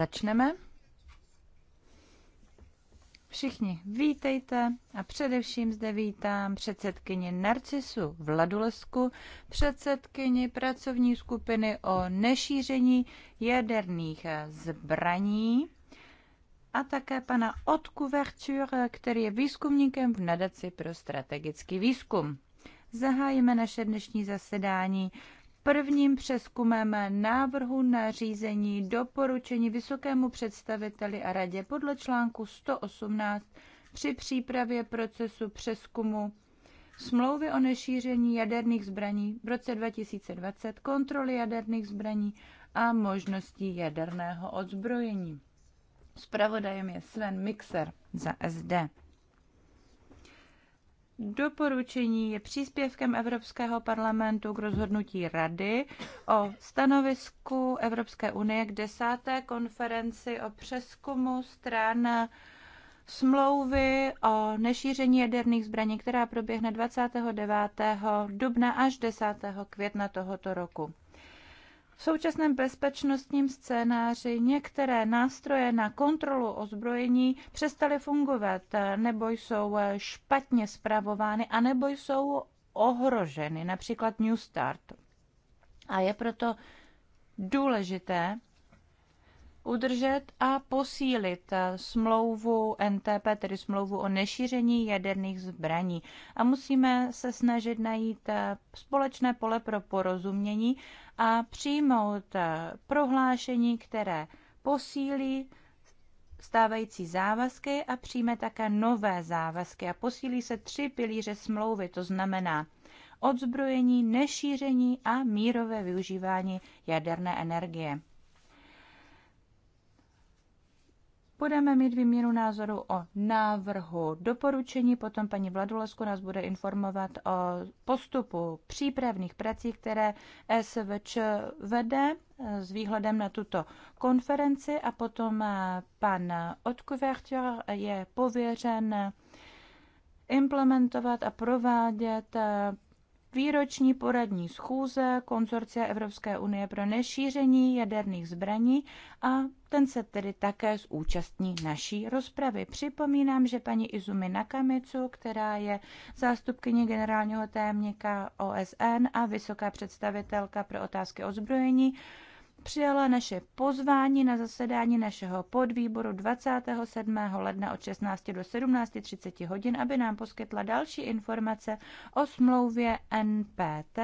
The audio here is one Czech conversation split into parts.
Začneme. Všichni vítejte a především zde vítám předsedkyni Narcisu Ladulesku, předsedkyni pracovní skupiny o nešíření jaderných zbraní a také pana Otku který je výzkumníkem v nadaci pro strategický výzkum. Zahájíme naše dnešní zasedání prvním přeskumem návrhu na řízení doporučení vysokému představiteli a radě podle článku 118 při přípravě procesu přeskumu smlouvy o nešíření jaderných zbraní v roce 2020, kontroly jaderných zbraní a možností jaderného odzbrojení. Spravodajem je Sven Mixer za SD. Doporučení je příspěvkem Evropského parlamentu k rozhodnutí Rady o stanovisku Evropské unie k desáté konferenci o přeskumu stran smlouvy o nešíření jaderných zbraní, která proběhne 29. dubna až 10. května tohoto roku. V současném bezpečnostním scénáři některé nástroje na kontrolu ozbrojení přestaly fungovat, nebo jsou špatně zpravovány, anebo jsou ohroženy, například New Start. A je proto důležité udržet a posílit smlouvu NTP, tedy smlouvu o nešíření jaderných zbraní. A musíme se snažit najít společné pole pro porozumění a přijmout eh, prohlášení, které posílí stávající závazky a přijme také nové závazky a posílí se tři pilíře smlouvy, to znamená odzbrojení, nešíření a mírové využívání jaderné energie. Budeme mít výměnu názoru o návrhu doporučení, potom paní Vladulesku nás bude informovat o postupu přípravných prací, které SVČ vede eh, s výhledem na tuto konferenci a potom eh, pan Odkuvertur je pověřen implementovat a provádět eh, výroční poradní schůze konzorcia Evropské unie pro nešíření jaderných zbraní a ten se tedy také zúčastní naší rozpravy. Připomínám, že paní Izumi Nakamicu, která je zástupkyně generálního témníka OSN a vysoká představitelka pro otázky ozbrojení, přijala naše pozvání na zasedání našeho podvýboru 27. ledna od 16 do 17.30 hodin, aby nám poskytla další informace o smlouvě NPT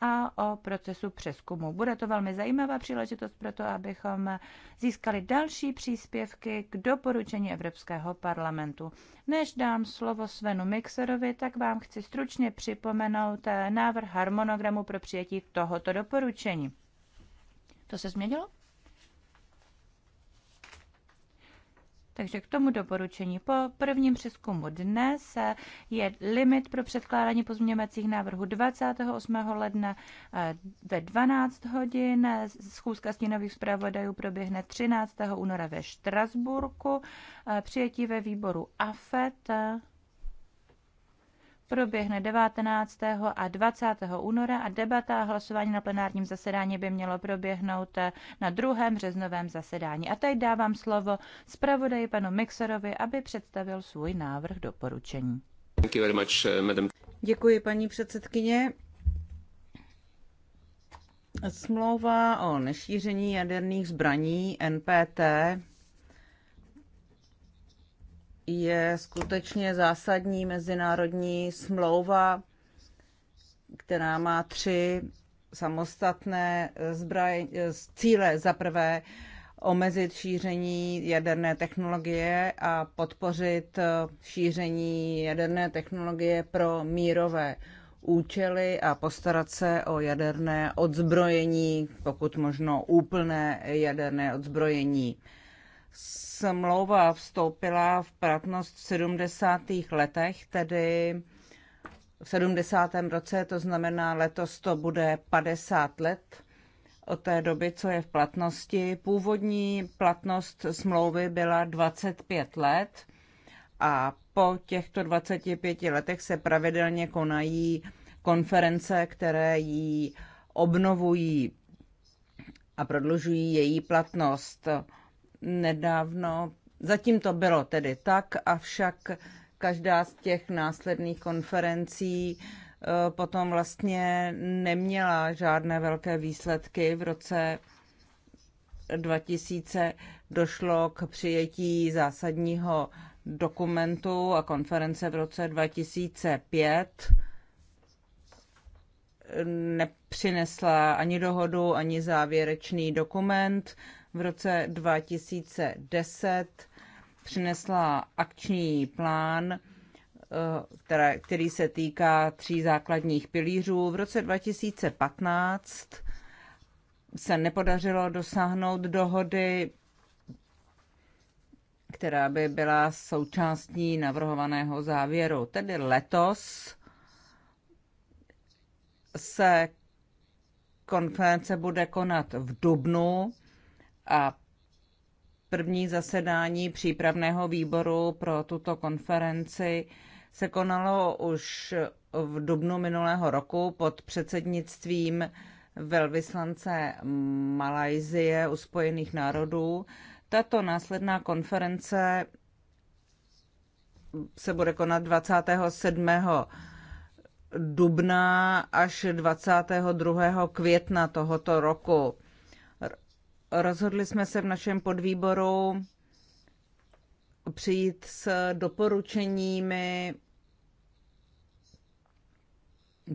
a o procesu přeskumu. Bude to velmi zajímavá příležitost pro to, abychom získali další příspěvky k doporučení Evropského parlamentu. Než dám slovo Svenu Mixerovi, tak vám chci stručně připomenout návrh harmonogramu pro přijetí tohoto doporučení. To se změnilo? Takže k tomu doporučení. Po prvním přeskumu se je limit pro předkládání pozměňovacích návrhů 28. ledna eh, ve 12 hodin. Schůzka stínových zpravodajů proběhne 13. února ve Štrasburku. Eh, přijetí ve výboru AFET proběhne 19. a 20. února a debata a hlasování na plenárním zasedání by mělo proběhnout eh, na druhém březnovém zasedání. A teď dávám slovo zpravodaji panu Mixerovi, aby představil svůj návrh doporučení. Eh, Děkuji, paní předsedkyně. Smlouva o nešíření jaderných zbraní NPT je skutečně zásadní mezinárodní smlouva, která má tři samostatné zbraj, cíle. Za prvé omezit šíření jaderné technologie a podpořit šíření jaderné technologie pro mírové účely a postarat se o jaderné odzbrojení, pokud možno úplné jaderné odzbrojení. Smlouva vstoupila v platnost v 70. letech, tedy v 70. roce, to znamená letos to bude 50 let od té doby, co je v platnosti. Původní platnost smlouvy byla 25 let a po těchto 25 letech se pravidelně konají konference, které ji obnovují a prodlužují její platnost nedávno. Zatím to bylo tedy tak, avšak každá z těch následných konferencí eh, potom vlastně neměla žádné velké výsledky. V roce 2000 došlo k přijetí zásadního dokumentu a konference v roce 2005 nepřinesla ani dohodu, ani závěrečný dokument v roce 2010 přinesla akční plán, eh, který se týká tří základních pilířů. V roce 2015 se nepodařilo dosáhnout dohody, která by byla součástí navrhovaného závěru. Tedy letos se konference bude konat v Dubnu a první zasedání přípravného výboru pro tuto konferenci se konalo už v dubnu minulého roku pod předsednictvím velvyslance Malajzie u Spojených národů. Tato následná konference se bude konat 27. dubna až 22. května tohoto roku. Rozhodli jsme se v našem podvýboru přijít s doporučeními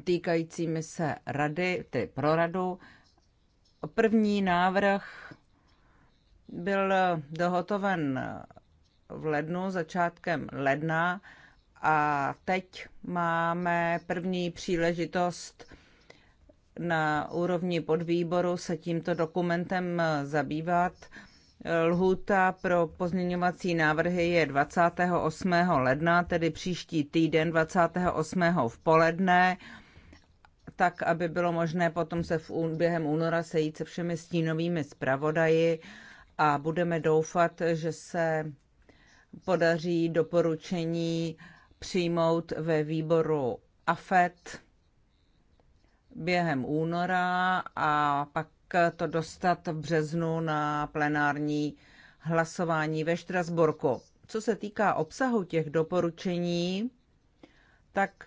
týkajícími se rady, tedy pro radu. První návrh byl dohotoven v lednu, začátkem ledna a teď máme první příležitost na úrovni podvýboru se tímto dokumentem zabývat. Lhůta pro pozměňovací návrhy je 28. ledna, tedy příští týden 28. v poledne, tak, aby bylo možné potom se v, během února sejít se všemi stínovými zpravodaji a budeme doufat, že se podaří doporučení přijmout ve výboru AFET během února a pak to dostat v březnu na plenární hlasování ve Štrasburku. Co se týká obsahu těch doporučení, tak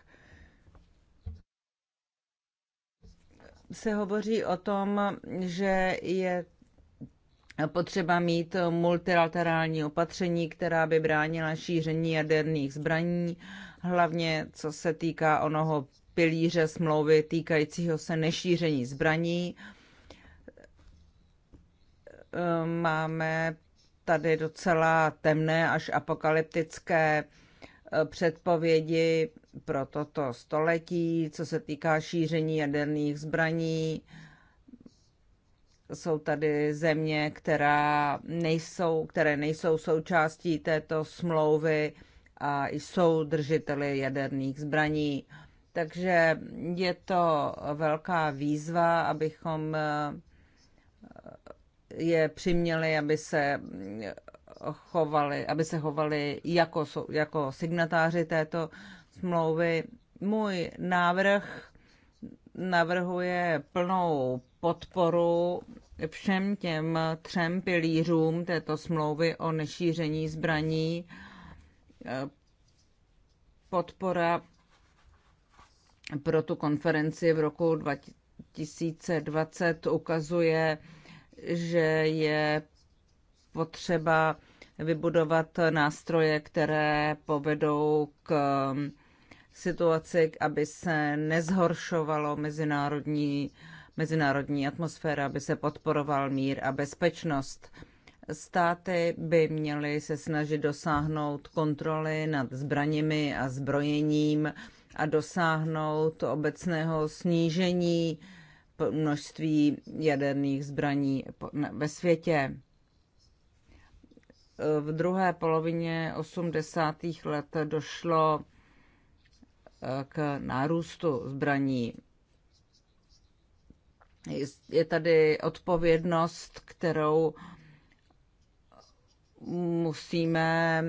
se hovoří o tom, že je potřeba mít multilaterální opatření, která by bránila šíření jaderných zbraní, hlavně co se týká onoho pilíře smlouvy týkajícího se nešíření zbraní. Ehm, máme tady docela temné až apokalyptické eh, předpovědi pro toto století, co se týká šíření jaderných zbraní. Jsou tady země, která nejsou, které nejsou součástí této smlouvy a jsou držiteli jaderných zbraní. Takže je to velká výzva, abychom eh, je přiměli, aby se chovali, aby se chovali jako, jako signatáři této smlouvy. Můj návrh navrhuje plnou podporu všem těm třem pilířům této smlouvy o nešíření zbraní, eh, podpora pro tu konferenci v roku 2020 ukazuje, že je potřeba vybudovat nástroje, které povedou k um, situaci, aby se nezhoršovalo mezinárodní, mezinárodní atmosféra, aby se podporoval mír a bezpečnost. Státy by měly se snažit dosáhnout kontroly nad zbraněmi a zbrojením, a dosáhnout obecného snížení množství jaderných zbraní ve světě. V druhé polovině 80. let došlo eh, k nárůstu zbraní. Je tady odpovědnost, kterou musíme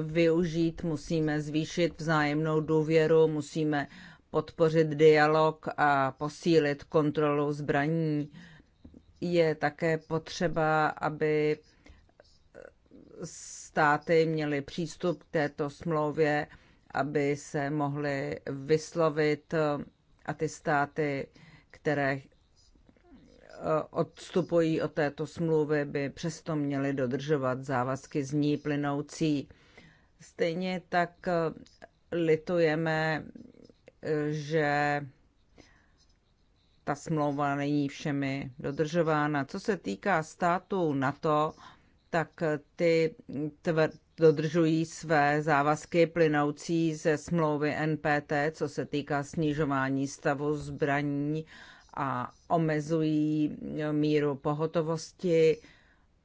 využít, musíme zvýšit vzájemnou důvěru, musíme podpořit dialog a posílit kontrolu zbraní. Je také potřeba, aby státy měly přístup k této smlouvě, aby se mohly vyslovit a ty státy, které Eh, odstupují od této smlouvy, by přesto měli dodržovat závazky z ní plynoucí. Stejně tak eh, litujeme, eh, že ta smlouva není všemi dodržována. Co se týká států NATO, tak ty tvr- dodržují své závazky plynoucí ze smlouvy NPT, co se týká snižování stavu zbraní a omezují eh, míru pohotovosti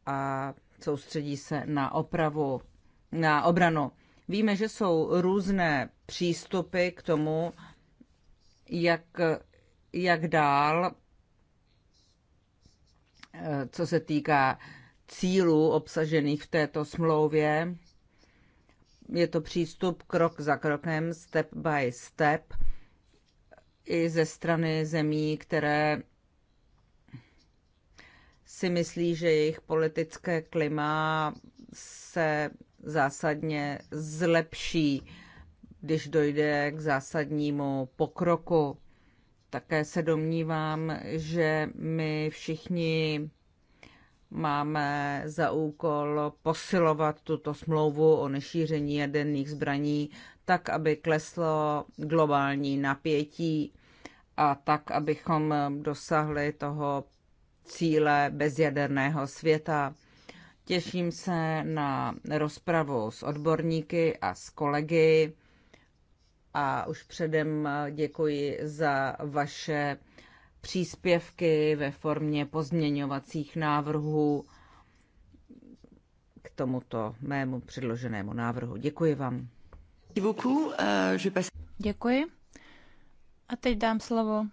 a soustředí se na opravu, na obranu. Víme, že jsou různé přístupy k tomu, jak, jak dál, eh, co se týká cílů obsažených v této smlouvě. Je to přístup krok za krokem, step by step i ze strany zemí, které si myslí, že jejich politické klima se zásadně zlepší, když dojde k zásadnímu pokroku. Také se domnívám, že my všichni máme za úkol posilovat tuto smlouvu o nešíření jaderných zbraní tak aby kleslo globální napětí a tak, abychom dosahli toho cíle bezjaderného světa. Těším se na rozpravu s odborníky a s kolegy a už předem děkuji za vaše příspěvky ve formě pozměňovacích návrhů k tomuto mému předloženému návrhu. Děkuji vám. Euh, Děkuji. A teď dám slovo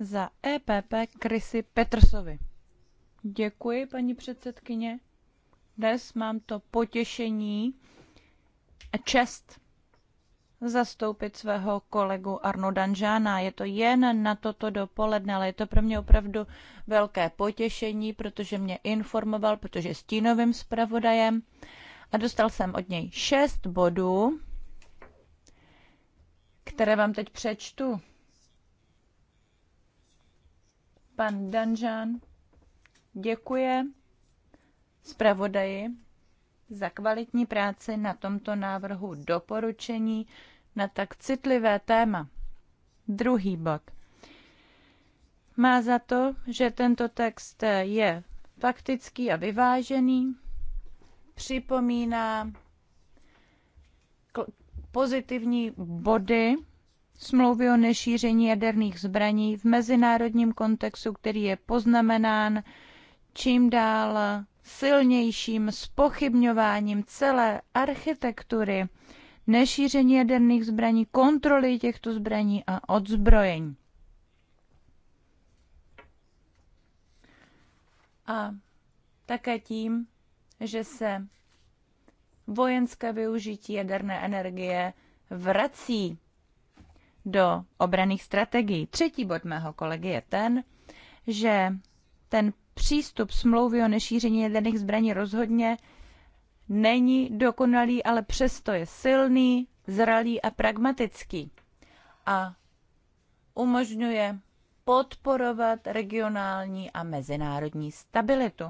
za EPP Krysy Petrsovi. Děkuji, paní předsedkyně. Dnes mám to potěšení a čest zastoupit svého kolegu Arno Danžána. Je to jen na toto dopoledne, ale je to pro mě opravdu velké potěšení, protože mě informoval, protože s stínovým zpravodajem a dostal jsem od něj šest bodů, které vám teď přečtu. Pan Danžan děkuje zpravodaji za kvalitní práci na tomto návrhu doporučení na tak citlivé téma. Druhý bod. Má za to, že tento text je faktický a vyvážený, připomíná pozitivní body smlouvy o nešíření jaderných zbraní v mezinárodním kontextu, který je poznamenán čím dál silnějším spochybňováním celé architektury nešíření jaderných zbraní, kontroly těchto zbraní a odzbrojení. A také tím, že se vojenské využití jaderné energie vrací do obraných strategií. Třetí bod mého kolegy je ten, že ten přístup smlouvy o nešíření jaderných zbraní rozhodně není dokonalý, ale přesto je silný, zralý a pragmatický a umožňuje podporovat regionální a mezinárodní stabilitu.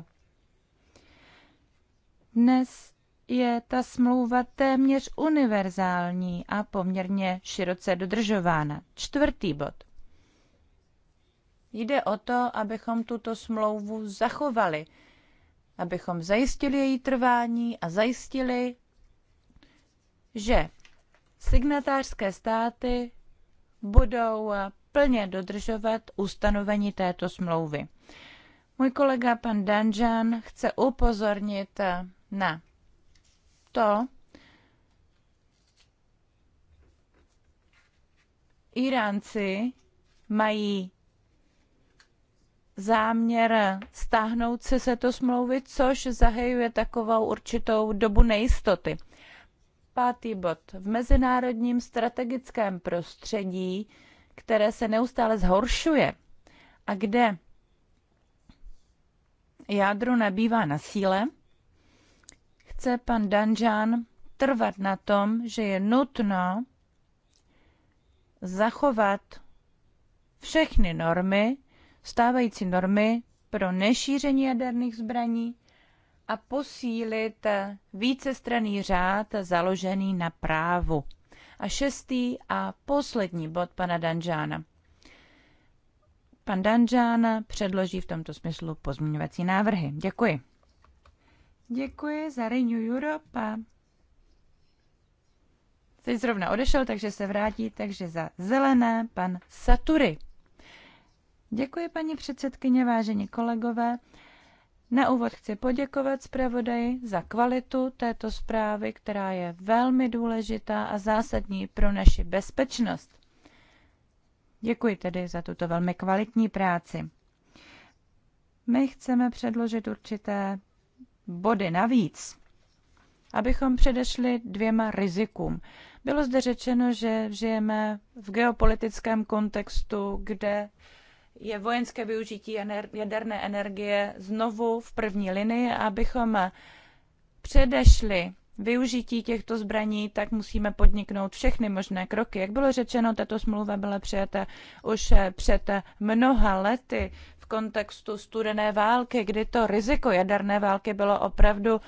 Dnes je ta smlouva téměř univerzální a poměrně široce dodržována. Čtvrtý bod. Jde o to, abychom tuto smlouvu zachovali, abychom zajistili její trvání a zajistili, že signatářské státy budou plně dodržovat ustanovení této smlouvy. Můj kolega pan Danžan chce upozornit na to, Iránci mají záměr stáhnout se se to smlouvy, což zahajuje takovou určitou dobu nejistoty. Pátý bod. V mezinárodním strategickém prostředí, které se neustále zhoršuje a kde jádro nabývá na síle, chce pan Danžán trvat na tom, že je nutno zachovat všechny normy, stávající normy pro nešíření jaderných zbraní a posílit vícestranný řád založený na právu. A šestý a poslední bod pana Danžána. Pan Danžána předloží v tomto smyslu pozměňovací návrhy. Děkuji. Děkuji za Renew Europa. Teď zrovna odešel, takže se vrátí, takže za zelené pan Satury. Děkuji, paní předsedkyně, vážení kolegové. Na úvod chci poděkovat zpravodaji za kvalitu této zprávy, která je velmi důležitá a zásadní pro naši bezpečnost. Děkuji tedy za tuto velmi kvalitní práci. My chceme předložit určité body navíc, abychom předešli dvěma rizikům. Bylo zde řečeno, že žijeme v geopolitickém kontextu, kde je vojenské využití jaderné energie znovu v první linii. Abychom předešli využití těchto zbraní, tak musíme podniknout všechny možné kroky. Jak bylo řečeno, tato smlouva byla přijata už před mnoha lety v kontextu studené války, kdy to riziko jaderné války bylo opravdu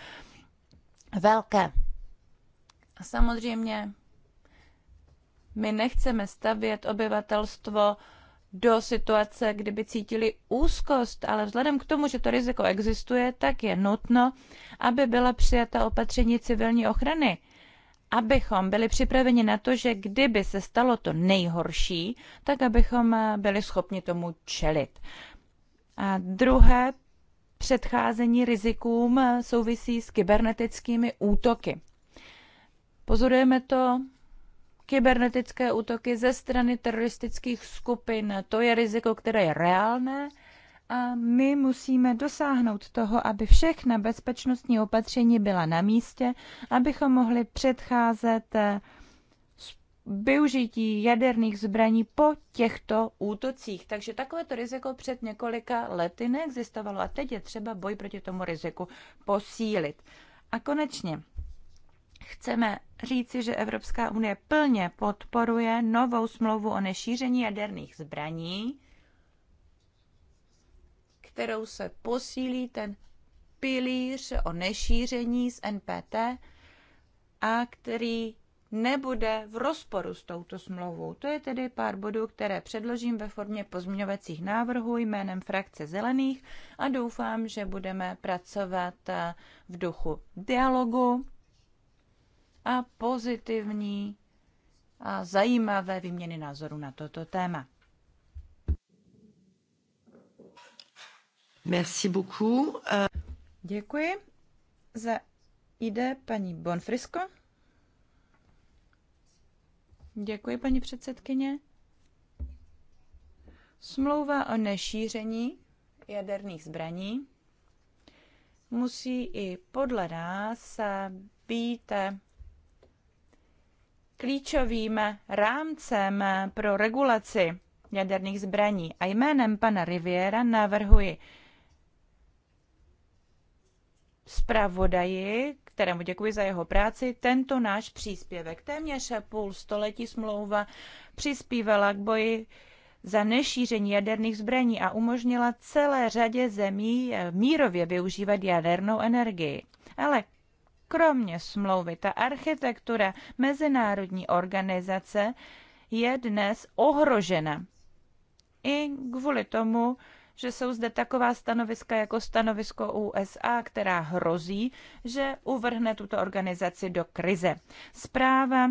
velké. A samozřejmě my nechceme stavět obyvatelstvo do situace, kdyby cítili úzkost, ale vzhledem k tomu, že to riziko existuje, tak je nutno, aby byla přijata opatření civilní ochrany, abychom byli připraveni na to, že kdyby se stalo to nejhorší, tak abychom byli schopni tomu čelit. A druhé předcházení rizikům souvisí s kybernetickými útoky. Pozorujeme to kybernetické útoky ze strany teroristických skupin. To je riziko, které je reálné a my musíme dosáhnout toho, aby všechna bezpečnostní opatření byla na místě, abychom mohli předcházet využití jaderných zbraní po těchto útocích. Takže takovéto riziko před několika lety neexistovalo a teď je třeba boj proti tomu riziku posílit. A konečně chceme říci, že Evropská unie plně podporuje novou smlouvu o nešíření jaderných zbraní, kterou se posílí ten pilíř o nešíření z NPT a který nebude v rozporu s touto smlouvou. To je tedy pár bodů, které předložím ve formě pozměňovacích návrhů jménem frakce Zelených a doufám, že budeme pracovat eh, v duchu dialogu a pozitivní a zajímavé výměny názorů na toto téma. Merci beaucoup. Děkuji. Za ide paní Bonfrisko. Děkuji, paní předsedkyně. Smlouva o nešíření jaderných zbraní musí i podle nás být klíčovým rámcem pro regulaci jaderných zbraní. A jménem pana Riviera navrhuji zpravodaji kterému děkuji za jeho práci, tento náš příspěvek. Téměř půl století smlouva přispívala k boji za nešíření jaderných zbraní a umožnila celé řadě zemí eh, mírově využívat jadernou energii. Ale kromě smlouvy, ta architektura mezinárodní organizace je dnes ohrožena. I kvůli tomu, že jsou zde taková stanoviska jako stanovisko USA, která hrozí, že uvrhne tuto organizaci do krize. Zpráva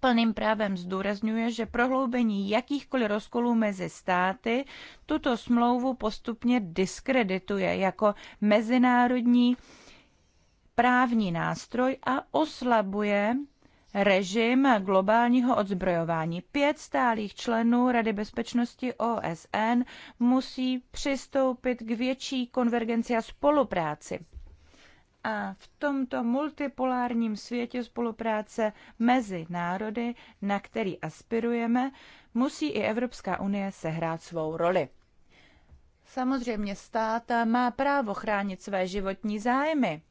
plným právem zdůrazňuje, že prohloubení jakýchkoliv rozkolů mezi státy tuto smlouvu postupně diskredituje jako mezinárodní právní nástroj a oslabuje režim globálního odzbrojování. Pět stálých členů Rady bezpečnosti OSN musí přistoupit k větší konvergenci a spolupráci. A v tomto multipolárním světě spolupráce mezi národy, na který aspirujeme, musí i Evropská unie sehrát svou roli. Samozřejmě stát má právo chránit své životní zájmy,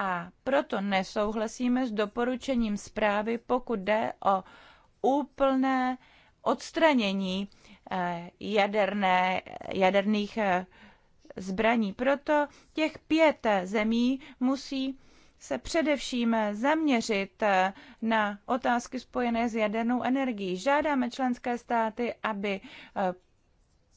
a proto nesouhlasíme s doporučením zprávy, pokud jde o úplné odstranění eh, jaderné, jaderných eh, zbraní. Proto těch pět eh, zemí musí se především zaměřit na otázky spojené s jadernou energií. Žádáme členské státy, aby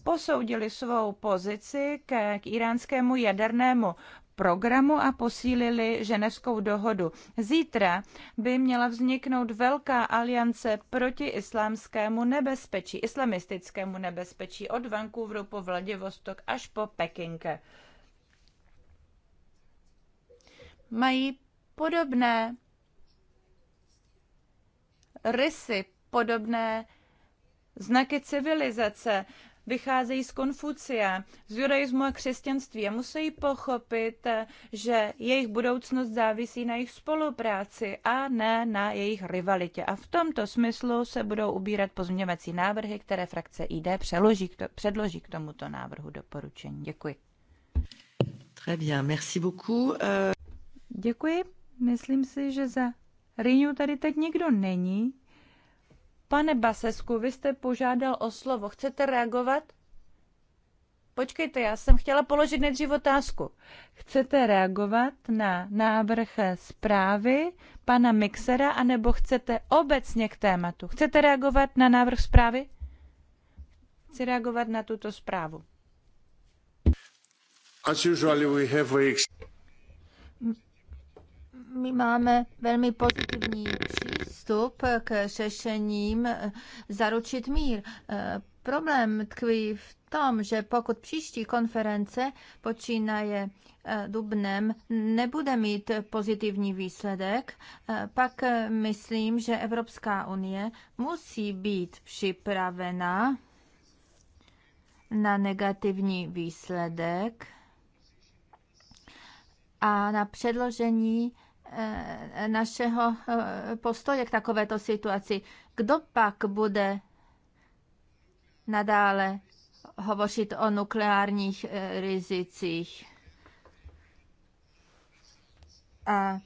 posoudili svou pozici k, k iránskému jadernému programu a posílili ženevskou dohodu. Zítra by měla vzniknout velká aliance proti islámskému nebezpečí, islamistickému nebezpečí od Vancouveru po Vladivostok až po Peking. Mají podobné rysy, podobné znaky civilizace vycházejí z Konfucia, z judaismu a křesťanství a musí pochopit, že jejich budoucnost závisí na jejich spolupráci a ne na jejich rivalitě. A v tomto smyslu se budou ubírat pozměňovací návrhy, které frakce ID přeloží k to, předloží k tomuto návrhu doporučení. Děkuji. Très bien, merci beaucoup. Uh... Děkuji. Myslím si, že za Rýňu tady teď nikdo není, Pane Basesku, vy jste požádal o slovo. Chcete reagovat? Počkejte, já jsem chtěla položit nejdřív otázku. Chcete reagovat na návrh zprávy pana Mixera, anebo chcete obecně k tématu? Chcete reagovat na návrh zprávy? Chci reagovat na tuto zprávu. As usual, we have a my máme velmi pozitivní přístup k řešením eh, zaručit mír. Eh, problém tkví v tom, že pokud příští konference počínaje eh, dubnem nebude mít pozitivní výsledek, pak myslím, že Evropská unie musí být připravena na negativní výsledek a na předložení Eh, našeho eh, postoje k takovéto situaci. Kdo pak bude nadále hovořit o nukleárních eh, rizicích? A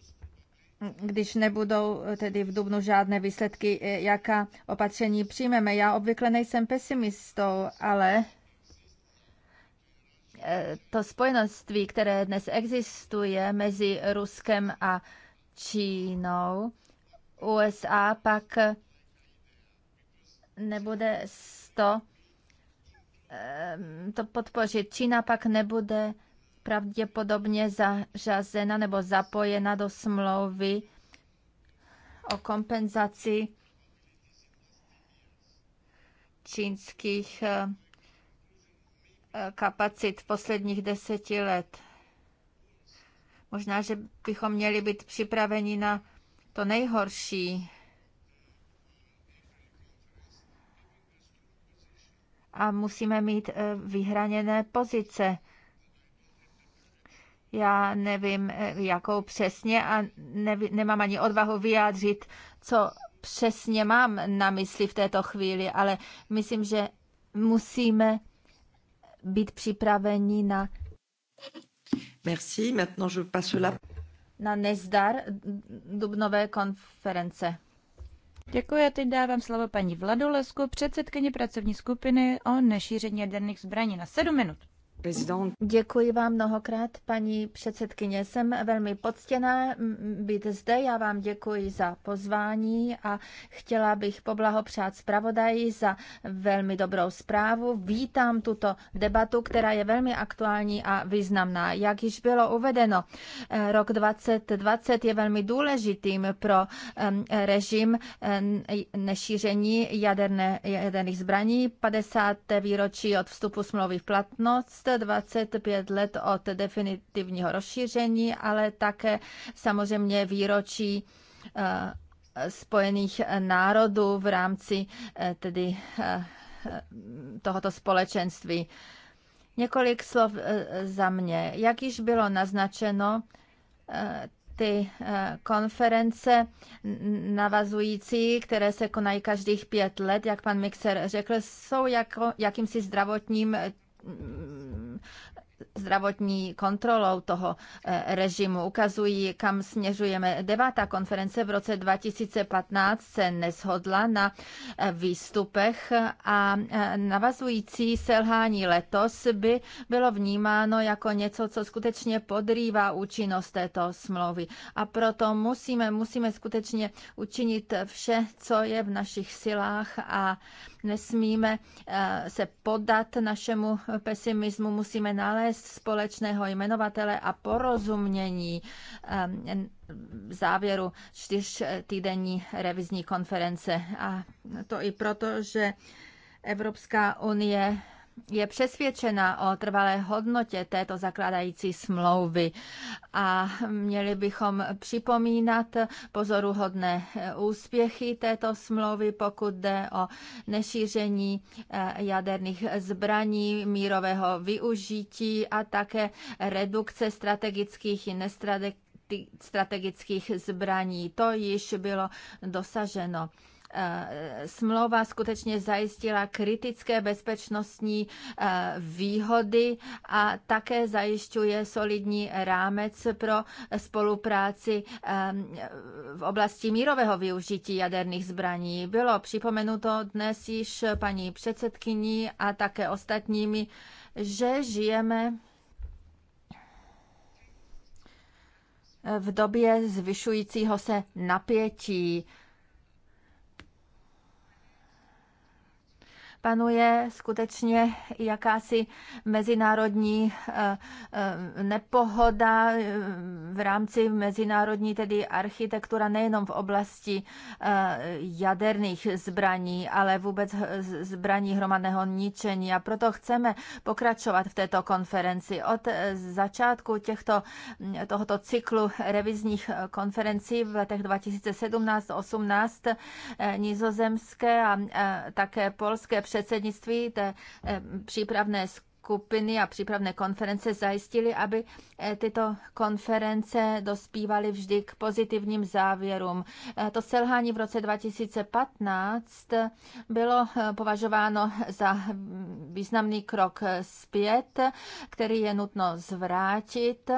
když nebudou tedy v Dubnu žádné výsledky, jaká opatření přijmeme. Já obvykle nejsem pesimistou, ale to spojenství, které dnes existuje mezi Ruskem a Čínou, USA pak nebude to, ehm, to podpořit. Čína pak nebude pravděpodobně zařazena nebo zapojena do smlouvy o kompenzaci čínských ehm, kapacit posledních deseti let. Možná, že bychom měli být připraveni na to nejhorší. A musíme mít eh, vyhraněné pozice. Já nevím, eh, jakou přesně a neví, nemám ani odvahu vyjádřit, co přesně mám na mysli v této chvíli, ale myslím, že musíme být připraveni na Merci, maintenant je passe la... na nezdar dubnové konference. Děkuji, a teď dávám slovo paní Vladolesku, předsedkyni pracovní skupiny o nešíření jaderných zbraní na sedm minut. Děkuji vám mnohokrát, paní předsedkyně. Jsem velmi poctěná být zde. Já vám děkuji za pozvání a chtěla bych poblahopřát zpravodaji za velmi dobrou zprávu. Vítám tuto debatu, která je velmi aktuální a významná. Jak již bylo uvedeno, eh, rok 2020 je velmi důležitým pro režim nešíření jaderné, jaderných zbraní, 50. výročí od vstupu smlouvy v platnost 25 let od definitivního rozšíření, ale také samozřejmě výročí eh, Spojených národů v rámci eh, tedy eh, tohoto společenství. Několik slov za mě. Jak již bylo naznačeno, ty konference navazující, které se konají každých pět let, jak pan Mixer řekl, jsou jako jakýmsi zdravotním Mm, zdravotní kontrolou toho eh, režimu. Ukazují, kam směřujeme. Devátá konference v roce 2015 se neshodla na eh, výstupech a eh, navazující selhání letos by bylo vnímáno jako něco, co skutečně podrývá účinnost této smlouvy. A proto musíme, musíme skutečně učinit vše, co je v našich silách a Nesmíme eh, se podat našemu pesimismu, musíme nalézt společného jmenovatele a porozumění eh, závěru čtyřtýdenní revizní konference. A to i proto, že Evropská unie je přesvědčena o trvalé hodnotě této zakládající smlouvy a měli bychom připomínat pozoruhodné eh, úspěchy této smlouvy, pokud jde o nešíření eh, jaderných zbraní, mírového využití a také redukce strategických i nestrategických zbraní. To již bylo dosaženo. Eh, smlouva skutečně zajistila kritické bezpečnostní eh, výhody a také zajišťuje solidní rámec pro spolupráci eh, v oblasti mírového využití jaderných zbraní. Bylo připomenuto dnes již paní předsedkyní a také ostatními, že žijeme v době zvyšujícího se napětí panuje skutečně jakási mezinárodní eh, eh, nepohoda eh, v rámci mezinárodní tedy architektura nejenom v oblasti jaderných zbraní, ale vůbec zbraní hromadného ničení. A proto chceme pokračovat v této konferenci. Od začátku těchto, mm, tohoto cyklu revizních konferencí v letech 2017-18 nizozemské a také polské předsednictví té eh, přípravné skupiny a přípravné konference zajistili, aby eh, tyto konference dospívaly vždy k pozitivním závěrům. Eh, to selhání v roce 2015 bylo považováno za významný krok zpět, který je nutno zvrátit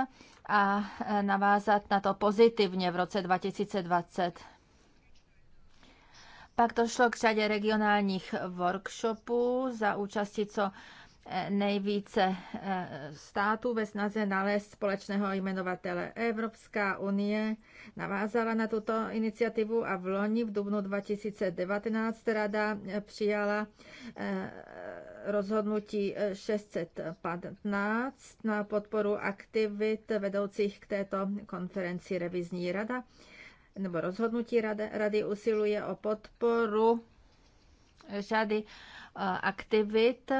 a navázat na to pozitivně v roce 2020. Pak došlo k řadě regionálních workshopů za účasti co e, nejvíce e, států ve snaze nalézt společného jmenovatele. Evropská unie navázala na tuto iniciativu a v loni v dubnu 2019 rada přijala e, rozhodnutí 615 na podporu aktivit vedoucích k této konferenci revizní rada nebo rozhodnutí rady, rady usiluje o podporu řady eh, aktivit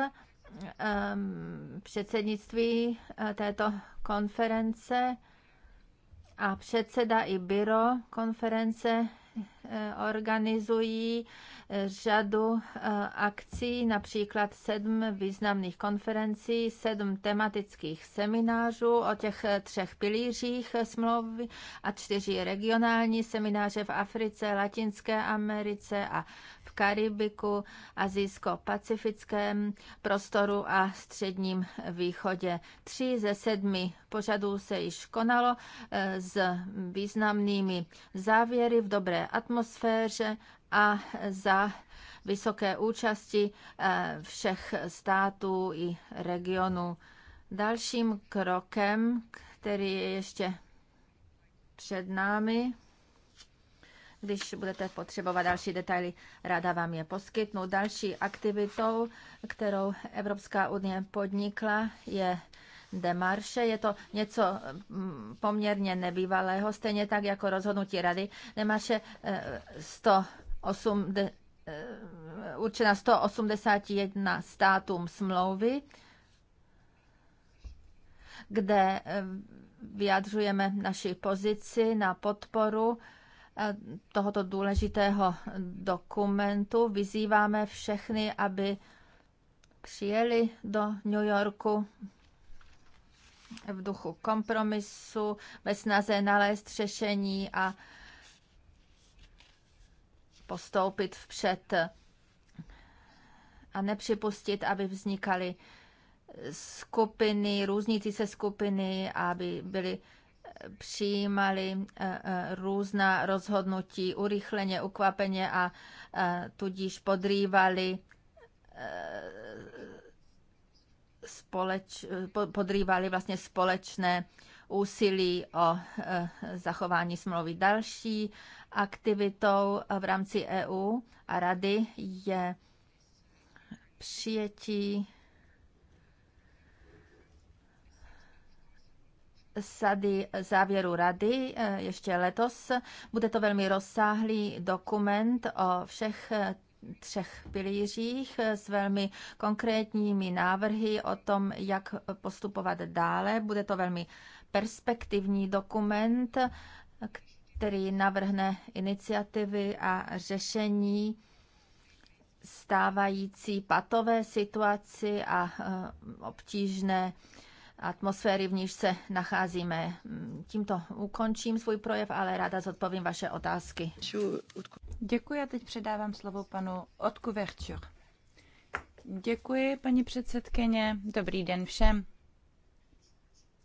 ehm, předsednictví eh, této konference a předseda i byro konference Eh, organizují eh, řadu eh, akcí, například sedm významných konferencí, sedm tematických seminářů o těch třech pilířích smlouvy a čtyři regionální semináře v Africe, Latinské Americe a Karibiku, azijsko-pacifickém prostoru a středním východě. Tři ze sedmi pořadů se již konalo eh, s významnými závěry v dobré atmosféře a za vysoké účasti eh, všech států i regionů. Dalším krokem, který je ještě před námi, když budete potřebovat další detaily, ráda vám je poskytnu. Další aktivitou, kterou Evropská unie podnikla, je demarše. Je to něco mm, poměrně nebývalého, stejně tak jako rozhodnutí rady. Demarše 108 de, eh, eh, určena 181 státům smlouvy, kde eh, vyjadřujeme naši pozici na podporu Eh, tohoto důležitého dokumentu. Vyzýváme všechny, aby přijeli do New Yorku v duchu kompromisu, ve snaze nalézt řešení a postoupit vpřed a nepřipustit, aby vznikaly skupiny, různící se skupiny, aby byly přijímali eh, eh, různá rozhodnutí urychleně, ukvapeně a eh, tudíž podrývali společ, podrývali vlastně společné úsilí o zachování smlouvy. Další aktivitou v rámci EU a rady je přijetí sady závěru rady eh, ještě letos. Bude to velmi rozsáhlý dokument o všech eh, třech pilířích eh, s velmi konkrétními návrhy o tom, jak postupovat dále. Bude to velmi perspektivní dokument, který navrhne iniciativy a řešení stávající patové situaci a obtížné atmosféry, v níž se nacházíme. Tímto ukončím svůj projev, ale ráda zodpovím vaše otázky. Děkuji a teď předávám slovo panu Otku Verčur. Děkuji, paní předsedkyně. Dobrý den všem.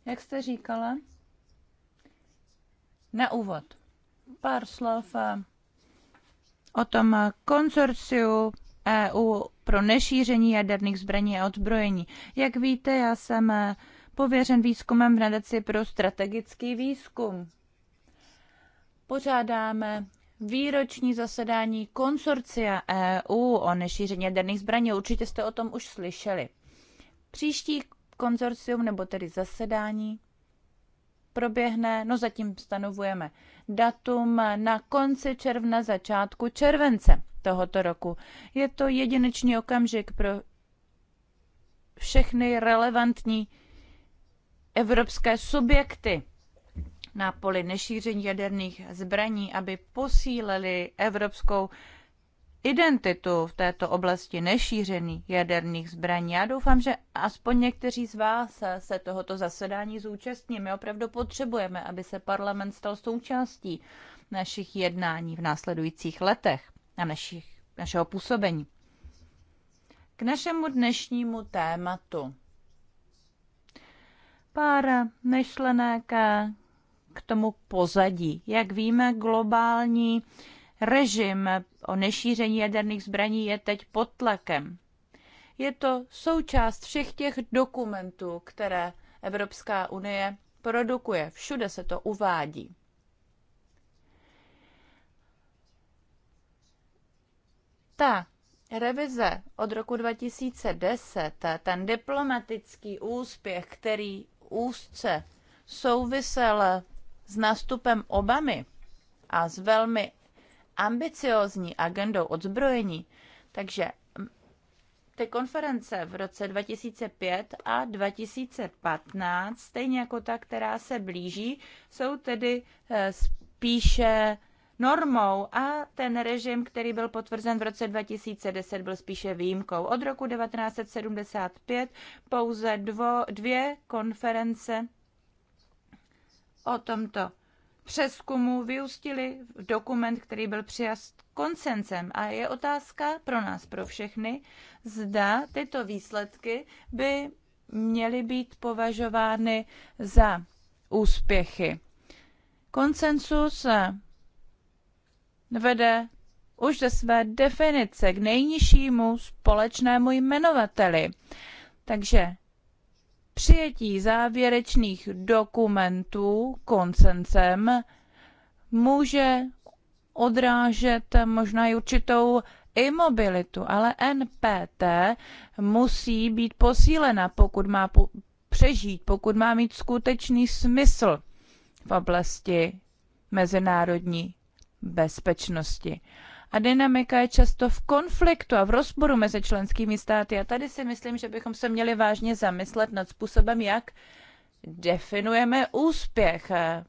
Jak jste říkala? Na úvod pár slov eh, o tom konsorciu EU pro nešíření jaderných zbraní a odbrojení. Jak víte, já jsem eh, pověřen výzkumem v nadaci pro strategický výzkum. Pořádáme výroční zasedání konsorcia EU o nešíření jaderných zbraní. Určitě jste o tom už slyšeli. Příští konzorcium, nebo tedy zasedání, proběhne, no zatím stanovujeme datum na konci června, začátku července tohoto roku. Je to jedinečný okamžik pro všechny relevantní evropské subjekty na poli nešíření jaderných zbraní, aby posílili evropskou identitu v této oblasti nešíření jaderných zbraní. Já doufám, že aspoň někteří z vás se tohoto zasedání zúčastní. My opravdu potřebujeme, aby se parlament stal součástí našich jednání v následujících letech a našich, našeho působení. K našemu dnešnímu tématu. Pár myšlenek eh, k tomu pozadí. Jak víme, globální režim o nešíření jaderných zbraní je teď pod tlakem. Je to součást všech těch dokumentů, které Evropská unie produkuje. Všude se to uvádí. Ta revize od roku 2010, ten diplomatický úspěch, který úzce souvisel s nástupem Obamy a s velmi ambiciózní agendou odzbrojení. Takže ty konference v roce 2005 a 2015, stejně jako ta, která se blíží, jsou tedy eh, spíše normou a ten režim, který byl potvrzen v roce 2010, byl spíše výjimkou. Od roku 1975 pouze dvo, dvě konference o tomto přeskumu vyústily v dokument, který byl přijat koncencem. A je otázka pro nás, pro všechny, zda tyto výsledky by měly být považovány za úspěchy. Konsensus vede už ze své definice k nejnižšímu společnému jmenovateli. Takže přijetí závěrečných dokumentů koncencem může odrážet možná i určitou imobilitu, ale NPT musí být posílena, pokud má po přežít, pokud má mít skutečný smysl v oblasti mezinárodní bezpečnosti. A dynamika je často v konfliktu a v rozporu mezi členskými státy. A tady si myslím, že bychom se měli vážně zamyslet nad způsobem, jak definujeme úspěch eh,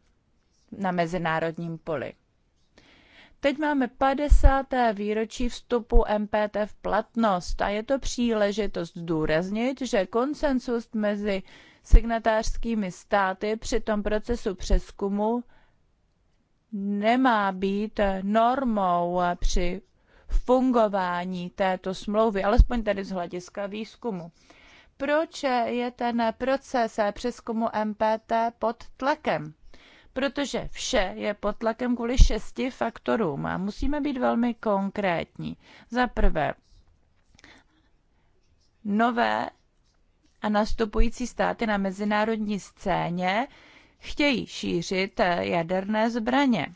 na mezinárodním poli. Teď máme 50. výročí vstupu MPT v platnost a je to příležitost zdůraznit, že konsensus mezi signatářskými státy při tom procesu přeskumu nemá být normou při fungování této smlouvy, alespoň tedy z hlediska výzkumu. Proč je ten proces přeskumu MPT pod tlakem? Protože vše je pod tlakem kvůli šesti faktorům a musíme být velmi konkrétní. Za prvé, nové a nastupující státy na mezinárodní scéně chtějí šířit eh, jaderné zbraně,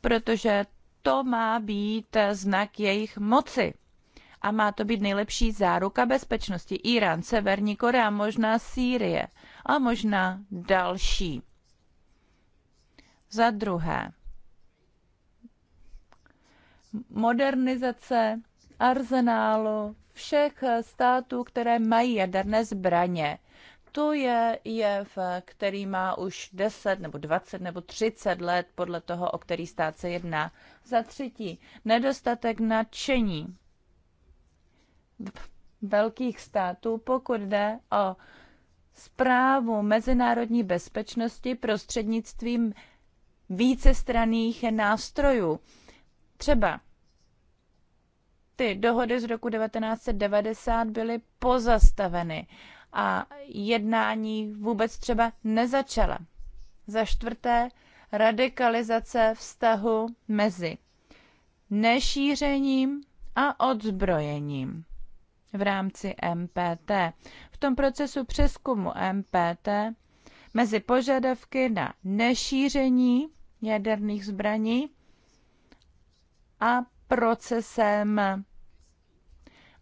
protože to má být znak jejich moci a má to být nejlepší záruka bezpečnosti. Irán, Severní Korea, možná Sýrie a možná další. Za druhé, modernizace arzenálu všech států, které mají jaderné zbraně to je jev, který má už 10 nebo 20 nebo 30 let podle toho, o který stát se jedná. Za třetí, nedostatek nadšení velkých států, pokud jde o zprávu mezinárodní bezpečnosti prostřednictvím vícestraných nástrojů. Třeba ty dohody z roku 1990 byly pozastaveny a jednání vůbec třeba nezačala. Za čtvrté, radikalizace vztahu mezi nešířením a odzbrojením v rámci MPT. V tom procesu přeskumu MPT mezi požadavky na nešíření jaderných zbraní a procesem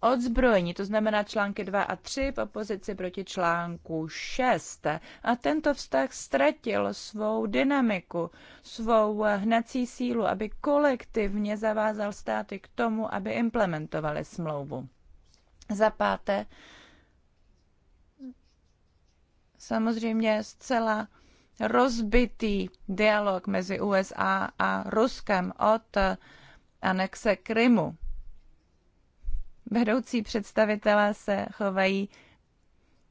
odzbrojení, to znamená články 2 a 3 po pozici proti článku 6. A tento vztah ztratil svou dynamiku, svou hnací sílu, aby kolektivně zavázal státy k tomu, aby implementovali smlouvu. Za páté, samozřejmě zcela rozbitý dialog mezi USA a Ruskem od anexe Krymu vedoucí představitelé se chovají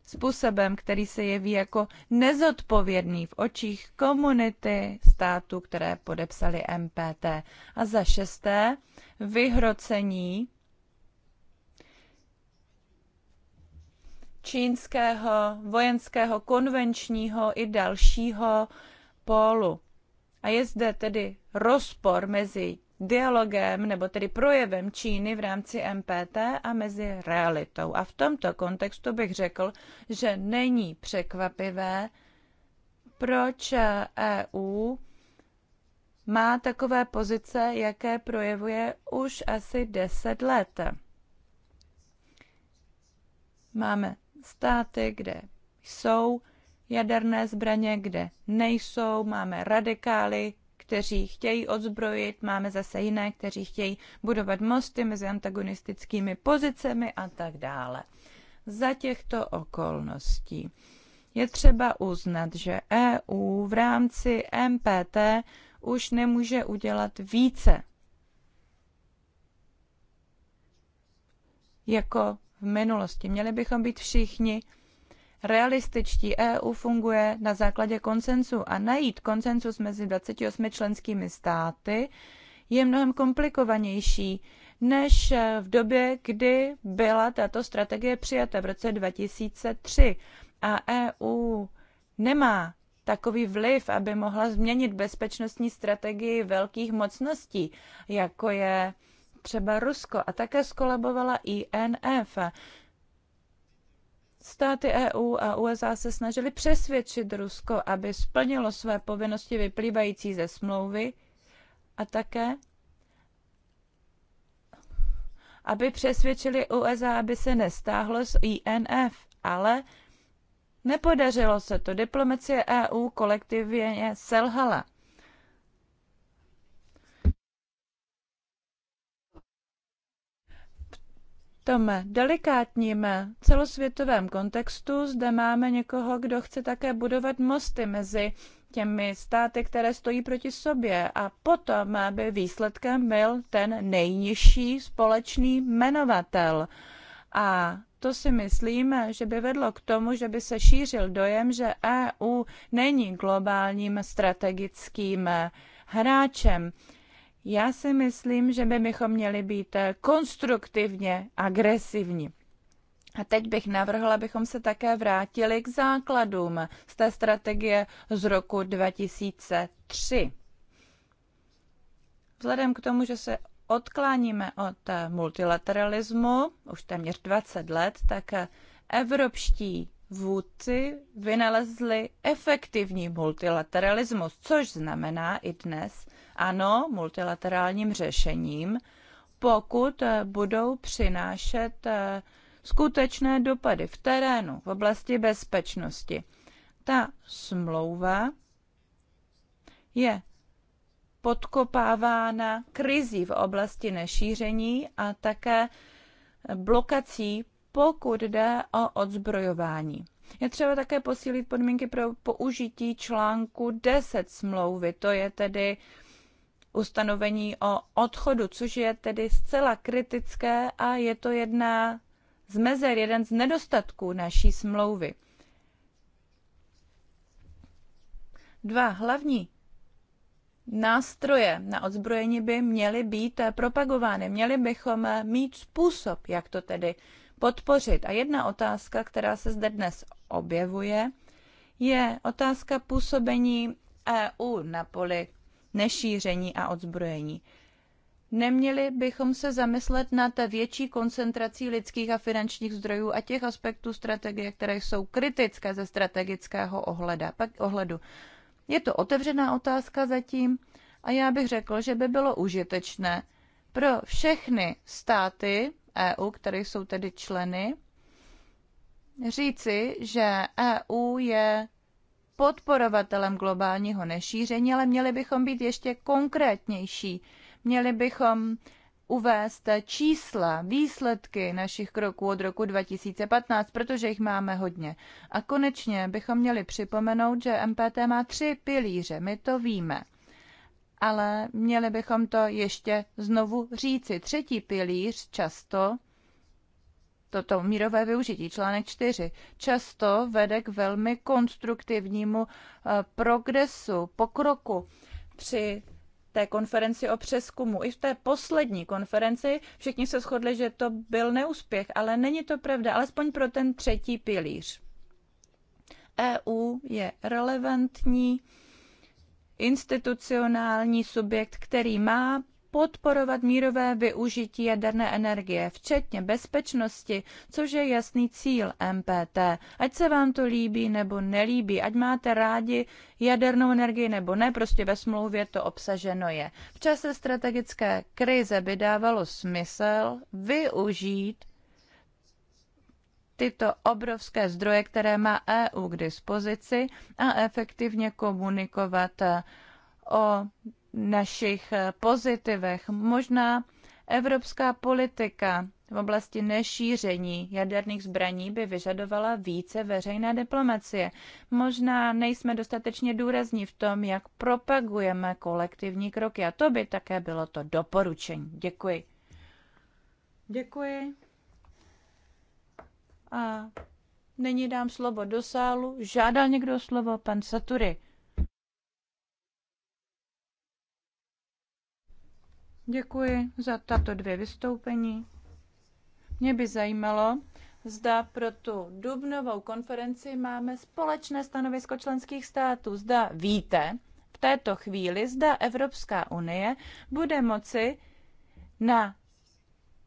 způsobem, který se jeví jako nezodpovědný v očích komunity států, které podepsali MPT. A za šesté, vyhrocení čínského vojenského konvenčního i dalšího pólu. A je zde tedy rozpor mezi dialogem nebo tedy projevem Číny v rámci MPT a mezi realitou. A v tomto kontextu bych řekl, že není překvapivé, proč EU má takové pozice, jaké projevuje už asi 10 let. Máme státy, kde jsou jaderné zbraně, kde nejsou, máme radikály, kteří chtějí odzbrojit, máme zase jiné, kteří chtějí budovat mosty mezi antagonistickými pozicemi a tak dále. Za těchto okolností je třeba uznat, že EU v rámci MPT už nemůže udělat více. Jako v minulosti. Měli bychom být všichni realističtí. EU funguje na základě konsensu a najít konsensus mezi 28 členskými státy je mnohem komplikovanější než v době, kdy byla tato strategie přijata v roce 2003. A EU nemá takový vliv, aby mohla změnit bezpečnostní strategii velkých mocností, jako je třeba Rusko a také skolabovala INF. Státy EU a USA se snažily přesvědčit Rusko, aby splnilo své povinnosti vyplývající ze smlouvy a také, aby přesvědčili USA, aby se nestáhlo z INF, ale nepodařilo se to. Diplomacie EU kolektivně selhala. tom delikátním celosvětovém kontextu zde máme někoho, kdo chce také budovat mosty mezi těmi státy, které stojí proti sobě a potom by výsledkem byl ten nejnižší společný jmenovatel. A to si myslíme, že by vedlo k tomu, že by se šířil dojem, že EU není globálním strategickým hráčem. Já si myslím, že my bychom měli být eh, konstruktivně agresivní. A teď bych navrhla, abychom se také vrátili k základům z té strategie z roku 2003. Vzhledem k tomu, že se odkláníme od eh, multilateralismu už téměř 20 let, tak eh, evropští vůdci vynalezli efektivní multilateralismus, což znamená i dnes, ano, multilaterálním řešením, pokud eh, budou přinášet eh, skutečné dopady v terénu, v oblasti bezpečnosti. Ta smlouva je podkopávána krizí v oblasti nešíření a také blokací pokud jde o odzbrojování. Je třeba také posílit podmínky pro použití článku 10 smlouvy, to je tedy ustanovení o odchodu, což je tedy zcela kritické a je to jedna z mezer, jeden z nedostatků naší smlouvy. Dva hlavní nástroje na odzbrojení by měly být propagovány. Měli bychom mít způsob, jak to tedy podpořit. A jedna otázka, která se zde dnes objevuje, je otázka působení EU na poli nešíření a odzbrojení. Neměli bychom se zamyslet nad větší koncentrací lidských a finančních zdrojů a těch aspektů strategie, které jsou kritické ze strategického ohleda, pak ohledu. Je to otevřená otázka zatím a já bych řekl, že by bylo užitečné pro všechny státy EU, které jsou tedy členy, říci, že EU je podporovatelem globálního nešíření, ale měli bychom být ještě konkrétnější. Měli bychom uvést čísla, výsledky našich kroků od roku 2015, protože jich máme hodně. A konečně bychom měli připomenout, že MPT má tři pilíře, my to víme ale měli bychom to ještě znovu říci. Třetí pilíř často, toto mírové využití, článek 4, často vede k velmi konstruktivnímu eh, progresu, pokroku při té konferenci o přeskumu. I v té poslední konferenci všichni se shodli, že to byl neúspěch, ale není to pravda, alespoň pro ten třetí pilíř. EU je relevantní, institucionální subjekt, který má podporovat mírové využití jaderné energie, včetně bezpečnosti, což je jasný cíl MPT. Ať se vám to líbí nebo nelíbí, ať máte rádi jadernou energii nebo ne, prostě ve smlouvě to obsaženo je. V čase strategické krize by dávalo smysl využít tyto obrovské zdroje, které má EU k dispozici a efektivně komunikovat eh, o našich eh, pozitivech. Možná evropská politika v oblasti nešíření jaderných zbraní by vyžadovala více veřejné diplomacie. Možná nejsme dostatečně důrazní v tom, jak propagujeme kolektivní kroky a to by také bylo to doporučení. Děkuji. Děkuji. A nyní dám slovo do sálu. Žádal někdo slovo? Pan Satury. Děkuji za tato dvě vystoupení. Mě by zajímalo, zda pro tu dubnovou konferenci máme společné stanovisko členských států. Zda víte v této chvíli, zda Evropská unie bude moci na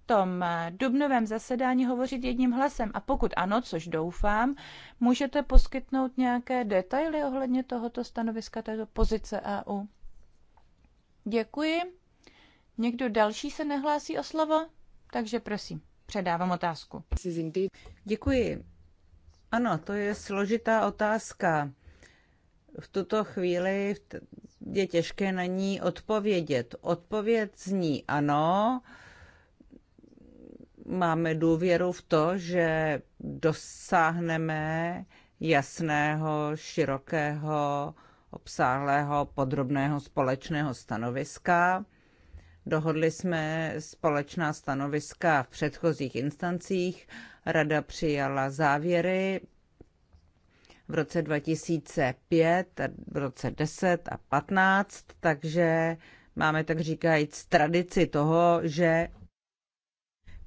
tom eh, dubnovém zasedání hovořit jedním hlasem? A pokud ano, což doufám, můžete poskytnout nějaké detaily ohledně tohoto stanoviska, této pozice EU? Děkuji. Někdo další se nehlásí o slovo? Takže prosím, předávám otázku. Děkuji. Ano, to je složitá otázka. V tuto chvíli je těžké na ní odpovědět. Odpověď zní ano, máme důvěru v to, že dosáhneme jasného, širokého, obsáhlého, podrobného společného stanoviska. Dohodli jsme společná stanoviska v předchozích instancích. Rada přijala závěry v roce 2005, v roce 10 a 15, takže máme tak říkajíc tradici toho, že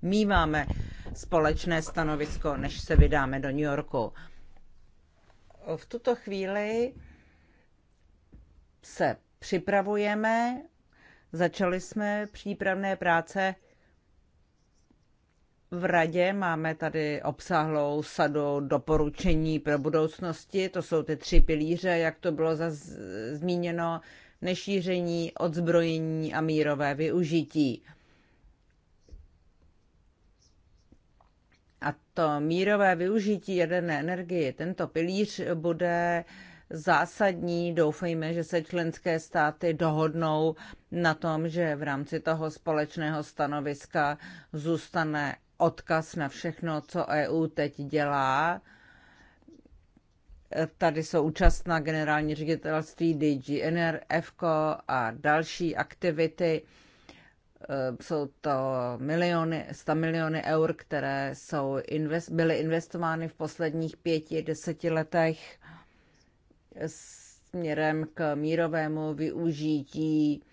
míváme společné stanovisko, než se vydáme do New Yorku. V tuto chvíli se připravujeme, začali jsme přípravné práce v radě máme tady obsáhlou sadu doporučení pro budoucnosti. To jsou ty tři pilíře, jak to bylo zmíněno, nešíření, odzbrojení a mírové využití. a to mírové využití jaderné energie, tento pilíř bude zásadní. Doufejme, že se členské státy dohodnou na tom, že v rámci toho společného stanoviska zůstane odkaz na všechno, co EU teď dělá. Tady jsou účastná generální ředitelství DG EFCO a další aktivity. Eh, jsou to miliony, sta miliony eur, které jsou invest, byly investovány v posledních pěti, deseti letech směrem k mírovému využití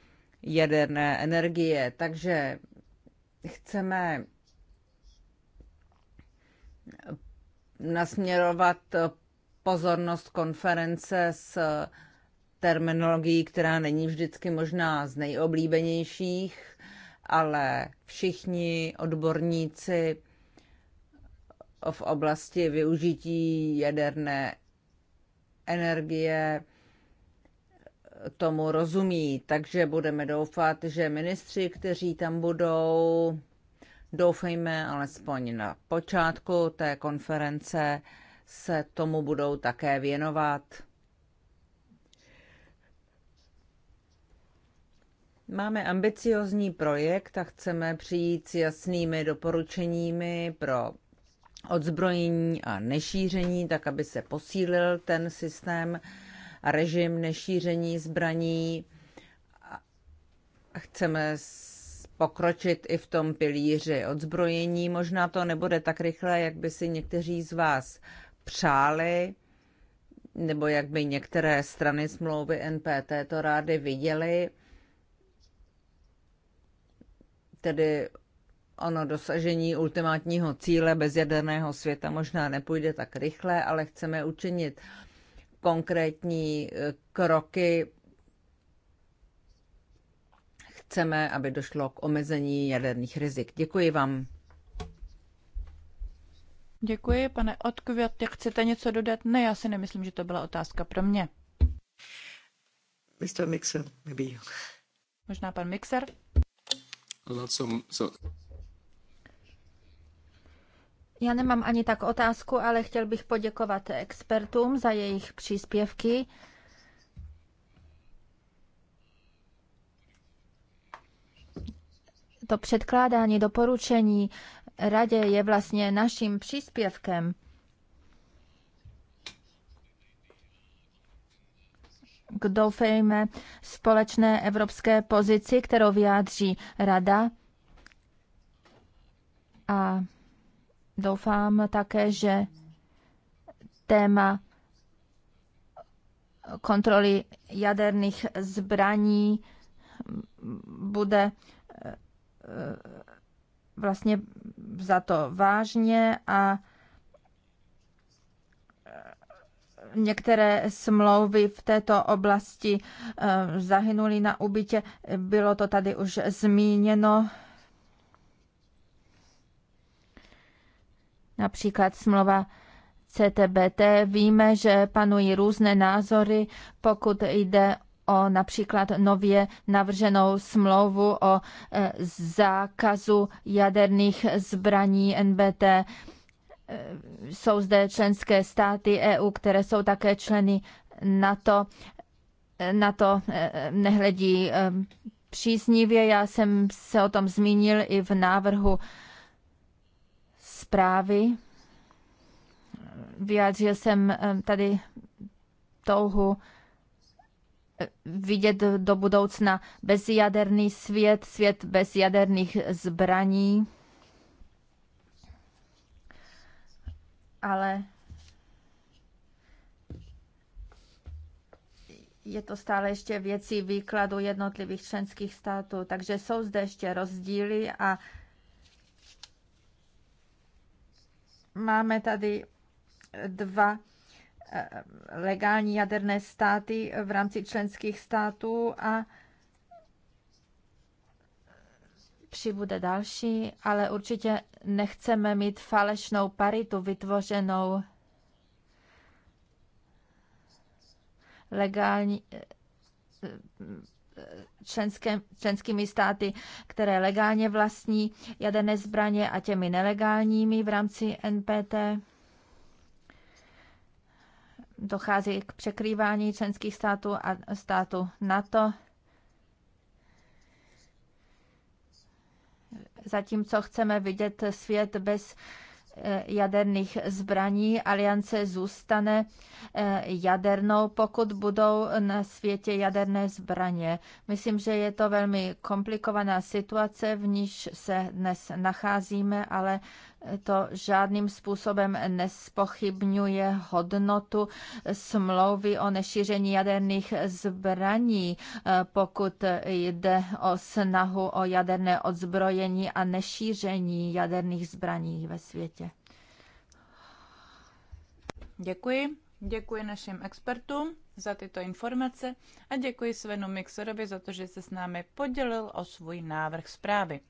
jaderné energie. Takže chceme nasměrovat pozornost konference s terminologií, která není vždycky možná z nejoblíbenějších, ale všichni odborníci v oblasti využití jaderné energie tomu rozumí. Takže budeme doufat, že ministři, kteří tam budou, doufejme alespoň na počátku té konference, se tomu budou také věnovat. Máme ambiciozní projekt a chceme přijít s jasnými doporučeními pro odzbrojení a nešíření, tak aby se posílil ten systém a režim nešíření zbraní. Chceme pokročit i v tom pilíři odzbrojení. Možná to nebude tak rychle, jak by si někteří z vás přáli, nebo jak by některé strany smlouvy NPT to rády viděly tedy ono dosažení ultimátního cíle bez jaderného světa možná nepůjde tak rychle, ale chceme učinit konkrétní eh, kroky. Chceme, aby došlo k omezení jaderných rizik. Děkuji vám. Děkuji, pane Odkvět. Jak chcete něco dodat? Ne, já si nemyslím, že to byla otázka pro mě. Mr. Mixer, maybe. Možná pan Mixer? Já nemám ani tak otázku, ale chtěl bych poděkovat expertům za jejich příspěvky. To předkládání doporučení radě je vlastně naším příspěvkem. k doufejme společné evropské pozici, kterou vyjádří Rada. A doufám také, že téma kontroly jaderných zbraní bude eh, vlastně za to vážně a některé smlouvy v této oblasti eh, zahynuly na ubytě. Bylo to tady už zmíněno. Například smlouva CTBT. Víme, že panují různé názory, pokud jde o například nově navrženou smlouvu o eh, zákazu jaderných zbraní NBT jsou zde členské státy EU, které jsou také členy NATO. Na to eh, eh, nehledí eh, příznivě. Já jsem se o tom zmínil i v návrhu zprávy. Vyjádřil jsem tady touhu vidět do budoucna bezjaderný svět, svět bez jaderných zbraní. ale je to stále ještě věcí výkladu jednotlivých členských států, takže jsou zde ještě rozdíly a máme tady dva eh, legální jaderné státy v rámci členských států a přibude další, ale určitě nechceme mít falešnou paritu vytvořenou legální členské, členskými státy, které legálně vlastní jaderné zbraně a těmi nelegálními v rámci NPT. Dochází k překrývání členských států a státu NATO. Zatímco chceme vidět svět bez eh, jaderných zbraní. Aliance zůstane eh, jadernou, pokud budou na světě jaderné zbraně. Myslím, že je to velmi komplikovaná situace, v níž se dnes nacházíme, ale to žádným způsobem nespochybňuje hodnotu smlouvy o nešíření jaderných zbraní, pokud jde o snahu o jaderné odzbrojení a nešíření jaderných zbraní ve světě. Děkuji. Děkuji našim expertům za tyto informace a děkuji Svenu Mixerovi za to, že se s námi podělil o svůj návrh zprávy.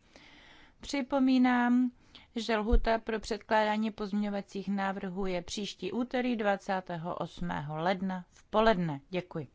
Připomínám, že lhuta pro předkládání pozměňovacích návrhů je příští úterý 28. ledna v poledne. Děkuji.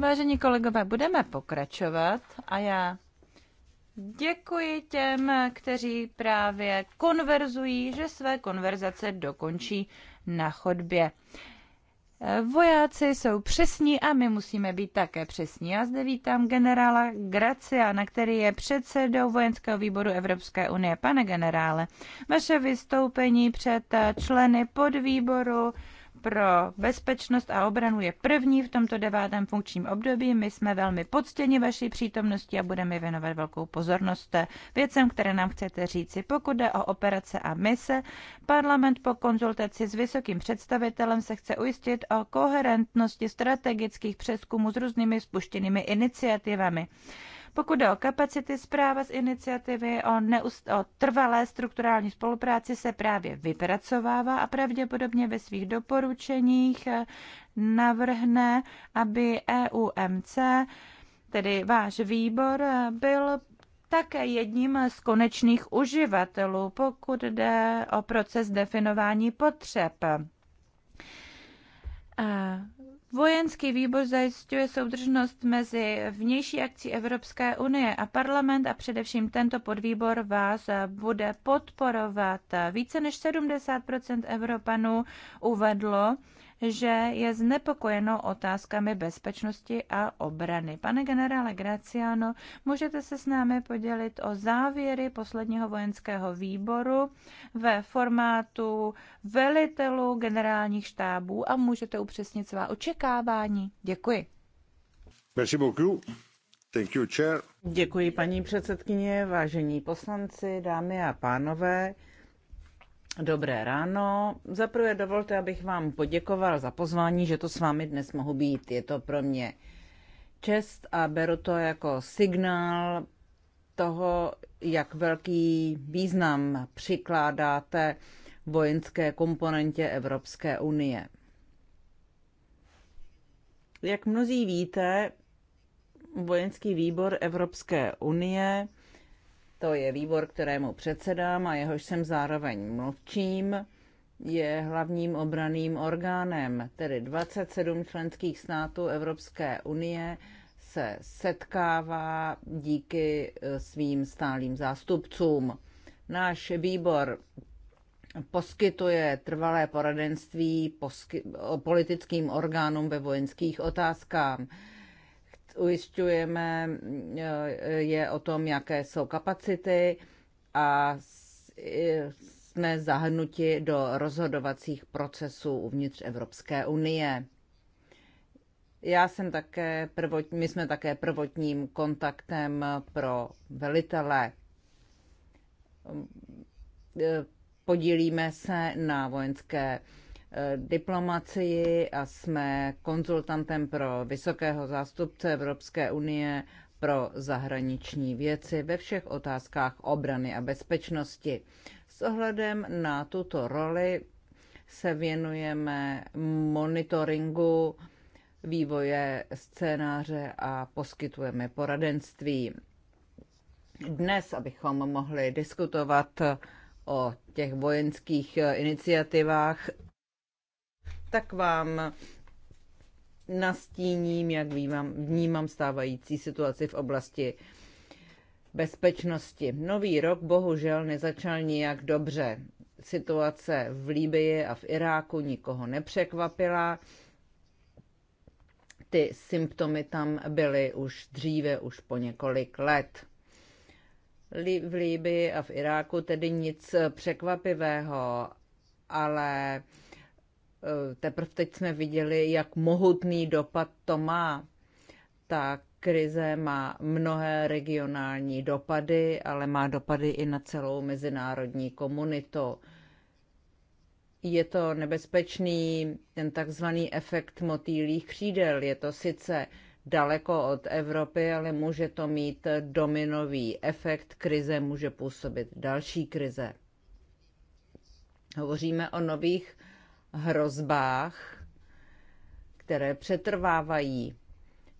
Vážení kolegové, budeme pokračovat a já děkuji těm, kteří právě konverzují, že své konverzace dokončí na chodbě. Vojáci jsou přesní a my musíme být také přesní. Já zde vítám generála Graciana, který je předsedou vojenského výboru Evropské unie. Pane generále, vaše vystoupení před členy podvýboru pro bezpečnost a obranu je první v tomto devátém funkčním období. My jsme velmi poctěni vaší přítomnosti a budeme věnovat velkou pozornost věcem, které nám chcete říci. Pokud jde o operace a mise, parlament po konzultaci s vysokým představitelem se chce ujistit o koherentnosti strategických přeskumů s různými spuštěnými iniciativami. Pokud jde o kapacity, zpráva z iniciativy o, neust- o trvalé strukturální spolupráci se právě vypracovává a pravděpodobně ve svých doporučeních eh, navrhne, aby EUMC, tedy váš výbor, eh, byl také jedním z konečných uživatelů, pokud jde o proces definování potřeb. Eh, Vojenský výbor zajišťuje soudržnost mezi vnější akcí Evropské unie a parlament a především tento podvýbor vás bude podporovat. Více než 70 Evropanů uvedlo, že je znepokojeno otázkami bezpečnosti a obrany. Pane generále Graciano, můžete se s námi podělit o závěry posledního vojenského výboru ve formátu velitelů generálních štábů a můžete upřesnit svá očekávání. Děkuji. Merci beaucoup. Thank you, chair. Děkuji, paní předsedkyně, vážení poslanci, dámy a pánové. Dobré ráno. Zaprvé dovolte, abych vám poděkoval za pozvání, že to s vámi dnes mohu být. Je to pro mě čest a beru to jako signál toho, jak velký význam přikládáte vojenské komponentě Evropské unie. Jak mnozí víte, vojenský výbor Evropské unie to je výbor, kterému předsedám a jehož jsem zároveň mluvčím, je hlavním obraným orgánem, tedy 27 členských států Evropské unie se setkává díky eh, svým stálým zástupcům. Náš výbor poskytuje trvalé poradenství politickým orgánům ve vojenských otázkách ujišťujeme eh, je o tom, jaké jsou kapacity a jsme zahrnuti do rozhodovacích procesů uvnitř Evropské unie. Já jsem také prvot, my jsme také prvotním kontaktem pro velitele. Eh, podílíme se na vojenské diplomacii a jsme konzultantem pro vysokého zástupce Evropské unie pro zahraniční věci ve všech otázkách obrany a bezpečnosti. S ohledem na tuto roli se věnujeme monitoringu vývoje scénáře a poskytujeme poradenství. Dnes, abychom mohli diskutovat o těch vojenských iniciativách, tak vám nastíním, jak vnímám, vnímám stávající situaci v oblasti bezpečnosti. Nový rok bohužel nezačal nijak dobře. Situace v Líbii a v Iráku nikoho nepřekvapila. Ty symptomy tam byly už dříve, už po několik let. V Líbii a v Iráku tedy nic překvapivého, ale Teprve teď jsme viděli, jak mohutný dopad to má. Ta krize má mnohé regionální dopady, ale má dopady i na celou mezinárodní komunitu. Je to nebezpečný ten takzvaný efekt motýlých křídel. Je to sice daleko od Evropy, ale může to mít dominový efekt. Krize může působit další krize. Hovoříme o nových hrozbách, které přetrvávají.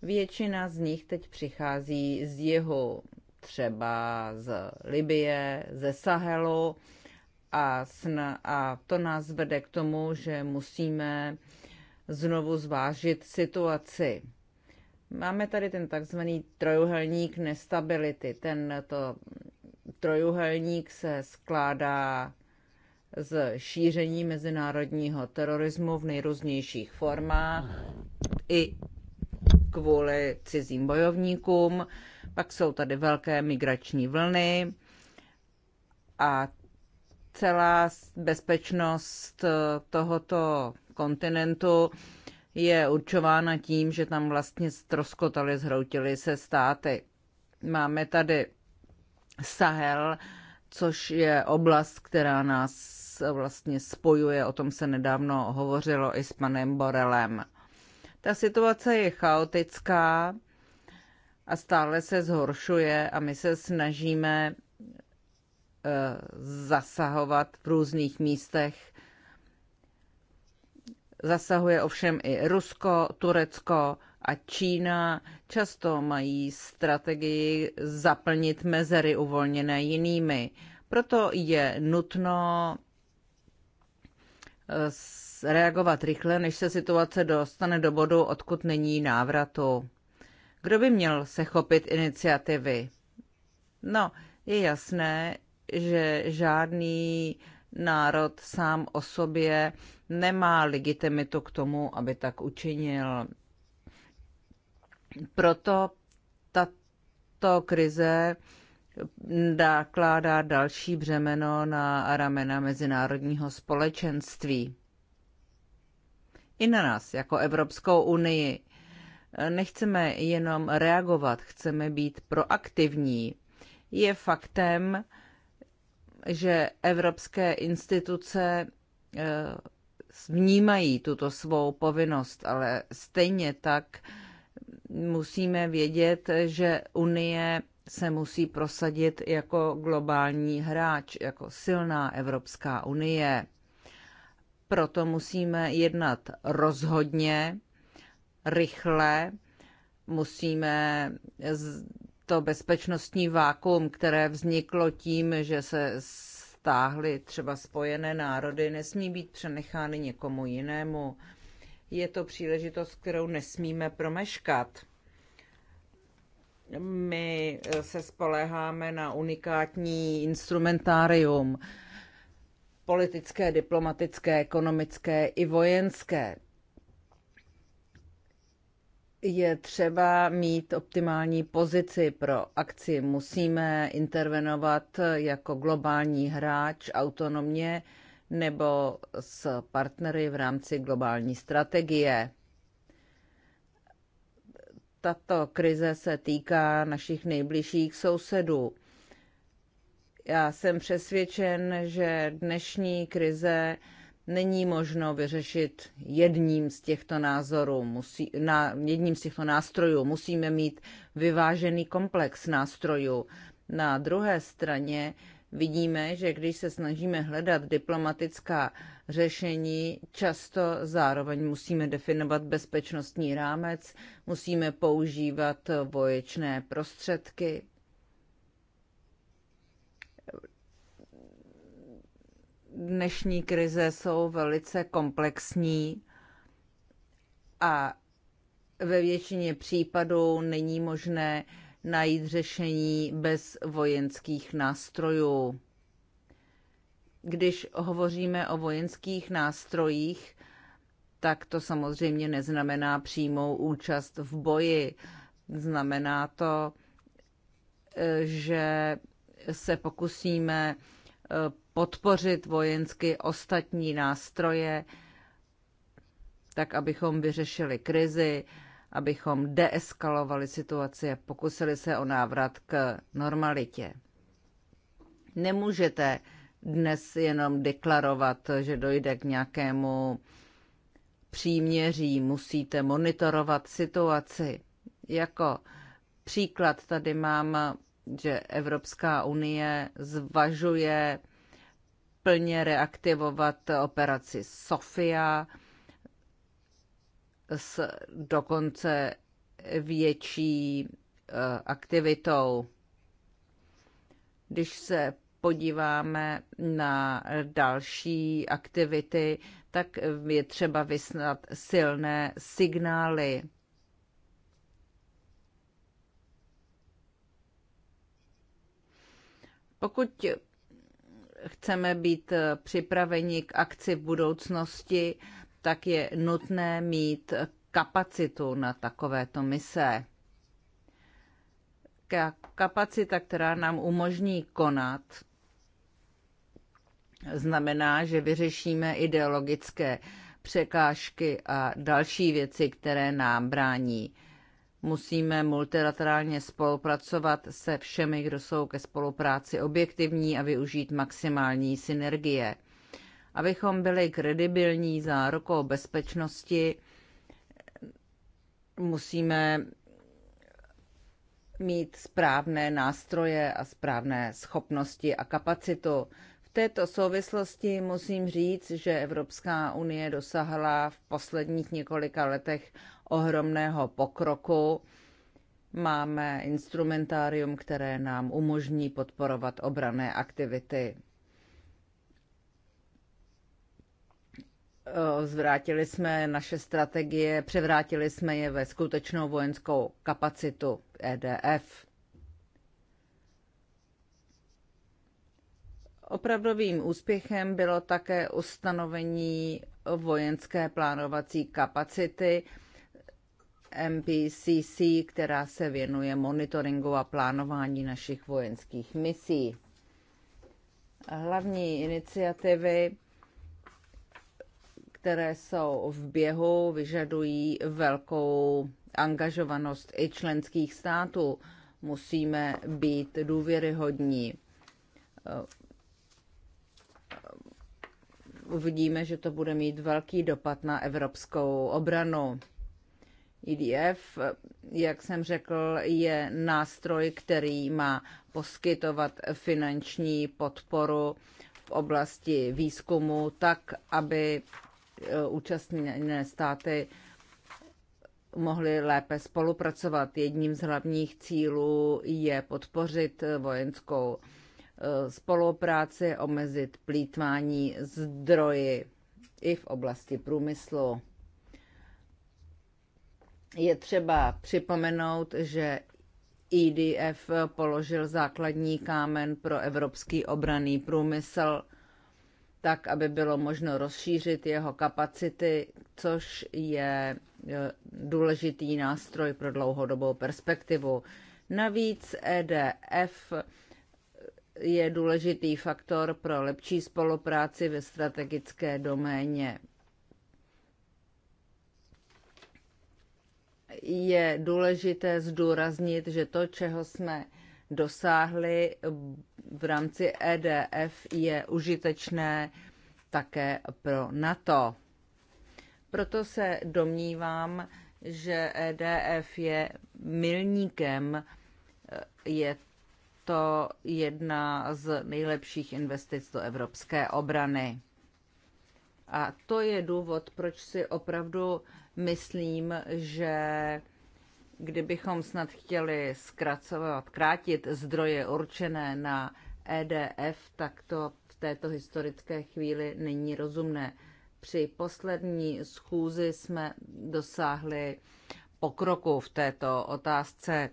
Většina z nich teď přichází z jihu, třeba z Libie, ze Sahelu a, sn- a to nás vede k tomu, že musíme znovu zvážit situaci. Máme tady ten takzvaný trojuhelník nestability. Tento trojuhelník se skládá z šíření mezinárodního terorismu v nejrůznějších formách i kvůli cizím bojovníkům. Pak jsou tady velké migrační vlny a celá bezpečnost tohoto kontinentu je určována tím, že tam vlastně stroskotali, zhroutili se státy. Máme tady Sahel, což je oblast, která nás vlastně spojuje. O tom se nedávno hovořilo i s panem Borelem. Ta situace je chaotická a stále se zhoršuje a my se snažíme eh, zasahovat v různých místech. Zasahuje ovšem i Rusko, Turecko, a Čína často mají strategii zaplnit mezery uvolněné jinými. Proto je nutno eh, reagovat rychle, než se situace dostane do bodu, odkud není návratu. Kdo by měl se chopit iniciativy? No, je jasné, že žádný národ sám o sobě nemá legitimitu k tomu, aby tak učinil. Proto tato krize nakládá další břemeno na ramena mezinárodního společenství. I na nás, jako Evropskou unii. Nechceme jenom reagovat, chceme být proaktivní. Je faktem, že evropské instituce eh, vnímají tuto svou povinnost, ale stejně tak musíme vědět, že Unie se musí prosadit jako globální hráč, jako silná Evropská unie. Proto musíme jednat rozhodně, rychle, musíme to bezpečnostní vákuum, které vzniklo tím, že se stáhly třeba spojené národy, nesmí být přenechány někomu jinému je to příležitost, kterou nesmíme promeškat. My se spoléháme na unikátní instrumentárium politické, diplomatické, ekonomické i vojenské. Je třeba mít optimální pozici pro akci. Musíme intervenovat jako globální hráč autonomně, nebo s partnery v rámci globální strategie. Tato krize se týká našich nejbližších sousedů. Já jsem přesvědčen, že dnešní krize není možno vyřešit jedním z těchto názorů, musí, na, jedním z těchto nástrojů. Musíme mít vyvážený komplex nástrojů. Na druhé straně Vidíme, že když se snažíme hledat diplomatická řešení, často zároveň musíme definovat bezpečnostní rámec, musíme používat voječné prostředky. Dnešní krize jsou velice komplexní a ve většině případů není možné uh, najít řešení bez vojenských nástrojů. Když hovoříme o vojenských nástrojích, tak to samozřejmě neznamená přímou účast v boji. Znamená to, že se pokusíme eh, podpořit vojensky ostatní nástroje, tak abychom vyřešili krizi, abychom deeskalovali situaci a pokusili se o návrat k normalitě. Nemůžete dnes jenom deklarovat, že dojde k nějakému příměří, musíte monitorovat situaci. Jako příklad tady mám, že Evropská unie zvažuje plně reaktivovat operaci Sofia, s dokonce větší e, aktivitou. Když se podíváme na další aktivity, tak je třeba vysnat silné signály. Pokud chceme být připraveni k akci v budoucnosti, tak je nutné mít kapacitu na takovéto mise. Kapacita, která nám umožní konat, znamená, že vyřešíme ideologické překážky a další věci, které nám brání. Musíme multilaterálně spolupracovat se všemi, kdo jsou ke spolupráci objektivní a využít maximální synergie abychom byli kredibilní zárukou bezpečnosti, musíme mít správné nástroje a správné schopnosti a kapacitu. V této souvislosti musím říct, že Evropská unie dosáhla v posledních několika letech ohromného pokroku. Máme instrumentárium, které nám umožní podporovat obrané aktivity Eh, zvrátili jsme naše strategie, převrátili jsme je ve skutečnou vojenskou kapacitu EDF. Opravdovým úspěchem bylo také ustanovení vojenské plánovací kapacity MPCC, která se věnuje monitoringu a plánování našich vojenských misí. Hlavní iniciativy které jsou v běhu, vyžadují velkou angažovanost i členských států. Musíme být důvěryhodní. Uvidíme, že to bude mít velký dopad na evropskou obranu. IDF, e jak jsem řekl, je nástroj, který má poskytovat finanční podporu v oblasti výzkumu tak, aby Eh, účastněné státy mohly lépe spolupracovat. Jedním z hlavních cílů je podpořit vojenskou eh, spolupráci, omezit plítvání zdroji i v oblasti průmyslu. Je třeba připomenout, že IDF e položil základní kámen pro evropský obraný průmysl – tak, aby bylo možno rozšířit jeho kapacity, což je e, důležitý nástroj pro dlouhodobou perspektivu. Navíc EDF je důležitý faktor pro lepší spolupráci ve strategické doméně. Je důležité zdůraznit, že to, čeho jsme dosáhli, v rámci EDF je užitečné také pro NATO. Proto se domnívám, že EDF je milníkem, je to jedna z nejlepších investic do evropské obrany. A to je důvod, proč si opravdu myslím, že kdybychom snad chtěli zkracovat, krátit zdroje určené na EDF, tak to v této historické chvíli není rozumné. Při poslední schůzi jsme dosáhli pokroku v této otázce.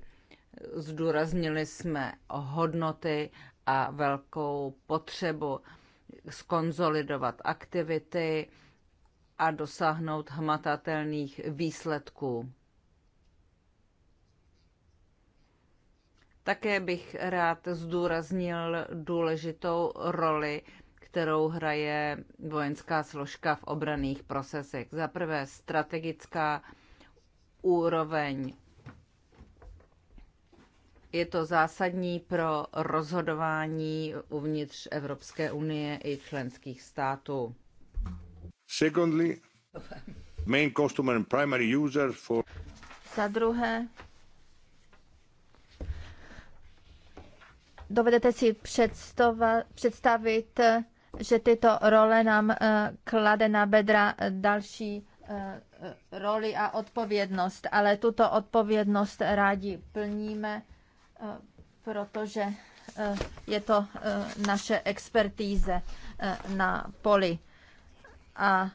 Zdůraznili jsme hodnoty a velkou potřebu skonzolidovat aktivity a dosáhnout hmatatelných výsledků. Také bych rád zdůraznil důležitou roli, kterou hraje vojenská složka v obraných procesech. Za prvé strategická úroveň. Je to zásadní pro rozhodování uvnitř Evropské unie i členských států. Secondly, main customer and primary user for... Za druhé, Dovedete si představit, že tyto role nám eh, klade na bedra eh, další eh, roli a odpovědnost, ale tuto odpovědnost rádi plníme, protože je to naše expertíze na poli. A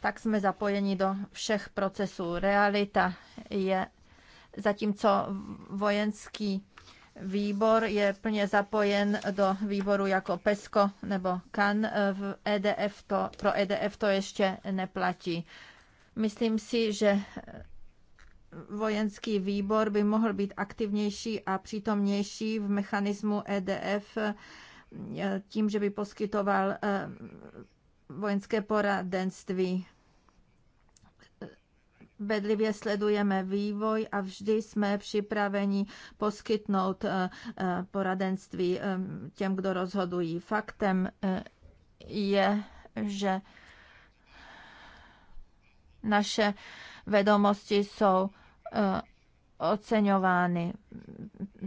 tak jsme zapojeni do všech procesů. Realita je, zatímco vojenský výbor je plně zapojen do výboru jako PESCO nebo CAN. V EDF to, pro EDF to ještě neplatí. Myslím si, že vojenský výbor by mohl být aktivnější a přítomnější v mechanismu EDF eh, tím, že by poskytoval eh, vojenské poradenství bedlivě sledujeme vývoj a vždy jsme připraveni poskytnout eh, eh, poradenství eh, těm, kdo rozhodují. Faktem je, že naše vedomosti jsou oceňovány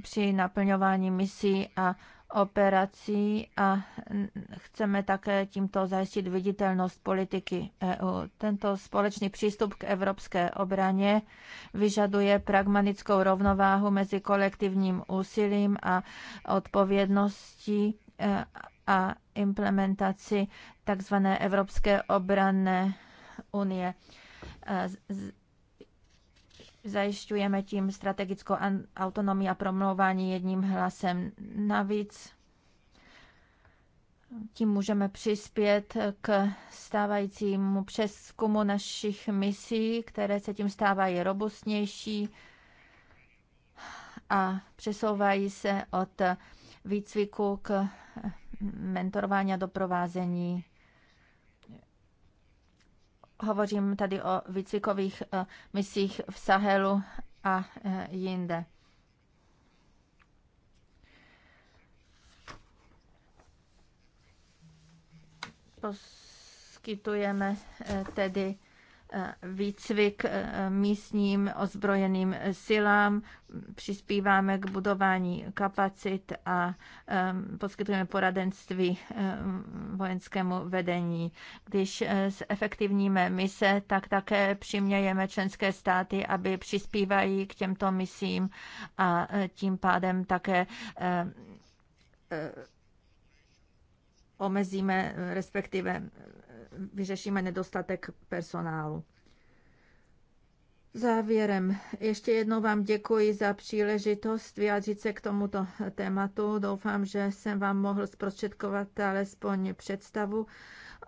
při naplňování misí a operací a chceme také tímto zajistit viditelnost politiky EU. Tento společný přístup k evropské obraně vyžaduje pragmatickou rovnováhu mezi kolektivním úsilím a odpovědností e, a implementaci tzv. Evropské obranné unie e, Zajišťujeme tím strategickou autonomii a promlouvání jedním hlasem. Navíc tím můžeme přispět k stávajícímu přeskumu našich misí, které se tím stávají robustnější a přesouvají se od výcviku k mentorování a doprovázení Hovořím tady o výcvikových eh, misích v Sahelu a eh, jinde. Poskytujeme eh, tedy výcvik eh, místním ozbrojeným silám, přispíváme k budování kapacit a poskytujeme poradenství vojenskému vedení. Když eh, zefektivníme mise, tak také přimějeme členské státy, aby přispívají k těmto misím a eh, tím pádem také omezíme, eh, respektive eh, vyřešíme nedostatek personálu. Závěrem, ještě jednou vám děkuji za příležitost vyjádřit se k tomuto tématu. Doufám, že jsem vám mohl zprostředkovat alespoň představu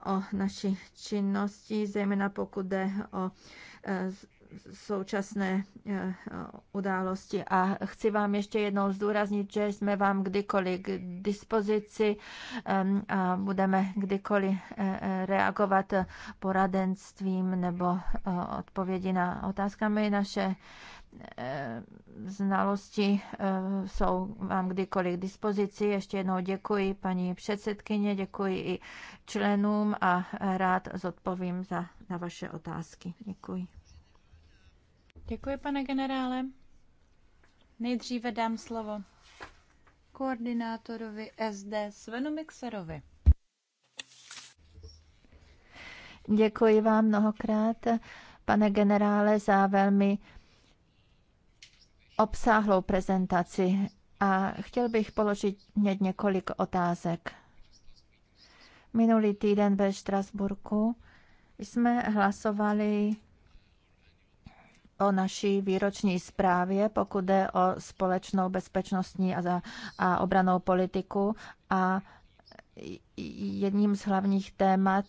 o naší činnosti, zejména pokud jde o eh, současné eh, eh, události. A chci vám ještě jednou zdůraznit, že jsme vám kdykoliv k dispozici a budeme kdykoliv eh, reagovat poradenstvím nebo odpovědi na otázkami naše znalosti jsou vám kdykoliv k dispozici. Ještě jednou děkuji paní předsedkyně, děkuji i členům a rád zodpovím za, na vaše otázky. Děkuji. Děkuji, pane generále. Nejdříve dám slovo koordinátorovi SD Svenu Mixerovi. Děkuji vám mnohokrát, pane generále, za velmi obsáhlou prezentaci a chtěl bych položit hned několik otázek. Minulý týden ve Štrasburku jsme hlasovali o naší výroční zprávě, pokud jde o společnou bezpečnostní a, a obranou politiku a jedním z hlavních témat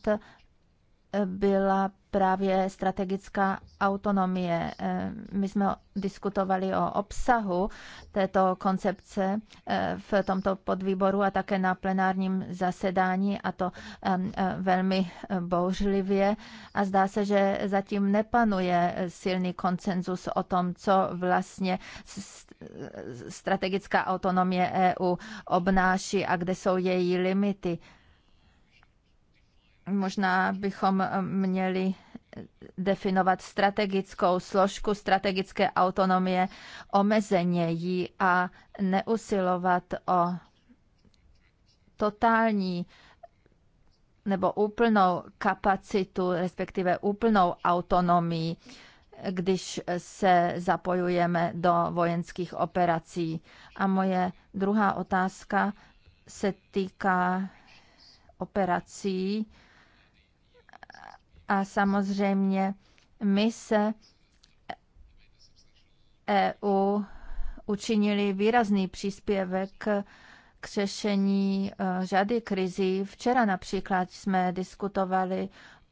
byla právě strategická autonomie. Eh, my jsme diskutovali o obsahu této koncepce eh, v tomto podvýboru a také na plenárním zasedání a to eh, velmi bouřlivě a zdá se, že zatím nepanuje silný koncenzus o tom, co vlastně strategická autonomie EU obnáší a kde jsou její limity. Možná bychom eh, měli eh, definovat strategickou složku strategické autonomie, omezeně ji a neusilovat o totální nebo úplnou kapacitu, respektive úplnou autonomii, když se zapojujeme do vojenských operací. A moje druhá otázka se týká operací, a samozřejmě mise EU učinili výrazný příspěvek k řešení eh, řady krizí. Včera například jsme diskutovali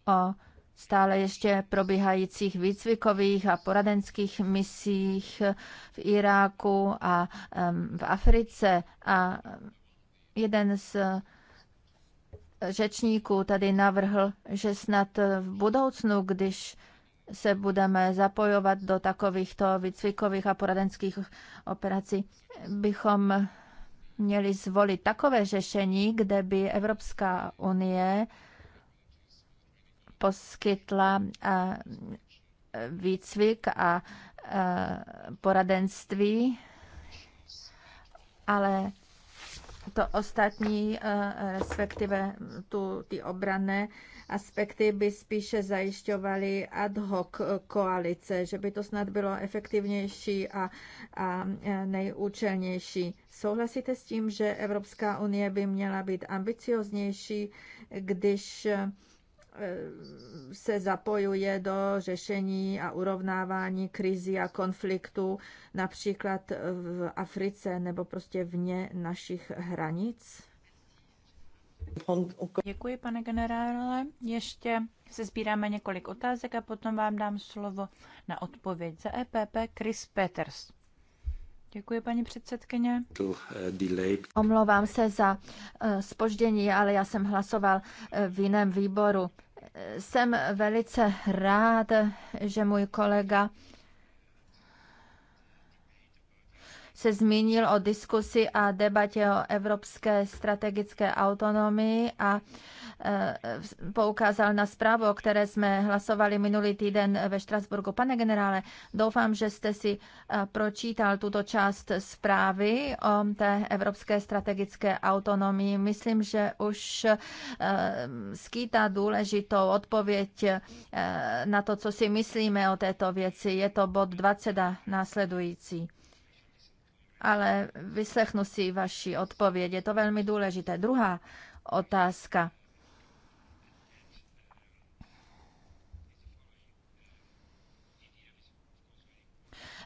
o stále ještě probíhajících výcvikových a poradenských misích v Iráku a v Africe. A jeden z řečníků tady navrhl, že snad v budoucnu, když se budeme zapojovat do takovýchto výcvikových a poradenských operací, bychom měli zvolit takové řešení, kde by Evropská unie poskytla eh, výcvik a eh, poradenství, ale to ostatní, eh, respektive tu, ty obrané aspekty by spíše zajišťovaly ad hoc eh, koalice, že by to snad bylo efektivnější a, a eh, nejúčelnější. Souhlasíte s tím, že Evropská unie by měla být ambicioznější, když se zapojuje do řešení a urovnávání krizi a konfliktu, například v Africe nebo prostě vně našich hranic? Děkuji, pane generále. Ještě se sbíráme několik otázek a potom vám dám slovo na odpověď za EPP Chris Peters. Děkuji, paní předsedkyně. Eh, Omlouvám se za spoždění, eh, ale já jsem hlasoval eh, v jiném výboru. Jsem velice rád, že můj kolega se zmínil o diskusi a debatě o evropské strategické autonomii a Eh, poukázal na zprávu, o které jsme hlasovali minulý týden ve Štrasburgu. Pane generále, doufám, že jste si eh, pročítal tuto část zprávy o té evropské strategické autonomii. Myslím, že už eh, skýtá důležitou odpověď na to, co si myslíme o této věci. Je to bod 20 a následující ale vyslechnu si vaši odpověď. Je to velmi důležité. Druhá otázka.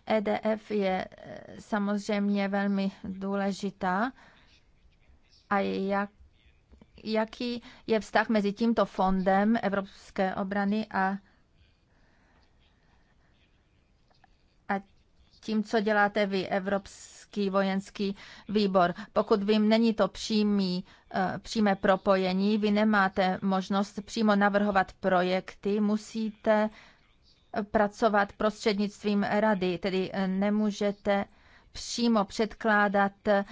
EDF je eh, samozřejmě velmi důležitá a jak, jaký je vztah mezi tímto fondem Evropské obrany a, a tím, co děláte vy, Evropský vojenský výbor. Pokud vím, není to přímý, eh, přímé propojení, vy nemáte možnost přímo navrhovat projekty, musíte pracovat prostřednictvím rady, tedy eh, nemůžete přímo předkládat eh,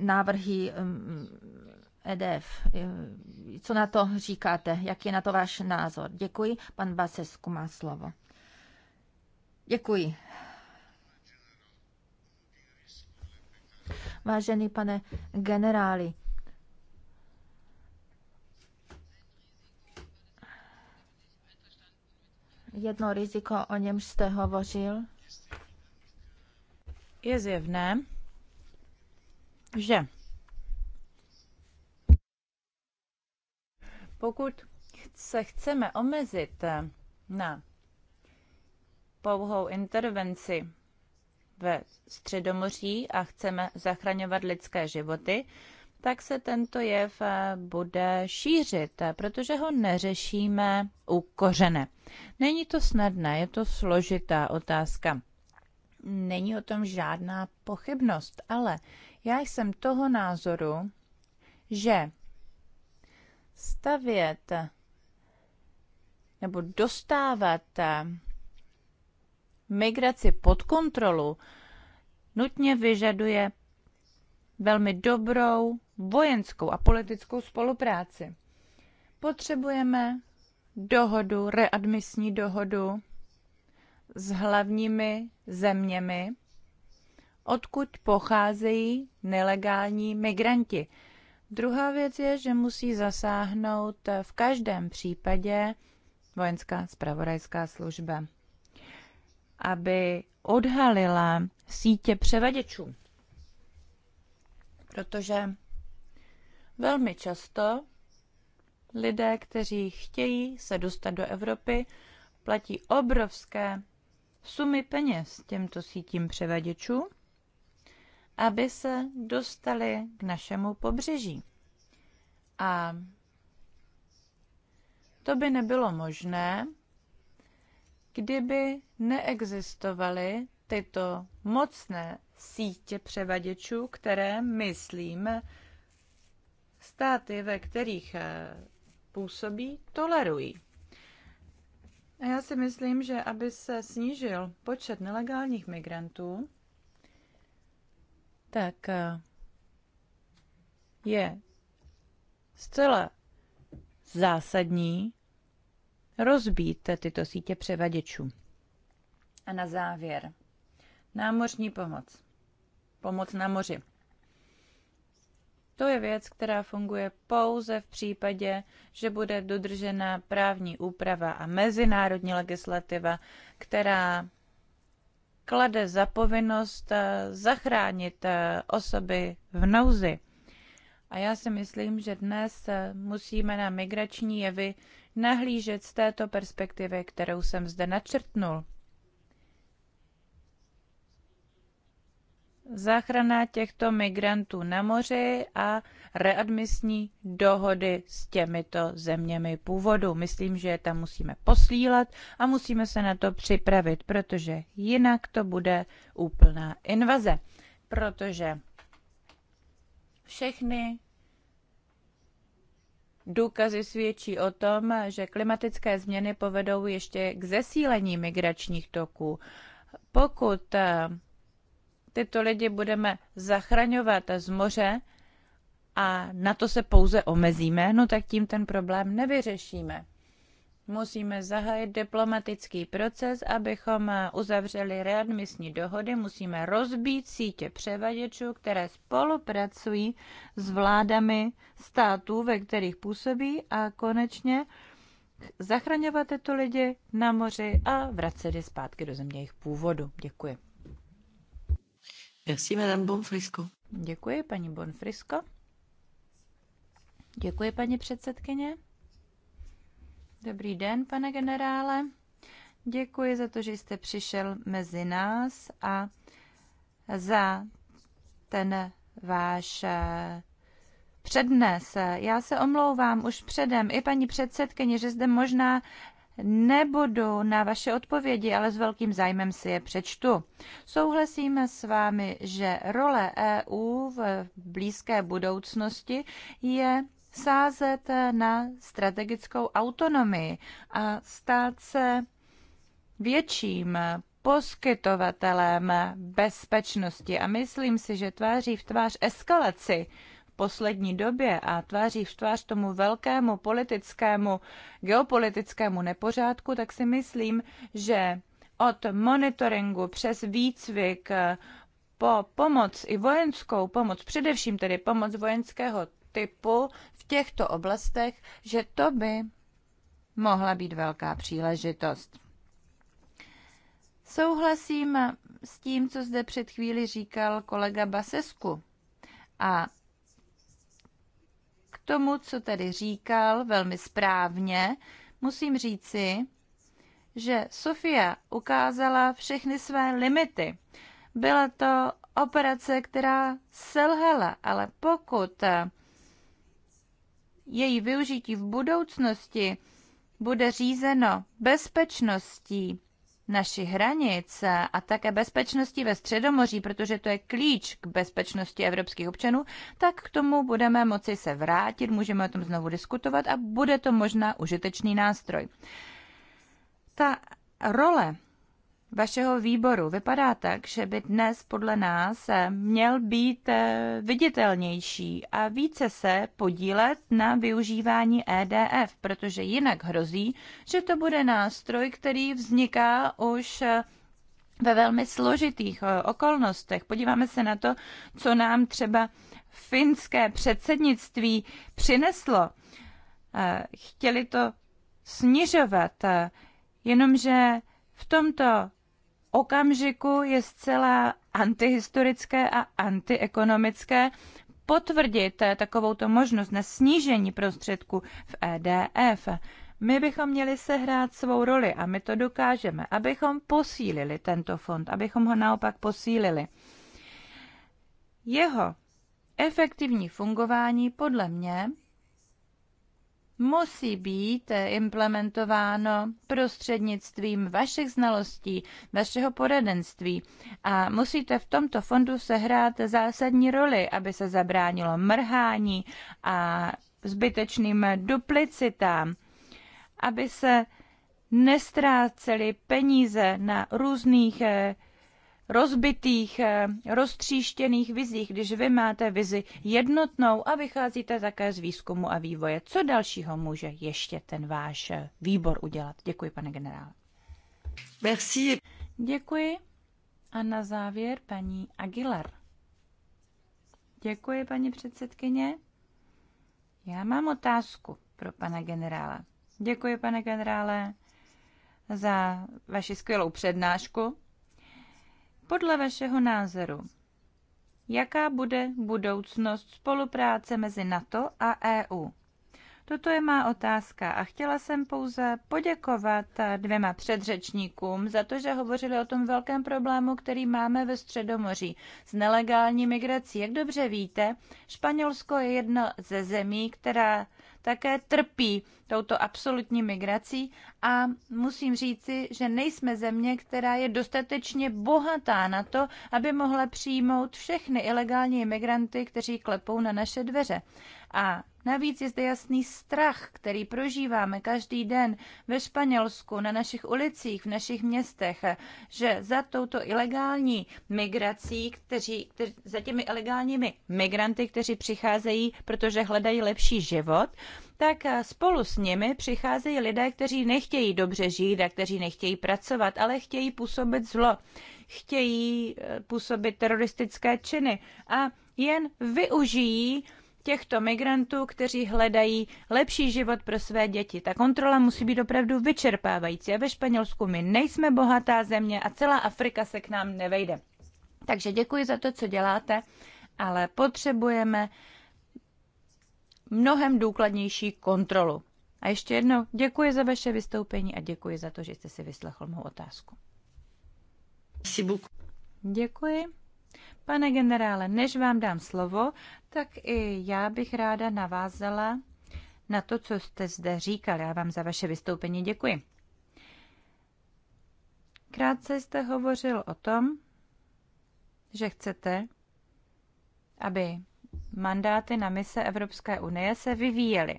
návrhy EDF. Eh, co na to říkáte? Jak je na to váš názor? Děkuji. Pan Basesku má slovo. Děkuji. Vážený pane generáli, jedno riziko, o němž jste hovořil? Je zjevné, že pokud se chceme omezit na pouhou intervenci ve Středomoří a chceme zachraňovat lidské životy, tak se tento jev eh, bude šířit, eh, protože ho neřešíme u kořene. Není to snadné, je to složitá otázka. Není o tom žádná pochybnost, ale já jsem toho názoru, že stavět eh, nebo dostávat migraci pod kontrolu nutně vyžaduje velmi dobrou vojenskou a politickou spolupráci. Potřebujeme dohodu, readmisní dohodu s hlavními zeměmi, odkud pocházejí nelegální migranti. Druhá věc je, že musí zasáhnout v každém případě vojenská spravodajská služba, aby odhalila sítě převaděčů. Protože Velmi často lidé, kteří chtějí se dostat do Evropy, platí obrovské sumy peněz těmto sítím převaděčů, aby se dostali k našemu pobřeží. A to by nebylo možné, kdyby neexistovaly tyto mocné sítě převaděčů, které, myslím, státy, ve kterých eh, působí, tolerují. A já si myslím, že aby se snížil počet nelegálních migrantů, tak eh, je zcela zásadní rozbít tyto sítě převaděčů. A na závěr. Námořní pomoc. Pomoc na moři. To je věc, která funguje pouze v případě, že bude dodržena právní úprava a mezinárodní legislativa, která klade za povinnost eh, zachránit eh, osoby v nouzi. A já si myslím, že dnes eh, musíme na migrační jevy nahlížet z této perspektivy, kterou jsem zde načrtnul. záchrana těchto migrantů na moři a readmisní dohody s těmito zeměmi původu. Myslím, že je tam musíme posílat a musíme se na to připravit, protože jinak to bude úplná invaze. Protože všechny Důkazy svědčí o tom, že klimatické změny povedou ještě k zesílení migračních toků. Pokud eh, tyto lidi budeme zachraňovat z moře a na to se pouze omezíme, no tak tím ten problém nevyřešíme. Musíme zahájit diplomatický proces, abychom eh, uzavřeli readmisní dohody. Musíme rozbít sítě převaděčů, které spolupracují s vládami států, ve kterých působí a konečně zachraňovat tyto lidi na moři a vracet je zpátky do země jejich původu. Děkuji. Merci, Madame Bonfrisco. Děkuji, paní Bonfrisco. Děkuji, paní předsedkyně. Dobrý den, pane generále. Děkuji za to, že jste přišel mezi nás a za ten váš eh, přednes. Já se omlouvám už předem i paní předsedkyně, že zde možná nebudu na vaše odpovědi, ale s velkým zájmem si je přečtu. Souhlasíme s vámi, že role EU v blízké budoucnosti je sázet na strategickou autonomii a stát se větším poskytovatelem bezpečnosti. A myslím si, že tváří v tvář eskalaci poslední době a tváří v tvář tomu velkému politickému, geopolitickému nepořádku, tak si myslím, že od monitoringu přes výcvik eh, po pomoc i vojenskou pomoc, především tedy pomoc vojenského typu v těchto oblastech, že to by mohla být velká příležitost. Souhlasím s tím, co zde před chvíli říkal kolega Basesku. A tomu, co tady říkal velmi správně, musím říci, že Sofia ukázala všechny své limity. Byla to operace, která selhala, ale pokud její využití v budoucnosti bude řízeno bezpečností naši hranic a také bezpečnosti ve Středomoří, protože to je klíč k bezpečnosti evropských občanů, tak k tomu budeme moci se vrátit, můžeme o tom znovu diskutovat a bude to možná užitečný nástroj. Ta role vašeho výboru vypadá tak, že by dnes podle nás měl být eh, viditelnější a více se podílet na využívání EDF, protože jinak hrozí, že to bude nástroj, který vzniká už eh, ve velmi složitých eh, okolnostech. Podíváme se na to, co nám třeba finské předsednictví přineslo. Chtěli to snižovat, jenomže v tomto okamžiku je zcela antihistorické a antiekonomické potvrdit to možnost na snížení prostředků v EDF. My bychom měli sehrát svou roli a my to dokážeme, abychom posílili tento fond, abychom ho naopak posílili. Jeho efektivní fungování podle mě musí být eh, implementováno prostřednictvím vašich znalostí, vašeho poradenství a musíte v tomto fondu sehrát zásadní roli, aby se zabránilo mrhání a zbytečným duplicitám, aby se nestrácely peníze na různých eh, rozbitých, eh, roztříštěných vizích, když vy máte vizi jednotnou a vycházíte také z výzkumu a vývoje. Co dalšího může ještě ten váš eh, výbor udělat? Děkuji, pane generále. Merci. Děkuji. A na závěr paní Aguilar. Děkuji, paní předsedkyně. Já mám otázku pro pana generála. Děkuji, pane generále, za vaši skvělou přednášku. Podle vašeho názoru, jaká bude budoucnost spolupráce mezi NATO a EU? Toto je má otázka a chtěla jsem pouze poděkovat dvěma předřečníkům za to, že hovořili o tom velkém problému, který máme ve Středomoří s nelegální migrací. Jak dobře víte, Španělsko je jedna ze zemí, která také trpí touto absolutní migrací a musím říci, že nejsme země, která je dostatečně bohatá na to, aby mohla přijmout všechny ilegální imigranty, kteří klepou na naše dveře. A Navíc je zde jasný strach, který prožíváme každý den ve Španělsku, na našich ulicích, v našich městech, že za touto ilegální migrací, kteří, kteří, za těmi ilegálními migranty, kteří přicházejí, protože hledají lepší život, tak spolu s nimi přicházejí lidé, kteří nechtějí dobře žít a kteří nechtějí pracovat, ale chtějí působit zlo, chtějí eh, působit teroristické činy a jen využijí těchto migrantů, kteří hledají lepší život pro své děti. Ta kontrola musí být opravdu vyčerpávající a ve Španělsku my nejsme bohatá země a celá Afrika se k nám nevejde. Takže děkuji za to, co děláte, ale potřebujeme mnohem důkladnější kontrolu. A ještě jednou děkuji za vaše vystoupení a děkuji za to, že jste si vyslechl mou otázku. Děkuji. Pane generále, než vám dám slovo, tak i já bych ráda navázala na to, co jste zde říkal. Já vám za vaše vystoupení děkuji. Krátce jste hovořil o tom, že chcete, aby mandáty na mise Evropské unie se vyvíjely.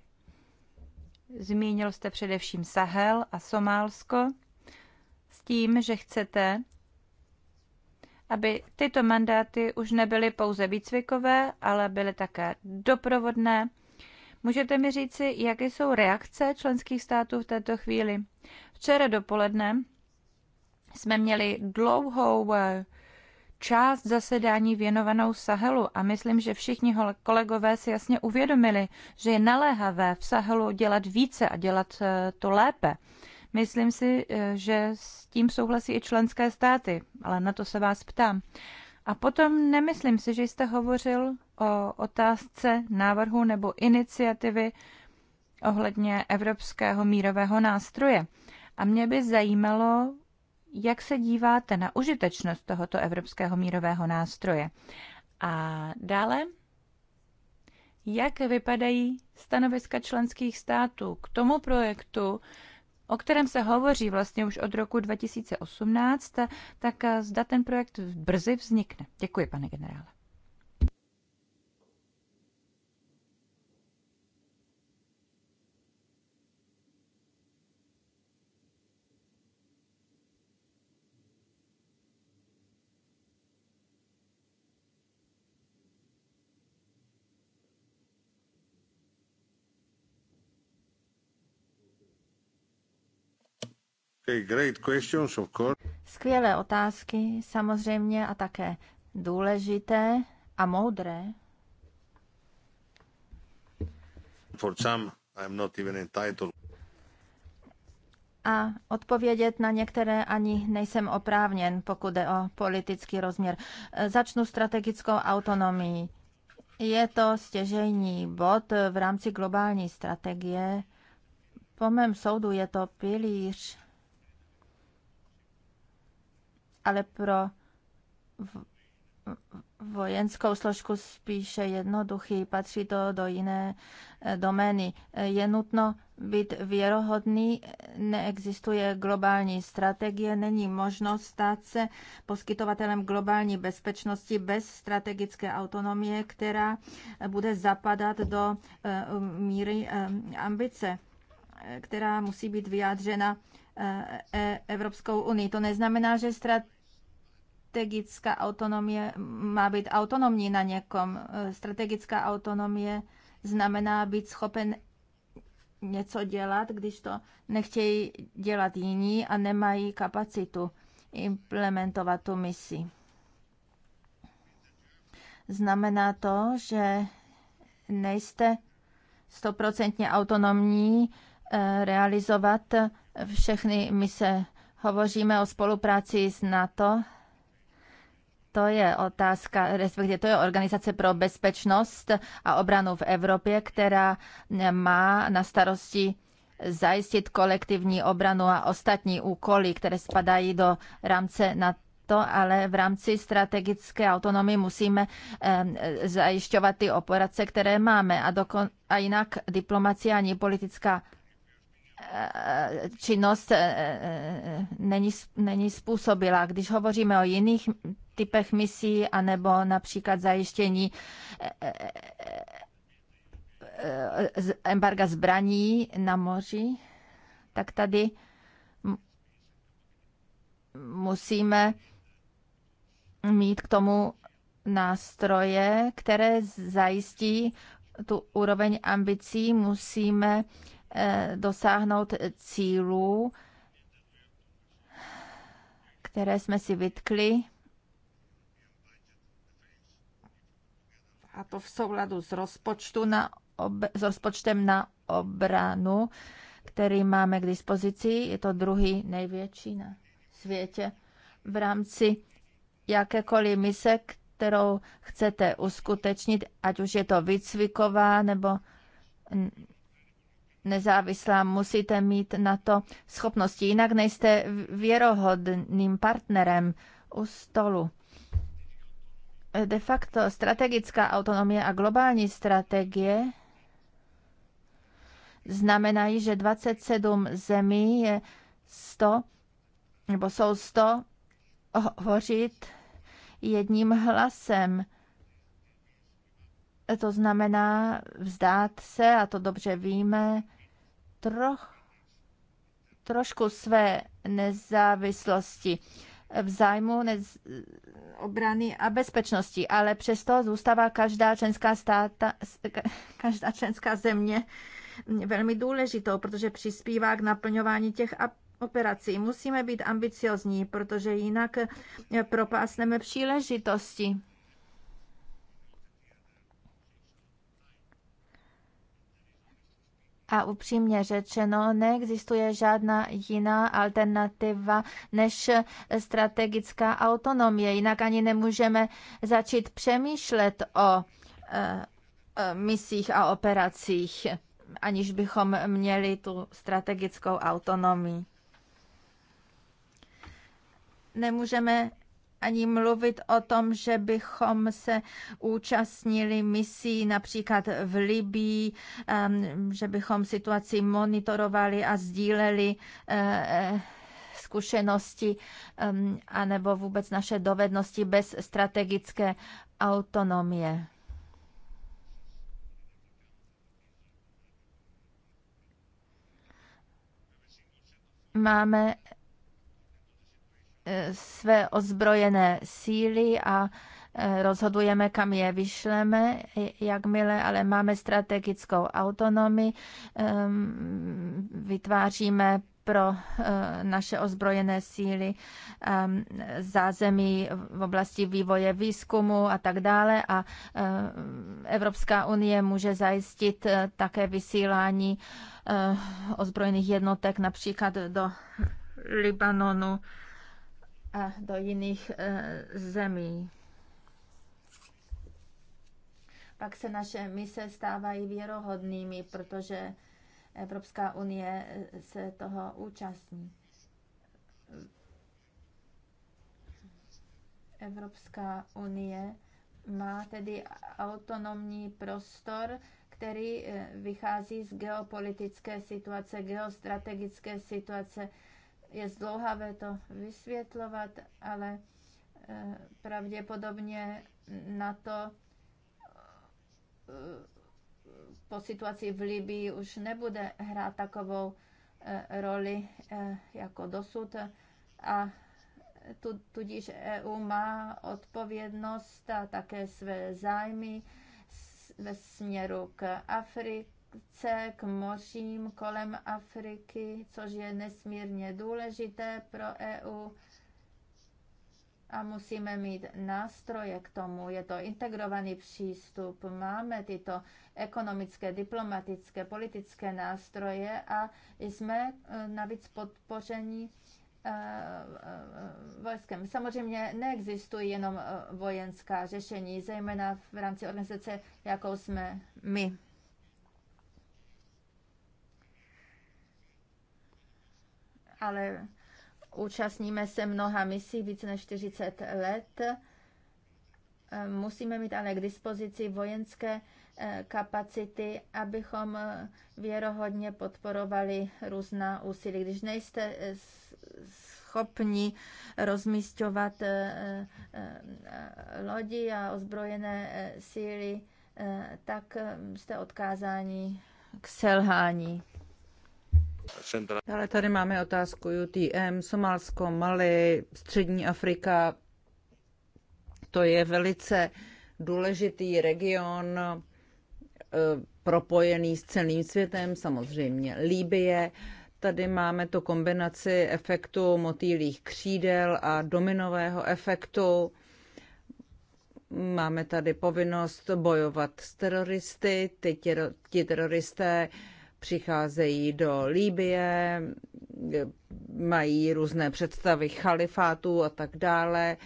Zmínil jste především Sahel a Somálsko s tím, že chcete, aby tyto mandáty už nebyly pouze výcvikové, ale byly také doprovodné. Můžete mi říci, jaké jsou reakce členských států v této chvíli? Včera dopoledne jsme měli dlouhou eh, část zasedání věnovanou Sahelu a myslím, že všichni kolegové si jasně uvědomili, že je naléhavé v Sahelu dělat více a dělat eh, to lépe. Myslím si, eh, že s tím souhlasí i členské státy, ale na to se vás ptám. A potom nemyslím si, že jste hovořil o otázce návrhu nebo iniciativy ohledně evropského mírového nástroje. A mě by zajímalo, jak se díváte na užitečnost tohoto evropského mírového nástroje. A dále, jak vypadají stanoviska členských států k tomu projektu, o kterém se hovoří vlastně už od roku 2018, tak eh, zda ten projekt brzy vznikne. Děkuji, pane generále. Skvělé otázky samozřejmě a také důležité a moudré. For some, I'm not even entitled. A odpovědět na některé ani nejsem oprávněn, pokud jde o politický rozměr. Začnu strategickou autonomii. Je to stěžejní bod v rámci globální strategie. Po mém soudu je to pilíř ale pro vojenskou složku spíše jednoduchý, patří to do jiné eh, domény. Eh, je nutno být věrohodný, neexistuje globální strategie, není možnost stát se poskytovatelem globální bezpečnosti bez strategické autonomie, která bude zapadat do eh, míry ambice, která musí být vyjádřena e, Evropskou unii. To neznamená, že strategie strategická autonomie má být autonomní na někom. E, strategická autonomie znamená být schopen něco dělat, když to nechtějí dělat jiní a nemají kapacitu implementovat tu misi. Znamená to, že nejste stoprocentně autonomní e, realizovat všechny mise. Hovoříme o spolupráci s NATO, to je otázka, respektive to je Organizace pro bezpečnost a obranu v Evropě, která má na starosti zajistit kolektivní obranu a ostatní úkoly, které spadají do rámce NATO to, ale v rámci strategické autonomie musíme zajišťovat ty operace, které máme. A, dokon, a jinak diplomacie ani politická činnost eh, eh, není, není způsobila. Když hovoříme o jiných typech misí, anebo například zajištění eh, embarga zbraní na moři, tak tady musíme mít k tomu nástroje, které zajistí tu úroveň ambicí. Musíme Eh, dosáhnout cílů, které jsme si vytkli, a to v souladu s, rozpočtu na ob, s rozpočtem na obranu, který máme k dispozici. Je to druhý největší na světě. V rámci jakékoliv mise, kterou chcete uskutečnit, ať už je to výcviková nebo nezávislá, musíte mít na to schopnosti, jinak nejste věrohodným partnerem u stolu. De facto strategická autonomie a globální strategie znamenají, že 27 zemí je 100, nebo jsou 100 hovořit jedním hlasem. To znamená vzdát se, a to dobře víme, troch, trošku své nezávislosti v zájmu nez, obrany a bezpečnosti, ale přesto zůstává každá členská, státa, každá členská země velmi důležitou, protože přispívá k naplňování těch operací. Musíme být ambiciozní, protože jinak propásneme příležitosti. A upřímně řečeno, neexistuje žádná jiná alternativa než strategická autonomie. Jinak ani nemůžeme začít přemýšlet o eh, eh, misích a operacích, aniž bychom měli tu strategickou autonomii. Nemůžeme ani mluvit o tom, že bychom se účastnili misí například v Libii, že bychom situaci monitorovali a sdíleli eh, eh, zkušenosti anebo vůbec naše dovednosti bez strategické autonomie. Máme Eh, své ozbrojené síly a eh, rozhodujeme, kam je vyšleme, eh, jakmile ale máme strategickou autonomii, ehm, vytváříme pro naše ozbrojené síly ehm, zázemí v oblasti vývoje výzkumu a tak dále a Evropská unie může zajistit také vysílání ozbrojených jednotek například do Libanonu a do jiných e, zemí. Pak se naše mise stávají věrohodnými, protože Evropská unie e, se toho účastní. Evropská unie má tedy autonomní prostor, který e, vychází z geopolitické situace, geostrategické situace je zdlouhavé to vysvětlovat, ale eh, pravděpodobně na to eh, po situaci v Libii už nebude hrát takovou eh, roli jako dosud a tudíž EU má odpovědnost a také své zájmy ve směru k Africe se k mořím kolem Afriky, což je nesmírně důležité pro EU a musíme mít nástroje k tomu. Je to integrovaný přístup, máme tyto ekonomické, diplomatické, politické nástroje a jsme eh, navíc podpoření eh, eh, vojskem. Samozřejmě neexistují jenom vojenská řešení, zejména v rámci organizace, jakou jsme my. ale účastníme se mnoha misí více než 40 let. Musíme mít ale k dispozici vojenské eh, kapacity, abychom eh, věrohodně podporovali různá úsilí. Když nejste eh, schopni rozmístovat lodi a ozbrojené síly, tak jste odkázáni k selhání. Ale tady máme otázku UTM, Somálsko, Mali, Střední Afrika. To je velice důležitý region eh, propojený s celým světem, samozřejmě Líbie. Tady máme tu kombinaci efektu motýlých křídel a dominového efektu. Máme tady povinnost bojovat s teroristy. Ty, ti teroristé přicházejí do Líbie, mají různé představy chalifátů a tak dále.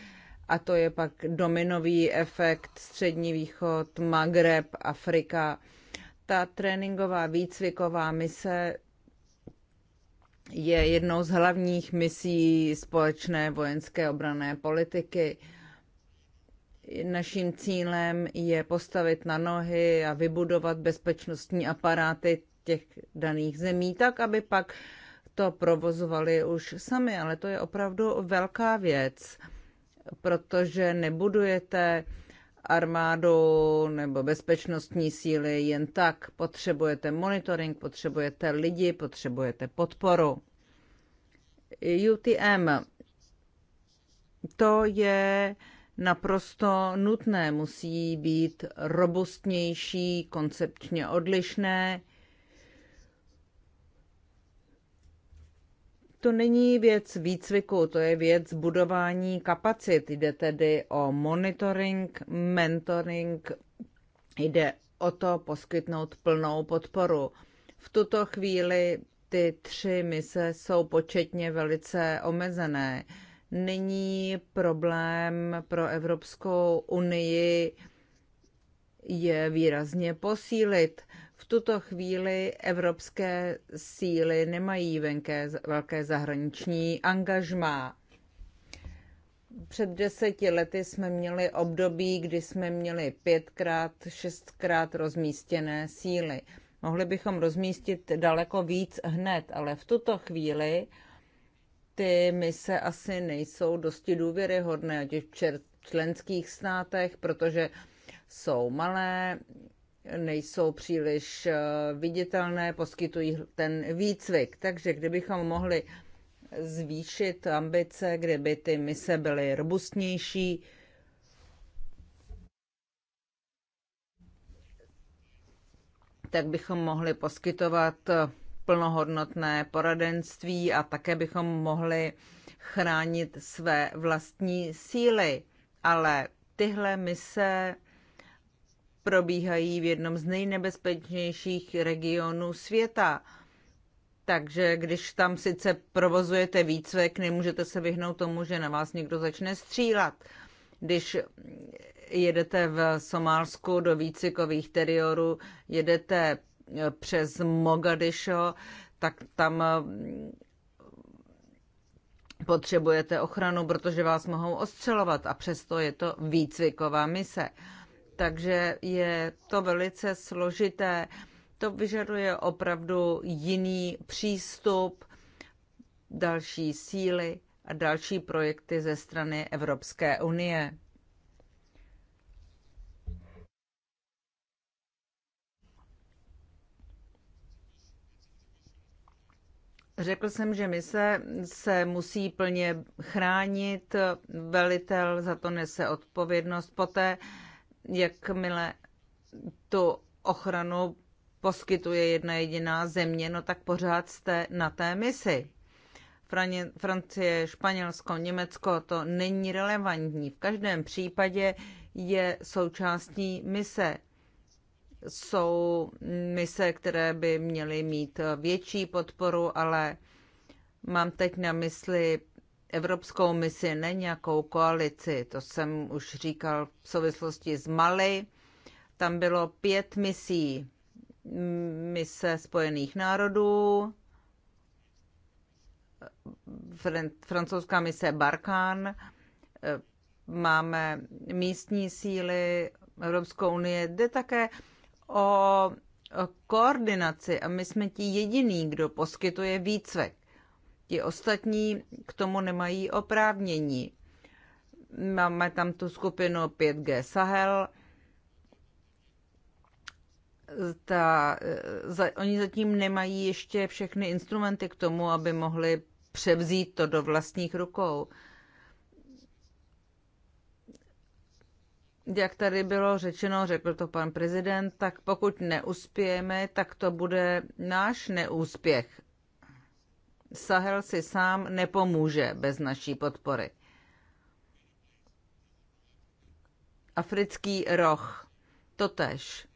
A to je pak dominový efekt Střední východ, Magreb, Afrika. Ta tréninková výcviková mise je jednou z hlavních misí společné vojenské obrané politiky. Naším cílem je postavit na nohy a vybudovat bezpečnostní aparáty těch daných zemí, tak aby pak to provozovali už sami, ale to je opravdu velká věc, protože nebudujete armádu nebo bezpečnostní síly jen tak. Potřebujete monitoring, potřebujete lidi, potřebujete podporu. UTM. To je naprosto nutné, musí být robustnější, koncepčně odlišné. To není věc výcviku, to je věc budování kapacit. Jde tedy o monitoring, mentoring, jde o to poskytnout plnou podporu. V tuto chvíli ty tři mise jsou početně velice omezené. Není problém pro Evropskou unii je výrazně posílit – v tuto chvíli evropské síly nemají venké, velké zahraniční angažmá. Před deseti lety jsme měli období, kdy jsme měli pětkrát, šestkrát rozmístěné síly. Mohli bychom rozmístit daleko víc hned, ale v tuto chvíli ty mise asi nejsou dosti důvěryhodné, ať v členských státech, protože jsou malé, nejsou příliš eh, viditelné, poskytují ten výcvik. Takže kdybychom mohli zvýšit ambice, kdyby ty mise byly robustnější, tak bychom mohli poskytovat eh, plnohodnotné poradenství a také bychom mohli chránit své vlastní síly. Ale tyhle mise probíhají v jednom z nejnebezpečnějších regionů světa. Takže když tam sice provozujete výcvik, nemůžete se vyhnout tomu, že na vás někdo začne střílat. Když jedete v Somálsku do výcvikových teriorů, jedete přes Mogadišo, tak tam potřebujete ochranu, protože vás mohou ostřelovat a přesto je to výcviková mise takže je to velice složité. To vyžaduje opravdu jiný přístup, další síly a další projekty ze strany Evropské unie. Řekl jsem, že mise se musí plně chránit, velitel za to nese odpovědnost. Poté jakmile tu ochranu poskytuje jedna jediná země, no tak pořád jste na té misi. Francie, Španělsko, Německo, to není relevantní. V každém případě je součástí mise. Jsou mise, které by měly mít větší podporu, ale mám teď na mysli evropskou misi, ne nějakou koalici. To jsem už říkal v souvislosti s Mali. Tam bylo pět misí. Mm, mise Spojených národů, francouzská mise Barkán, eh, máme místní síly Evropskou unie. Jde také o koordinaci a my jsme ti jediný, kdo poskytuje výcvik. Ti ostatní k tomu nemají oprávnění. Máme tam tu skupinu 5G Sahel. Ta, za, oni zatím nemají ještě všechny instrumenty k tomu, aby mohli převzít to do vlastních rukou. jak tady bylo řečeno, řekl to pan prezident, tak pokud neuspějeme, tak to bude náš neúspěch. Sahel si sám nepomůže bez naší podpory. Africký roh, totež.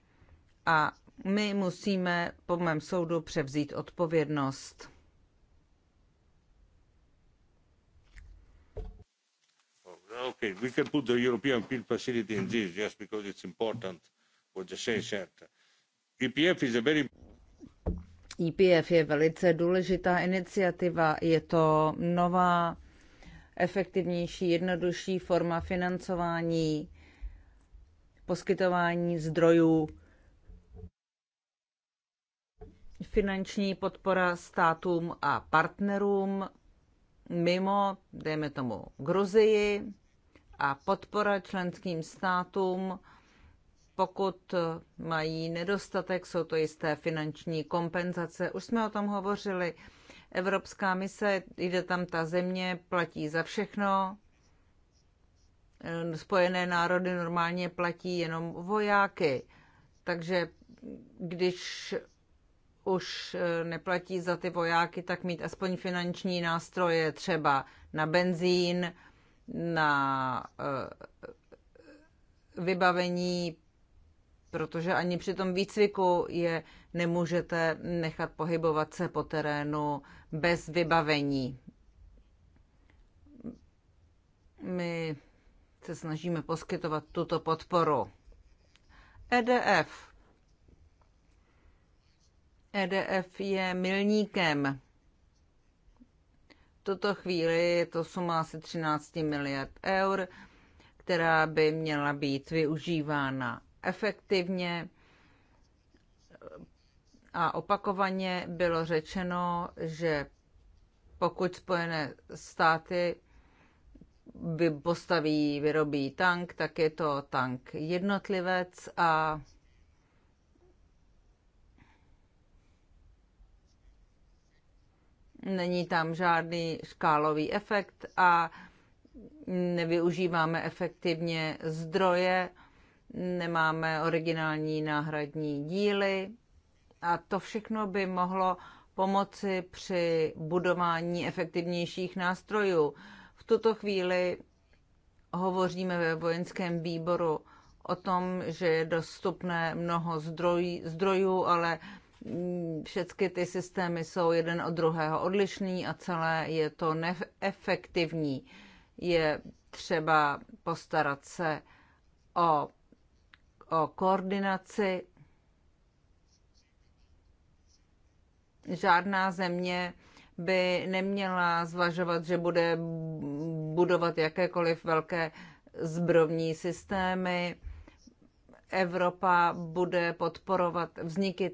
A my musíme, po mém soudu, převzít odpovědnost. Oh, okay, we can put the European Peel Facility in this just because it's important the EPF e is a very IPF je velice důležitá iniciativa. Je to nová, efektivnější, jednodušší forma financování, poskytování zdrojů, finanční podpora státům a partnerům mimo, dejme tomu, Gruzii a podpora členským státům pokud mají nedostatek, jsou to jisté finanční kompenzace. Už jsme o tom hovořili. Evropská mise, jde tam ta země, platí za všechno. Spojené národy normálně platí jenom vojáky. Takže když už neplatí za ty vojáky, tak mít aspoň finanční nástroje třeba na benzín, na eh, vybavení protože ani při tom výcviku je nemůžete nechat pohybovat se po terénu bez vybavení. My se snažíme poskytovat tuto podporu. EDF. EDF je milníkem. V tuto chvíli to suma asi 13 miliard eur, která by měla být využívána efektivně a opakovaně bylo řečeno, že pokud Spojené státy postaví, vyrobí tank, tak je to tank jednotlivec a není tam žádný škálový efekt a nevyužíváme efektivně zdroje, nemáme originální náhradní díly a to všechno by mohlo pomoci při budování efektivnějších nástrojů. V tuto chvíli hovoříme ve vojenském výboru o tom, že je dostupné mnoho zdroj, zdrojů, ale všechny ty systémy jsou jeden od druhého odlišný a celé je to neefektivní. Je třeba postarat se o o koordinaci. Žádná země by neměla zvažovat, že bude budovat jakékoliv velké zbrojní systémy. Evropa bude podporovat vzniky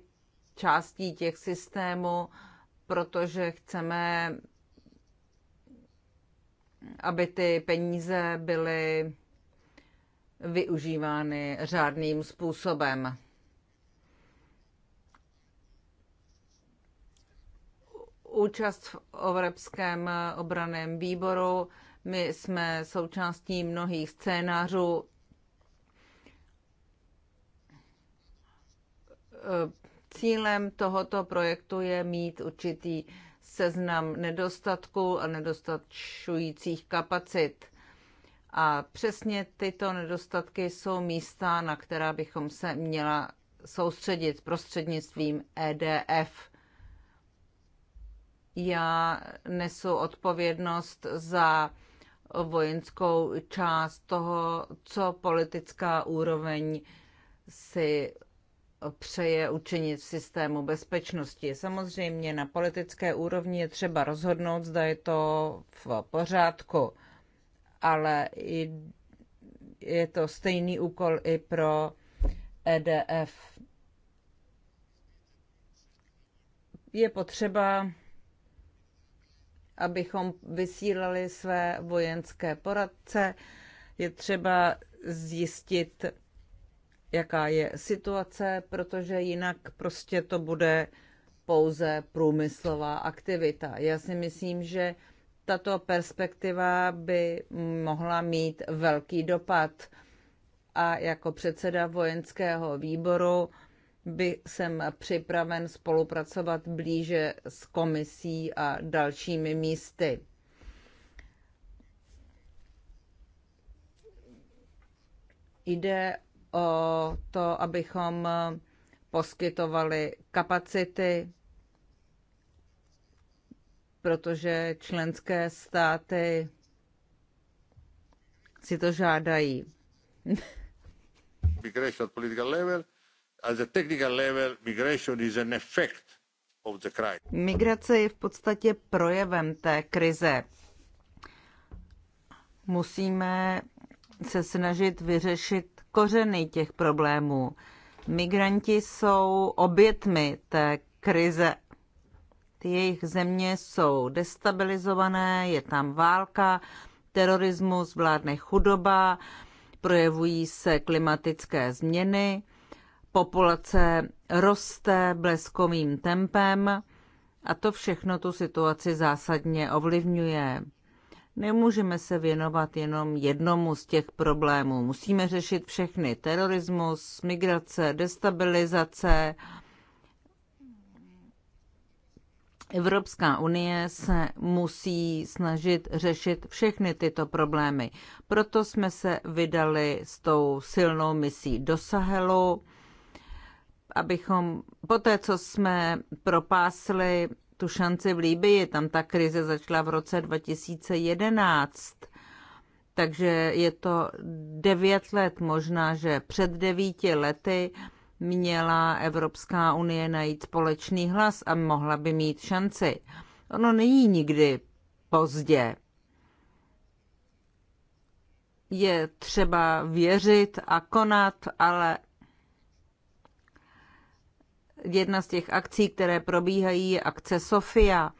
částí těch systémů, protože chceme, aby ty peníze byly využívány řádným způsobem. Účast v Evropském obraném výboru. My jsme součástí mnohých scénářů. Cílem tohoto projektu je mít určitý seznam nedostatků a nedostačujících kapacit. A přesně tyto nedostatky jsou místa, na která bychom se měla soustředit prostřednictvím EDF. Já nesu odpovědnost za vojenskou část toho, co politická úroveň si přeje učinit v systému bezpečnosti. Samozřejmě na politické úrovni je třeba rozhodnout, zda je to v pořádku ale je to stejný úkol i pro EDF. Je potřeba, abychom vysílali své vojenské poradce, je třeba zjistit, jaká je situace, protože jinak prostě to bude pouze průmyslová aktivita. Já si myslím, že tato perspektiva by mohla mít velký dopad. A jako předseda vojenského výboru by jsem připraven spolupracovat blíže s komisí a dalšími místy. Jde o to, abychom poskytovali kapacity protože členské státy si to žádají. migration at political level, technical level, migration is an effect of the crisis. Migrace je v podstatě projevem té krize. Musíme se snažit vyřešit kořeny těch problémů. Migranti jsou obětmi té krize ty jejich země jsou destabilizované, je tam válka, terorismus, vládne chudoba, projevují se klimatické změny, populace roste bleskovým tempem a to všechno tu situaci zásadně ovlivňuje. Nemůžeme se věnovat jenom jednomu z těch problémů. Musíme řešit všechny. Terorismus, migrace, destabilizace, Evropská unie se musí snažit řešit všechny tyto problémy. Proto jsme se vydali s tou silnou misí do Sahelu, abychom poté, co jsme propásli tu šanci v Líbii, tam ta krize začala v roce 2011, takže je to devět let, možná, že před devíti lety měla Evropská unie najít společný hlas a mohla by mít šanci. Ono není nikdy pozdě. Je třeba věřit a konat, ale jedna z těch akcí, které probíhají, je akce Sofia.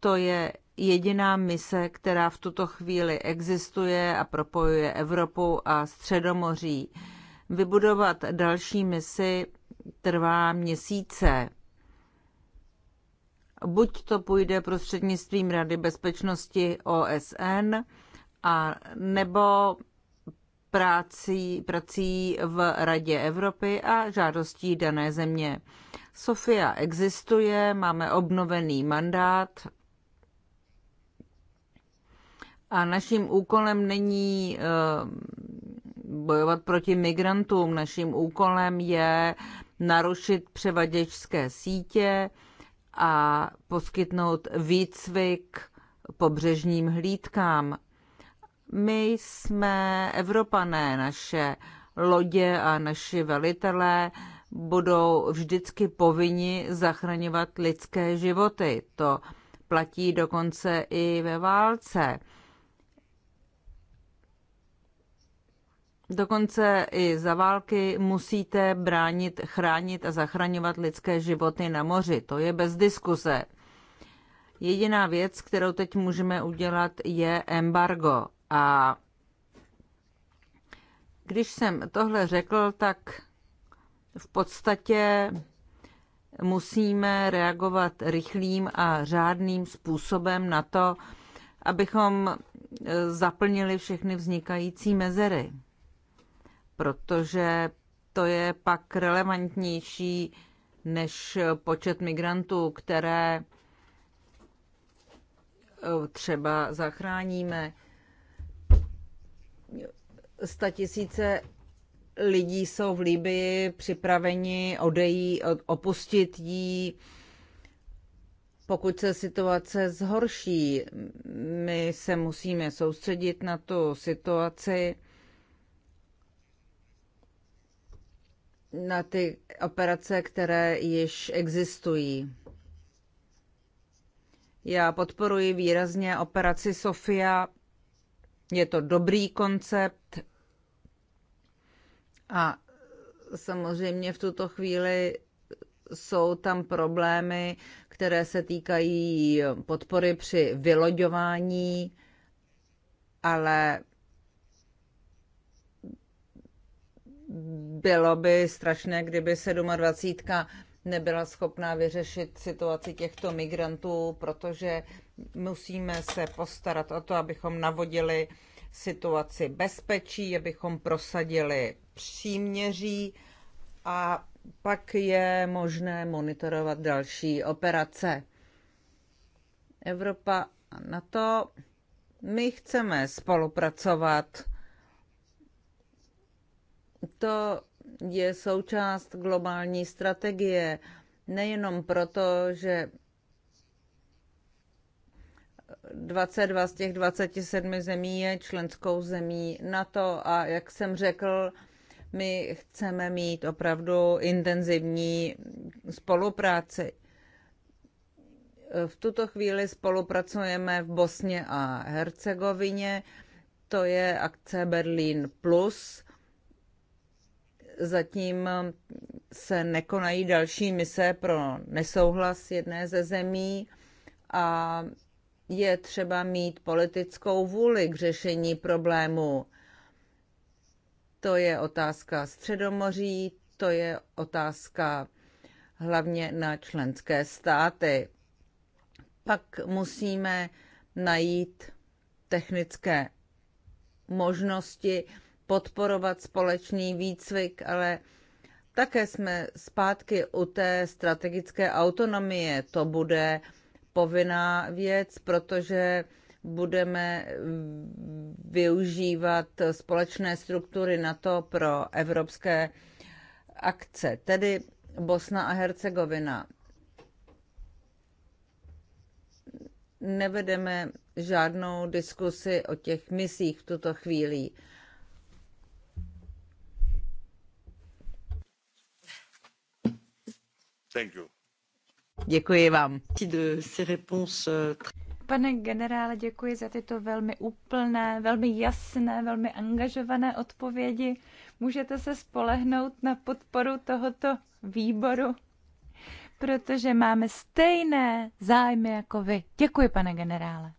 To je jediná mise, která v tuto chvíli existuje a propojuje Evropu a Středomoří. Vybudovat další misi trvá měsíce. Buď to půjde prostřednictvím Rady bezpečnosti OSN, a nebo prací, prací v Radě Evropy a žádostí dané země. Sofia existuje, máme obnovený mandát a naším úkolem není eh, bojovat proti migrantům. Naším úkolem je narušit převaděčské sítě a poskytnout výcvik pobřežním hlídkám. My jsme Evropané, naše lodě a naši velitelé budou vždycky povinni zachraňovat lidské životy. To platí dokonce i ve válce. Dokonce i za války musíte bránit, chránit a zachraňovat lidské životy na moři. To je bez diskuse. Jediná věc, kterou teď můžeme udělat, je embargo. A když jsem tohle řekl, tak v podstatě musíme reagovat rychlým a řádným způsobem na to, abychom e, zaplnili všechny vznikající mezery protože to je pak relevantnější než počet migrantů, které eh, třeba zachráníme. Sta tisíce lidí jsou v Libii připraveni odejí, opustit jí, pokud se situace zhorší. My se musíme soustředit na tu situaci na ty operace, které již existují. Já podporuji výrazně operaci Sofia. Je to dobrý koncept a samozřejmě v tuto chvíli jsou tam problémy, které se týkají podpory při vyloďování, ale bylo by strašné, kdyby 27 nebyla schopná vyřešit situaci těchto migrantů, protože musíme se postarat o to, abychom navodili situaci bezpečí, abychom prosadili příměří a pak je možné monitorovat další operace. Evropa a NATO, my chceme spolupracovat to je součást globální strategie, nejenom proto, že 22 z těch 27 zemí je členskou zemí NATO a jak jsem řekl, my chceme mít opravdu intenzivní spolupráci. V tuto chvíli spolupracujeme v Bosně a Hercegovině, to je akce Berlín Plus. Zatím se nekonají další mise pro nesouhlas jedné ze zemí a je třeba mít politickou vůli k řešení problému. To je otázka Středomoří, to je otázka hlavně na členské státy. Pak musíme najít technické možnosti, podporovat společný výcvik, ale také jsme zpátky u té strategické autonomie. To bude povinná věc, protože budeme využívat společné struktury na to pro evropské akce, tedy Bosna a Hercegovina. Nevedeme žádnou diskusi o těch misích v tuto chvíli. Thank you. Děkuji vám. Euh, pane generále, děkuji za tyto velmi úplné, velmi jasné, velmi angažované odpovědi. Můžete se spolehnout na podporu tohoto výboru, protože máme stejné zájmy jako vy. Děkuji, pane generále.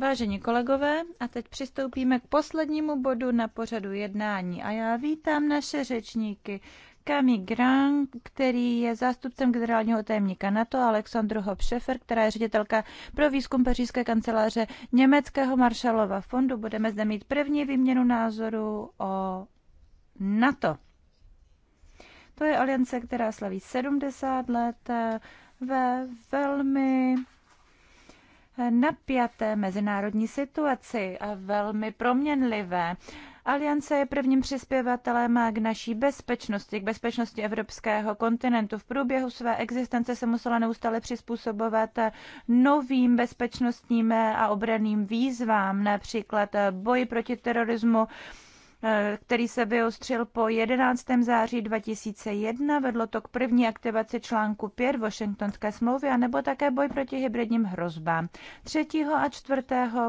Vážení kolegové, a teď přistoupíme k poslednímu bodu na pořadu jednání. A já vítám naše řečníky, Kami Grant, který je zástupcem generálního tajemníka NATO, Aleksandru Hopp která je ředitelka pro výzkum pařížské kanceláře Německého Marshallova fondu. Budeme zde mít první výměnu názoru o NATO. To je aliance, která slaví 70 let eh, ve velmi eh, napjaté mezinárodní situaci a velmi proměnlivé. Aliance je prvním přispěvatelem k naší bezpečnosti, k bezpečnosti evropského kontinentu. V průběhu své existence se musela neustále přizpůsobovat novým bezpečnostním a obraným výzvám, například boji proti terorismu, Eh, který se vyostřil po 11. září 2001. Vedlo to k první aktivaci článku 5 Washingtonské smlouvy a nebo také boj proti hybridním hrozbám. 3. a 4.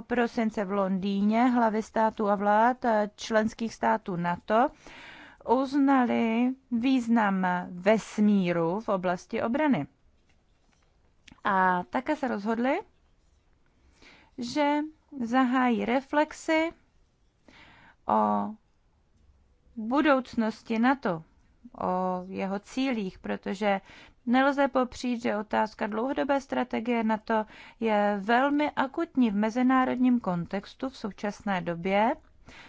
prosince v Londýně hlavy států a vlád eh, členských států NATO uznali význam vesmíru v oblasti obrany. A také se rozhodli, že zahájí reflexy o budoucnosti NATO, o jeho cílích, protože nelze popřít, že otázka dlouhodobé strategie NATO je velmi akutní v mezinárodním kontextu v současné době,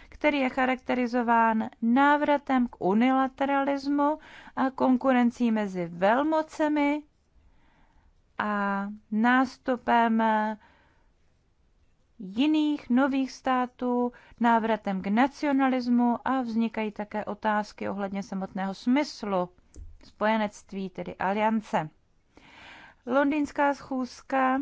který je charakterizován návratem k unilateralismu a konkurencí mezi velmocemi a nástupem jiných nových států, návratem k nacionalismu a vznikají také otázky ohledně samotného smyslu spojenectví, tedy aliance. Londýnská schůzka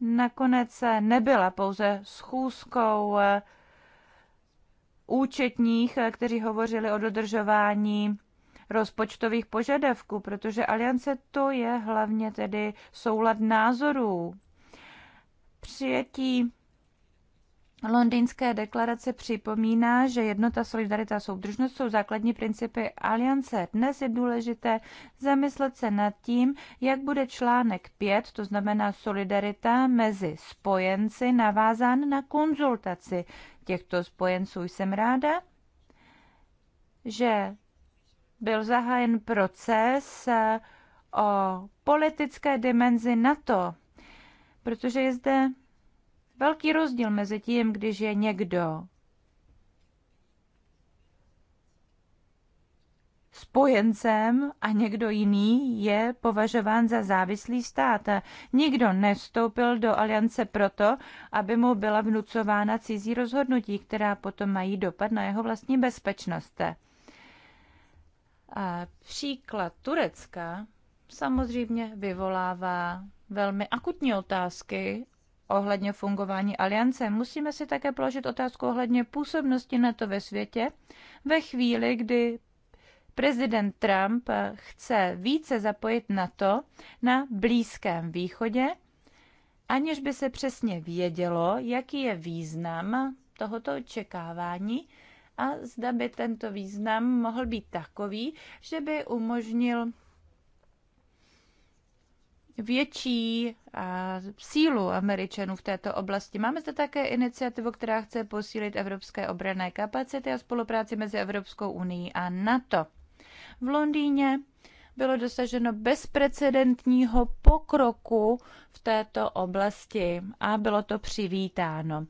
nakonec nebyla pouze schůzkou eh, účetních, eh, kteří hovořili o dodržování rozpočtových požadavků, protože aliance to je hlavně tedy soulad názorů. Přijetí Londýnské deklarace připomíná, že jednota, solidarita a soudržnost jsou základní principy aliance. Dnes je důležité zamyslet se nad tím, jak bude článek 5, to znamená solidarita mezi spojenci, navázán na konzultaci těchto spojenců. Jsem ráda, že byl zahájen proces eh, o politické dimenzi NATO, protože je zde velký rozdíl mezi tím, když je někdo spojencem a někdo jiný je považován za závislý stát. Nikdo nestoupil do aliance proto, aby mu byla vnucována cizí rozhodnutí, která potom mají dopad na jeho vlastní bezpečnost. A příklad Turecka samozřejmě vyvolává velmi akutní otázky ohledně fungování aliance. Musíme si také položit otázku ohledně působnosti NATO ve světě ve chvíli, kdy prezident Trump chce více zapojit NATO na Blízkém východě, aniž by se přesně vědělo, jaký je význam tohoto očekávání a zda by tento význam mohl být takový, že by umožnil větší sílu Američanů v této oblasti. Máme zde také iniciativu, která chce posílit evropské obrané kapacity a spolupráci mezi Evropskou unii a NATO. V Londýně bylo dosaženo bezprecedentního pokroku v této oblasti a bylo to přivítáno.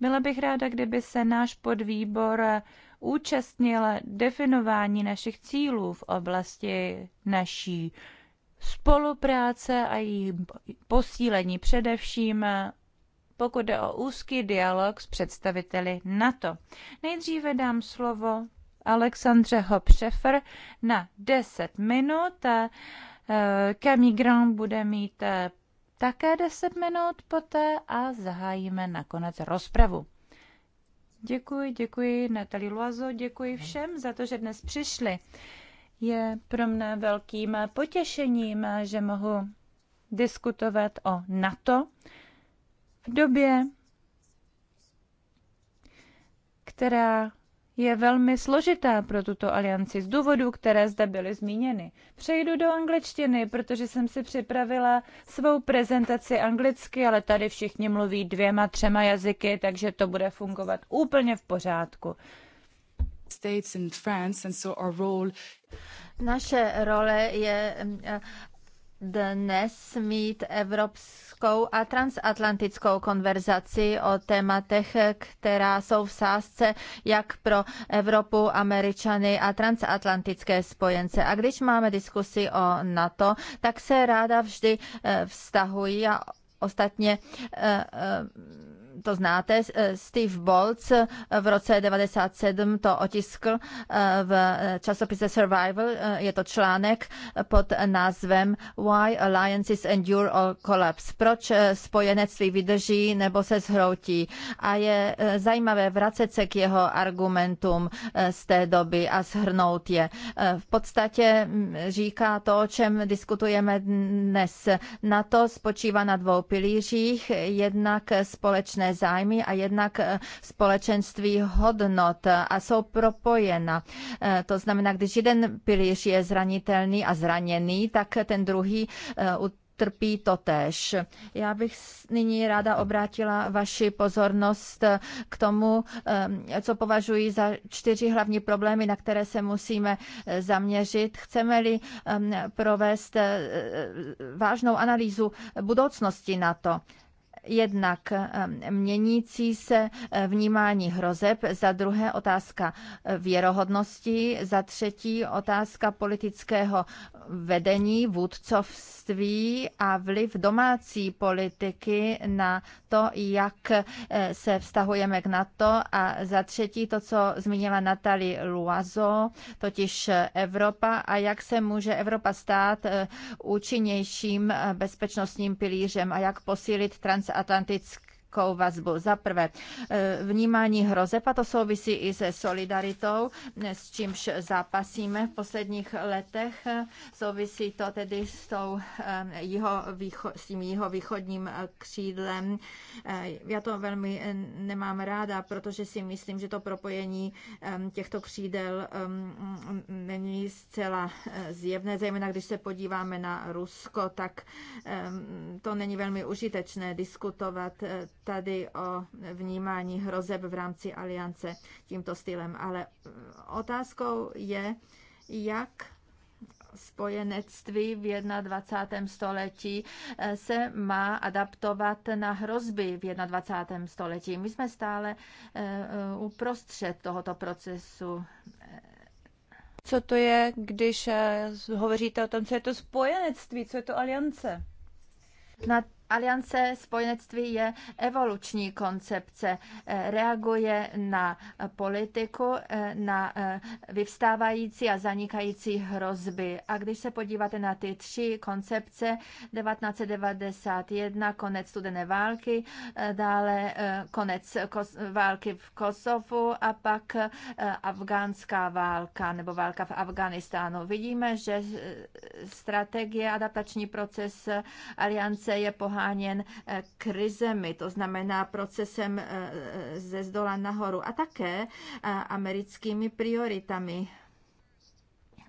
Byla bych ráda, kdyby se náš podvýbor účastnil definování našich cílů v oblasti naší spolupráce a její posílení především pokud jde o úzký dialog s představiteli NATO. Nejdříve dám slovo Alexandře Hopšefer na 10 minut. Eh, Camille Grand bude mít eh, také 10 minut poté a zahájíme nakonec rozpravu. Děkuji, děkuji Natalie Loazo, děkuji všem za to, že dnes přišli. Je pro mne velkým potěšením, že mohu diskutovat o NATO v době, která je velmi složitá pro tuto alianci z důvodů, které zde byly zmíněny. Přejdu do angličtiny, protože jsem si připravila svou prezentaci anglicky, ale tady všichni mluví dvěma, třema jazyky, takže to bude fungovat úplně v pořádku. States and France, and so our role... Naše role je eh, dnes mít evropskou a transatlantickou konverzaci o tématech, která jsou v sázce jak pro Evropu, Američany a transatlantické spojence. A když máme diskusi o NATO, tak se ráda vždy eh, vztahují a ostatně eh, eh, to znáte, eh, Steve Boltz eh, v roce 97 to otiskl eh, v časopise Survival. Je to článek pod názvem Why Alliances Endure or Collapse. Proč spojenectví vydrží nebo se zhroutí? A je zajímavé vracet se k jeho argumentům z té doby a shrnout je. V podstatě mm, říká to, o čem diskutujeme dnes. Na to spočívá na dvou pilířích. Jednak společné společné zájmy a jednak eh, společenství hodnot eh, a jsou propojena. Eh, to znamená, když jeden pilíř je zranitelný a zraněný, tak ten druhý trpí totéž. Já bych nyní ráda obrátila vaši pozornost k tomu, co považuji za čtyři hlavní problémy, na které se musíme zaměřit. Chceme-li ehm, provést vážnou analýzu budoucnosti na to jednak ehm, měnící se eh, vnímání hrozeb, za druhé otázka eh, věrohodnosti, za třetí otázka politického vedení, vůdcovství a vliv domácí politiky na to, jak eh, se vztahujeme k NATO a za třetí to, co zmínila Natalie Luazo, totiž Evropa a jak se může Evropa stát účinnějším bezpečnostním pilířem a jak posílit trans transatlantické nějakou vazbu. Za prvé, eh, vnímání hrozeb, a to souvisí i se solidaritou, s čímž zápasíme v posledních letech. Souvisí to tedy s, tou eh, jeho, s tím jeho východním eh, křídlem. Já to velmi nemám ráda, protože si myslím, že to propojení těchto křídel mm, není zcela zjevné, zejména když se podíváme na Rusko, tak to není velmi užitečné diskutovat tady o vnímání hrozeb v rámci aliance tímto stylem, ale mm, otázkou je, jak spojenectví v 21. století eh, se má adaptovat na hrozby v 21. století. My jsme stále eh, eh, uprostřed tohoto procesu. Co to je, když hovoříte o tom, co je to spojenectví, co je to aliance? Na Aliance spojenectví je evoluční koncepce, eh, reaguje na politiku, eh, na eh, vyvstávající a zanikající hrozby. A když se podíváte na ty tři koncepce, 1991 konec studené války, dále konec války v Kosovu a pak afgánská válka nebo válka v Afganistánu. Vidíme, že strategie, adaptační proces aliance je pohled poháněn eh, krizemi, to znamená procesem eh, eh, ze zdola nahoru a také americkými prioritami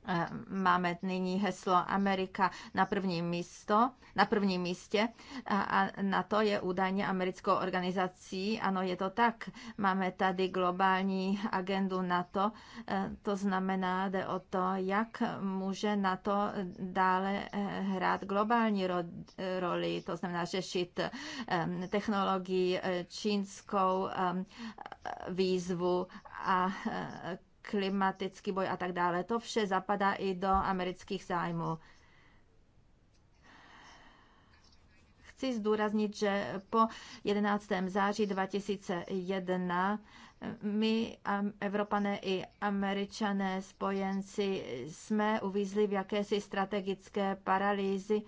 Eh, máme nyní heslo Amerika na prvním místo, na prvním místě a na to je údajně americkou organizací. Ano, je to tak. Máme tady globální agendu NATO. Eh, to znamená, jde o to, jak může NATO dále eh, hrát globální roli, to znamená řešit technologii čínskou výzvu a klimatický boj a tak dále. To vše zapadá i do amerických zájmů. Chci zdůraznit, že po 11. září 2001 my, Evropané i Američané, spojenci, jsme uvízli v jakési strategické paralýzi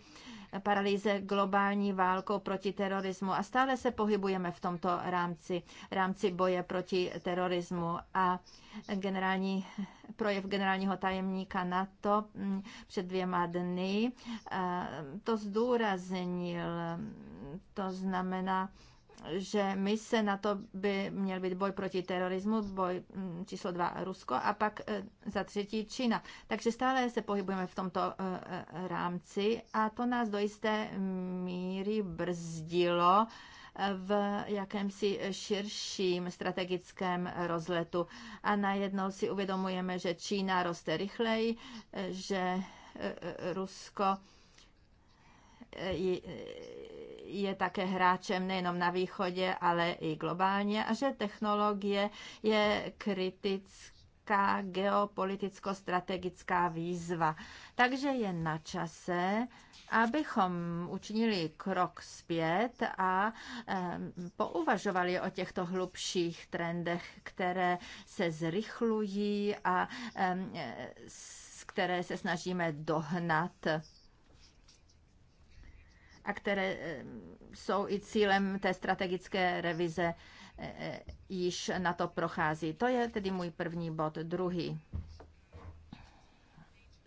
paralýze globální válkou proti terorismu a stále se pohybujeme v tomto rámci, rámci boje proti terorismu a generální projev generálního tajemníka NATO mm, před dvěma dny eh, to zdůraznil. To znamená, že mise na to by měl být boj proti terorismu, boj mm, číslo dva Rusko a pak e, za třetí Čína. Takže stále se pohybujeme v tomto e, e, rámci a to nás do jisté míry brzdilo v jakémsi širším strategickém rozletu. A najednou si uvědomujeme, že Čína roste rychleji, že Rusko je také hráčem nejenom na východě, ale i globálně a že technologie je kritická geopoliticko-strategická výzva. Takže je na čase, abychom učinili krok zpět a pouvažovali o těchto hlubších trendech, které se zrychlují a které se snažíme dohnat a které eh, jsou i cílem té strategické revize, eh, eh, již na to prochází. To je tedy můj první bod. Druhý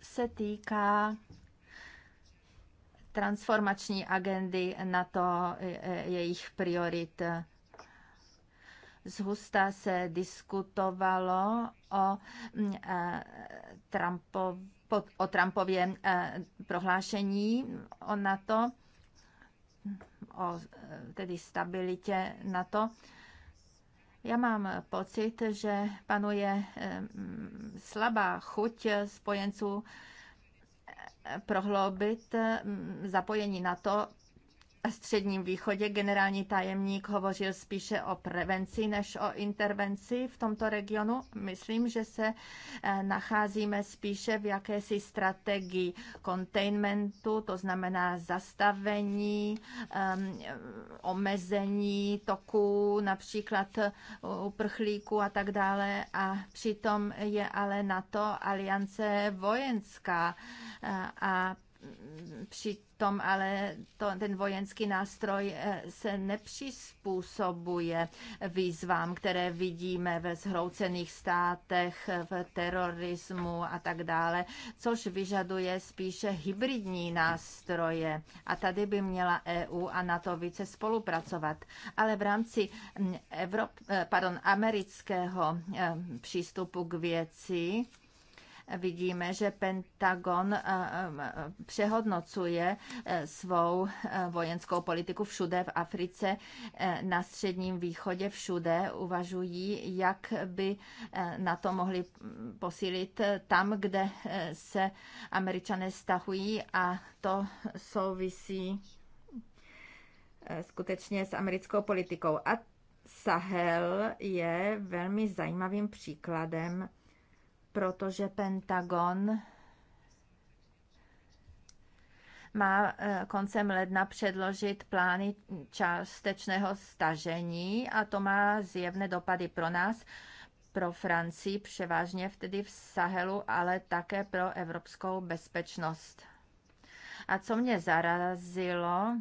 se týká transformační agendy na to jejich priorit. Zhusta se diskutovalo o, mm, Trumpov, o Trumpově prohlášení o NATO o e, tedy stabilitě na to. Já mám pocit, že panuje e, slabá chuť spojenců e, prohloubit zapojení na to. Středním východě generální tajemník hovořil spíše o prevenci než o intervenci v tomto regionu. Myslím, že se eh, nacházíme spíše v jakési strategii containmentu, to znamená zastavení, um, omezení toku, například eh, uprchlíků a tak dále. A přitom je ale na to aliance vojenská eh, a Přitom ale to, ten vojenský nástroj eh, se nepřizpůsobuje výzvám, které vidíme ve zhroucených státech, v terorismu a tak dále, což vyžaduje spíše hybridní nástroje. A tady by měla EU a NATO více spolupracovat. Ale v rámci mm, Evrop, eh, pardon, amerického eh, přístupu k věci, vidíme, že Pentagon eh, eh, přehodnocuje eh, svou vojenskou politiku všude v Africe, na Středním východě, všude uvažují, jak by na to mohli mm, posílit tam, kde se američané stahují a to souvisí skutečně s americkou politikou. A Sahel je velmi zajímavým příkladem protože Pentagon má eh, koncem ledna předložit plány částečného stažení a to má zjevné dopady pro nás, pro Francii, převážně vtedy v Sahelu, ale také pro evropskou bezpečnost. A co mě zarazilo,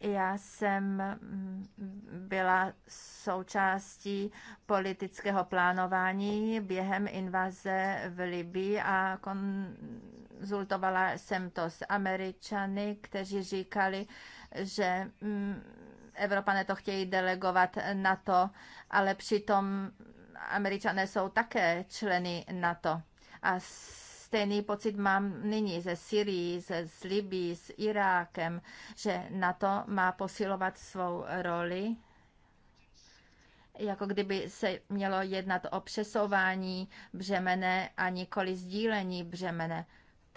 já jsem mm, byla součástí politického plánování během invaze v Libii a konzultovala jsem to s Američany, kteří říkali, že mm, Evropané to chtějí delegovat na to, ale přitom Američané jsou také členy NATO. A Stejný pocit mám nyní ze Syrii, ze z Libii, s Irákem, že NATO má posilovat svou roli jako kdyby se mělo jednat o přesouvání břemene a nikoli sdílení břemene.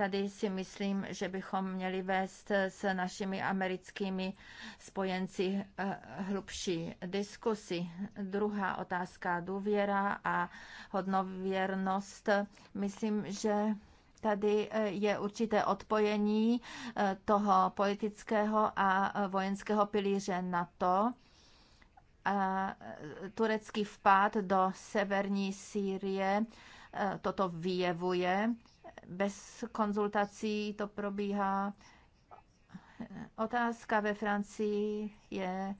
Tady si myslím, že bychom měli vést s našimi americkými spojenci eh, hlubší diskusy. Druhá otázka, důvěra a hodnověrnost. Myslím, že Tady eh, je určité odpojení eh, toho politického a vojenského pilíře to, A turecký vpád do severní Sýrie toto vyjevuje bez konzultací to probíhá. Otázka ve Francii je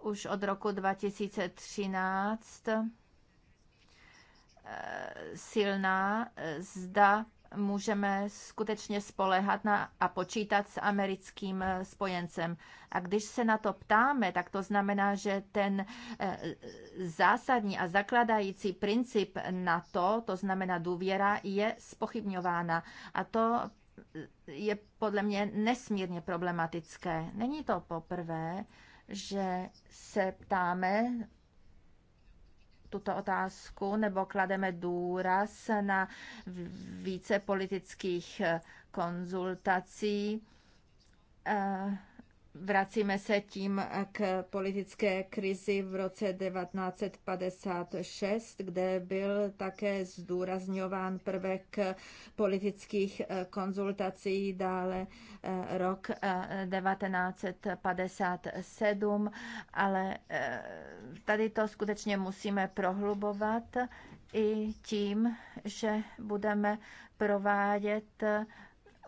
už od roku 2013 eh, silná, eh, zda můžeme skutečně spolehat na a počítat s americkým eh, spojencem. A když se na to ptáme, tak to znamená, že ten eh, zásadní a zakladající princip to, to znamená důvěra, je spochybňována. A to eh, je podle mě nesmírně problematické. Není to poprvé, že se ptáme tuto otázku nebo klademe důraz na více politických konzultací eh, Vracíme se tím k politické krizi v roce 1956, kde byl také zdůrazňován prvek politických eh, konzultací, dále eh, rok 1957, eh, ale tady to skutečně musíme prohlubovat i tím, že budeme provádět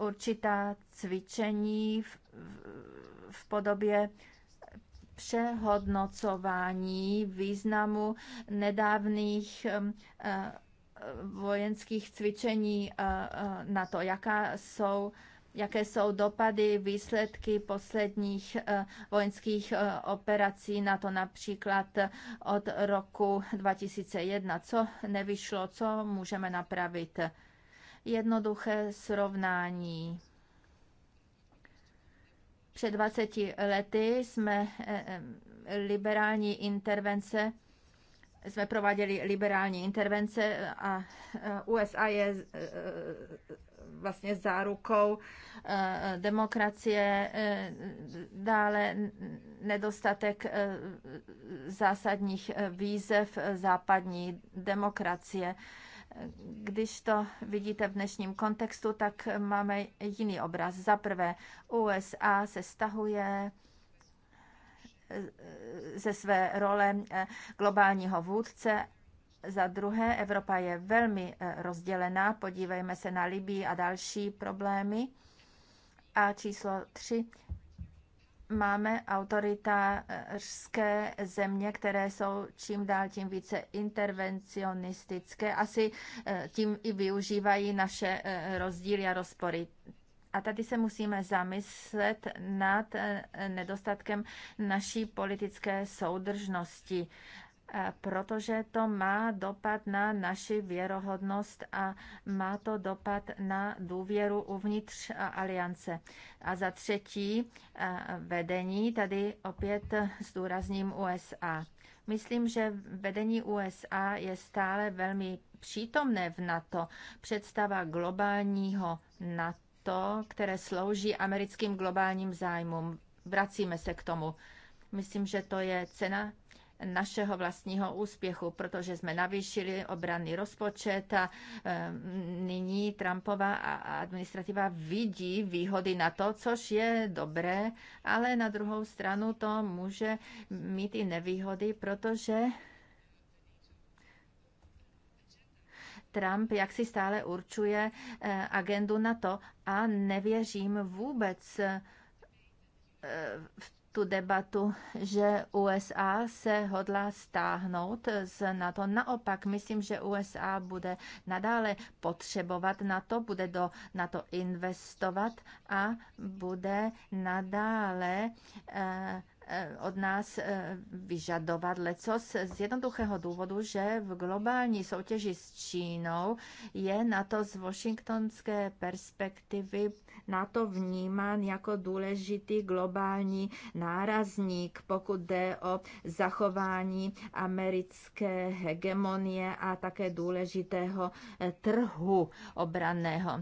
určitá cvičení v v podobě přehodnocování významu nedávných um, uh, vojenských cvičení uh, uh, na to, jaká jsou jaké jsou dopady, výsledky posledních vojenských operací na to například od roku 2001. Co nevyšlo, co můžeme napravit? Jednoduché srovnání před 20 lety jsme eh, eh, liberální intervence jsme prováděli liberální intervence a eh, USA je vlastně zárukou demokracie, dále nedostatek zásadních výzev západní demokracie. Když to vidíte v dnešním kontextu, tak máme jiný obraz. Za prvé, USA se stahuje eh, ze své role eh, globálního vůdce za druhé, Evropa je velmi eh, rozdělená. Podívejme se na Libii a další problémy. A číslo tři, máme autoritářské země, které jsou čím dál tím více intervencionistické. Asi eh, tím i využívají naše eh, rozdíly a rozpory. A tady se musíme zamyslet nad eh, nedostatkem naší politické soudržnosti. E, protože to má dopad na naši věrohodnost a má to dopad na důvěru uvnitř aliance. A za třetí e, vedení, tady opět zdůrazním USA. Myslím, že vedení USA je stále velmi přítomné v NATO. Představa globálního NATO, které slouží americkým globálním zájmům. Vracíme se k tomu. Myslím, že to je cena našeho vlastního úspěchu, protože jsme navýšili obranný rozpočet a nyní Trumpova administrativa vidí výhody na to, což je dobré, ale na druhou stranu to může mít i nevýhody, protože Trump jak si stále určuje eh, agendu na to a nevěřím vůbec eh, v tu debatu, že USA se hodlá stáhnout z NATO. Naopak, myslím, že USA bude nadále potřebovat NATO, bude do NATO investovat a bude nadále eh, eh, od nás eh, vyžadovat lecos z jednoduchého důvodu, že v globální soutěži s Čínou je na to z washingtonské perspektivy NATO vnímán jako důležitý globální nárazník, pokud jde o zachování americké hegemonie a také důležitého eh, trhu obraného.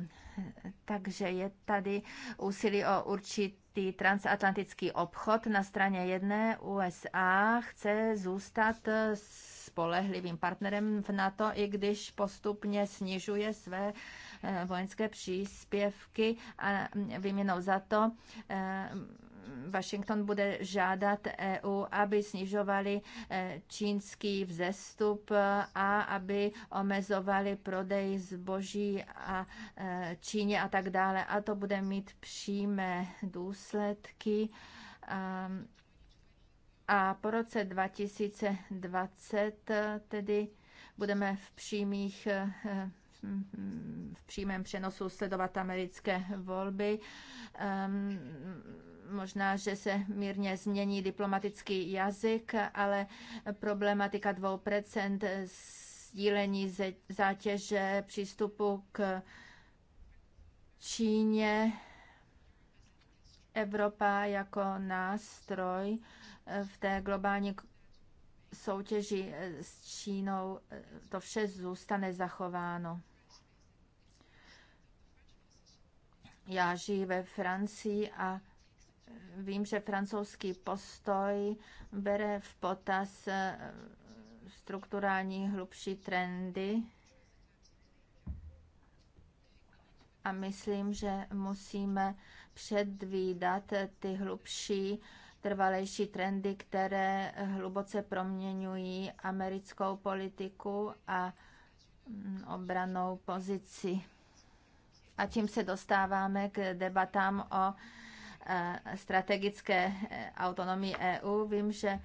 Takže je tady úsilí o určitý ty transatlantický obchod na straně jedné USA chce zůstat eh, spolehlivým partnerem v NATO, i když postupně snižuje své Eh, vojenské příspěvky a vyměnou za to eh, Washington bude žádat EU, aby snižovali eh, čínský vzestup a aby omezovali prodej zboží a Číně a tak dále. A to bude mít přímé důsledky. Ehm, a po roce 2020 tedy budeme v přímých v přímém přenosu sledovat americké volby. Ehm, možná, že se mírně změní diplomatický jazyk, ale problematika 2% sdílení zátěže přístupu k Číně Evropa jako nástroj eh, v té globální soutěži eh, s Čínou, eh, to vše zůstane zachováno. Já žiji ve Francii a vím, že francouzský postoj bere v potaz eh, strukturální hlubší trendy a myslím, že musíme předvídat ty hlubší trvalejší trendy, které hluboce proměňují americkou politiku a mm, obranou pozici. A tím se dostáváme k debatám o eh, strategické eh, autonomii EU. Vím, že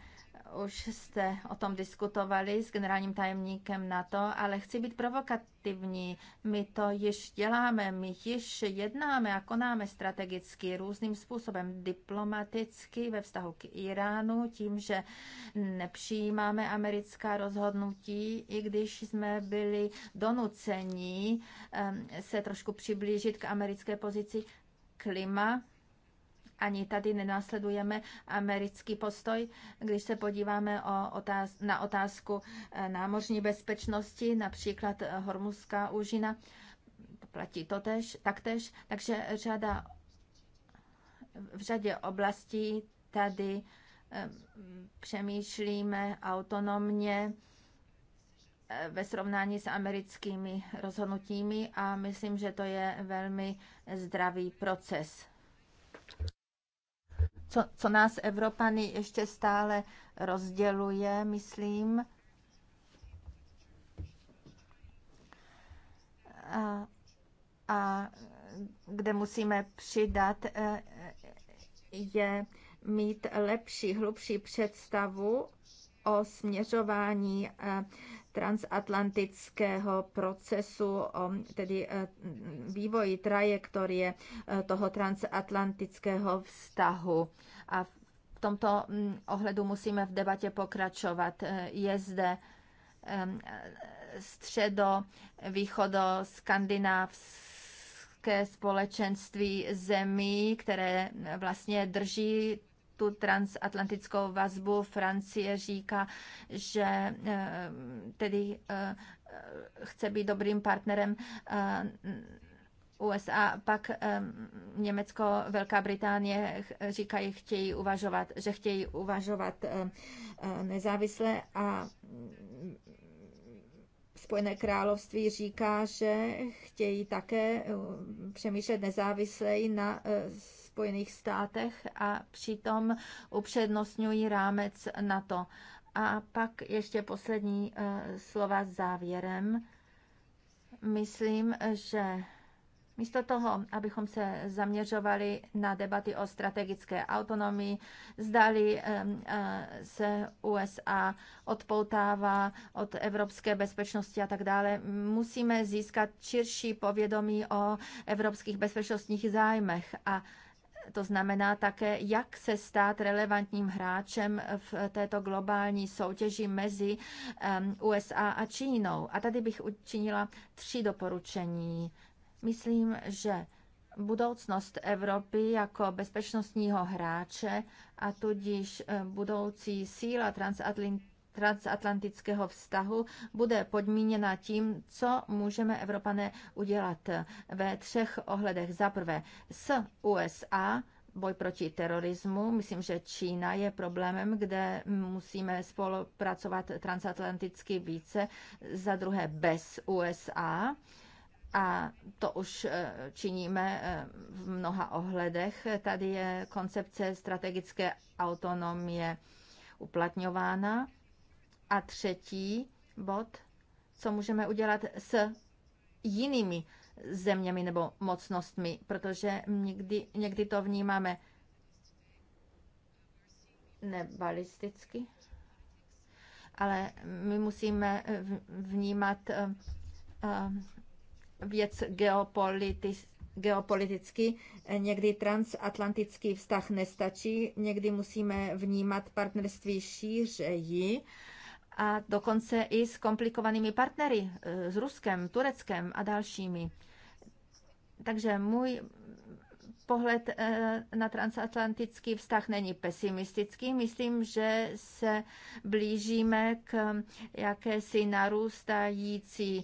už jste o tom diskutovali s generálním tajemníkem NATO, ale chci být provokativní. My to již děláme, my již jednáme a konáme strategicky různým způsobem, diplomaticky ve vztahu k Iránu, tím, že nepřijímáme americká rozhodnutí, i když jsme byli donuceni ehm, se trošku přiblížit k americké pozici klima ani tady nenásledujeme americký postoj. Když se podíváme o otáz- na otázku eh, námořní bezpečnosti, například eh, Hormuzská úžina, platí to tež, taktéž, takže řada, v řadě oblastí tady eh, přemýšlíme autonomně ve srovnání s americkými rozhodnutími a myslím, že to je velmi zdravý proces co, co nás Evropany ještě stále rozděluje, myslím. A, a kde musíme přidat, e, je mít lepší, hlubší představu o směřování e, transatlantického procesu, o tedy e, vývoji trajektorie e, toho transatlantického vztahu. A v tomto mm, ohledu musíme v debatě pokračovat. E, je zde středo, východo, skandinávské společenství zemí, které vlastně drží tu transatlantickou vazbu Francie říká, že eh, tedy eh, chce být dobrým partnerem eh, USA, pak um, Německo, Velká Británie říkají, chtějí uvažovat, že chtějí uvažovat nezávisle a mm, Spojené království říká, že chtějí také přemýšlet nezávisleji na uh, Spojených státech a přitom upřednostňují rámec na to A pak ještě poslední eh, slova s závěrem. Myslím, že Místo toho, abychom se zaměřovali na debaty o strategické autonomii, zdali eh, eh, se USA odpoutává od evropské bezpečnosti a tak dále, musíme získat širší povědomí o evropských bezpečnostních zájmech a to znamená také, jak se stát relevantním hráčem v této globální soutěži mezi USA a Čínou. A tady bych učinila tři doporučení. Myslím, že budoucnost Evropy jako bezpečnostního hráče a tudíž budoucí síla transatlantického transatlantického vztahu bude podmíněna tím, co můžeme Evropané udělat ve třech ohledech. Za prvé s USA, boj proti terorismu. Myslím, že Čína je problémem, kde musíme spolupracovat transatlanticky více. Za druhé bez USA a to už eh, činíme eh, v mnoha ohledech. Tady je koncepce strategické autonomie uplatňována a třetí bod, co můžeme udělat s jinými zeměmi nebo mocnostmi, protože někdy, někdy to vnímáme nebalisticky, ale my musíme vnímat eh, eh, věc geopoliticky geopoliticky. Někdy transatlantický vztah nestačí, někdy musíme vnímat partnerství šířeji a dokonce i s komplikovanými partnery, eh, s Ruskem, Tureckem a dalšími. Takže můj pohled eh, na transatlantický vztah není pesimistický. Myslím, že se blížíme k jakési narůstající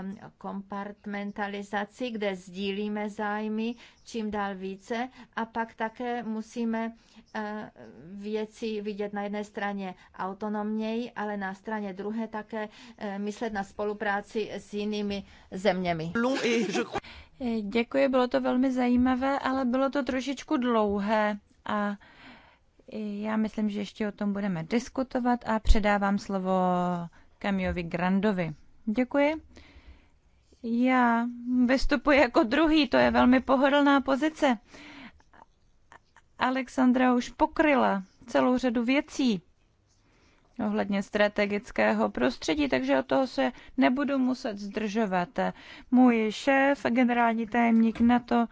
Um, kompartmentalizaci, kde sdílíme zájmy čím dál více a pak také musíme uh, věci vidět na jedné straně autonomněji, ale na straně druhé také uh, myslet na spolupráci s jinými zeměmi. Děkuji, bylo to velmi zajímavé, ale bylo to trošičku dlouhé a já myslím, že ještě o tom budeme diskutovat a předávám slovo Kamiovi Grandovi. Děkuji. Já vystupuji jako druhý, to je velmi pohodlná pozice. Alexandra už pokryla celou řadu věcí ohledně strategického prostředí, takže od toho se nebudu muset zdržovat. Můj šéf, generální tajemník NATO,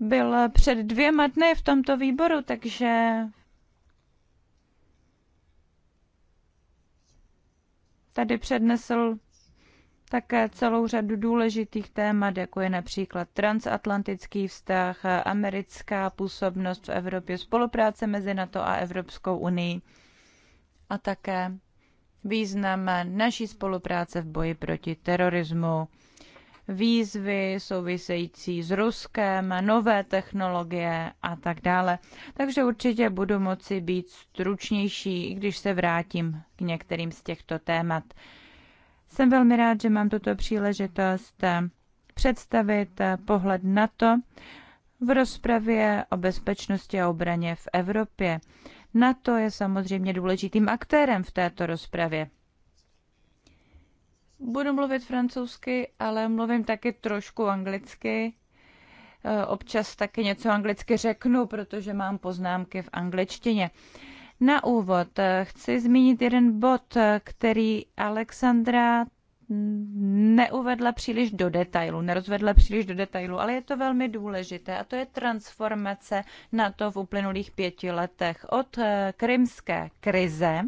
byl před dvěma dny v tomto výboru, takže tady přednesl také celou řadu důležitých témat, jako je například transatlantický vztah, americká působnost v Evropě, spolupráce mezi NATO a Evropskou unii a také význam naší spolupráce v boji proti terorismu, výzvy související s Ruskem, nové technologie a tak dále. Takže určitě budu moci být stručnější, i když se vrátím k některým z těchto témat. Jsem velmi rád, že mám tuto příležitost eh, představit eh, pohled na to v rozpravě o bezpečnosti a obraně v Evropě. NATO je samozřejmě důležitým aktérem v této rozpravě. Budu mluvit francouzsky, ale mluvím taky trošku anglicky. Eh, občas taky něco anglicky řeknu, protože mám poznámky v angličtině. Na úvod eh, chci zmínit jeden bod, eh, který Alexandra neuvedla příliš do detailu, nerozvedla příliš do detailu, ale je to velmi důležité a to je transformace na to v uplynulých pěti letech. Od eh, krymské krize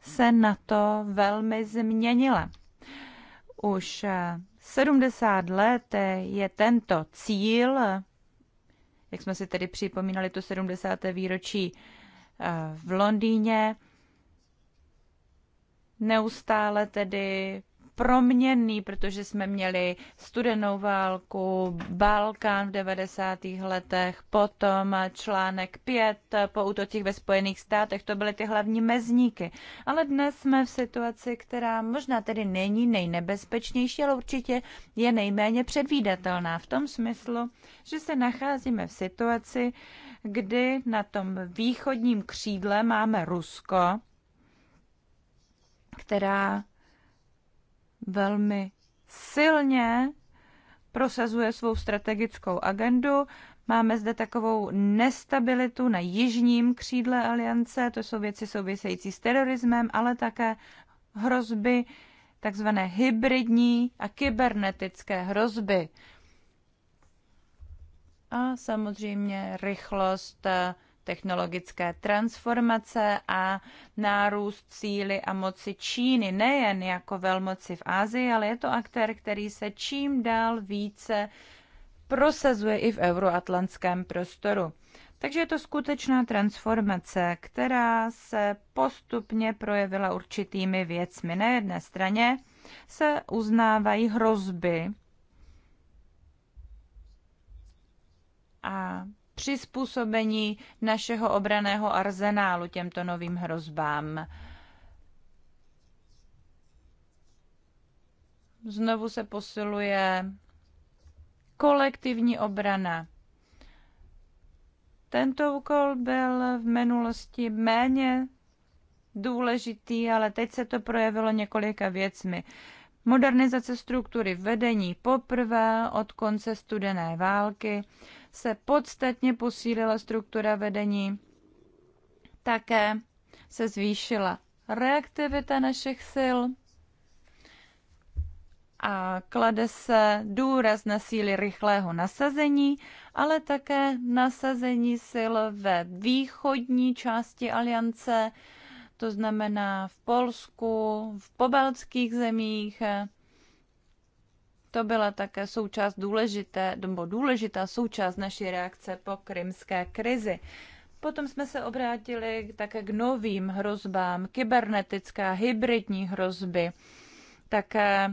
se na to velmi změnila. Už 70 let je tento cíl, jak jsme si tedy připomínali to 70. výročí Eh, v Londýně. Neustále tedy proměnný, protože jsme měli studenou válku, Balkán v 90. letech, potom článek 5 po útocích ve Spojených státech, to byly ty hlavní mezníky. Ale dnes jsme v situaci, která možná tedy není nejnebezpečnější, ale určitě je nejméně předvídatelná v tom smyslu, že se nacházíme v situaci, kdy na tom východním křídle máme Rusko, která velmi silně prosazuje svou strategickou agendu. Máme zde takovou nestabilitu na jižním křídle aliance, to jsou věci související s terorismem, ale také hrozby, takzvané hybridní a kybernetické hrozby. A samozřejmě rychlost technologické transformace a nárůst síly a moci Číny, nejen jako velmoci v Ázii, ale je to aktér, který se čím dál více prosazuje i v euroatlantském prostoru. Takže je to skutečná transformace, která se postupně projevila určitými věcmi. Na jedné straně se uznávají hrozby a přizpůsobení našeho obraného arzenálu těmto novým hrozbám. Znovu se posiluje kolektivní obrana. Tento úkol byl v minulosti méně důležitý, ale teď se to projevilo několika věcmi. Modernizace struktury vedení poprvé od konce studené války, se podstatně posílila struktura vedení, také se zvýšila reaktivita našich sil a klade se důraz na síly rychlého nasazení, ale také nasazení sil ve východní části aliance, to znamená v Polsku, v pobaltských zemích, to byla také součást důležité, nebo důležitá součást naší reakce po krymské krizi. Potom jsme se obrátili také k novým hrozbám, kybernetická, hybridní hrozby, také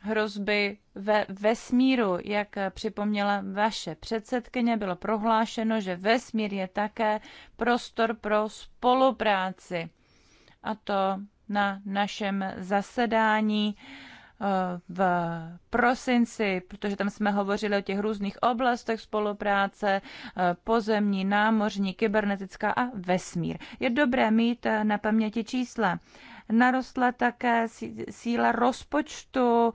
hrozby ve vesmíru. Jak připomněla vaše předsedkyně, bylo prohlášeno, že vesmír je také prostor pro spolupráci. A to na našem zasedání v prosinci, protože tam jsme hovořili o těch různých oblastech spolupráce, pozemní, námořní, kybernetická a vesmír. Je dobré mít na paměti čísla. Narostla také síla rozpočtu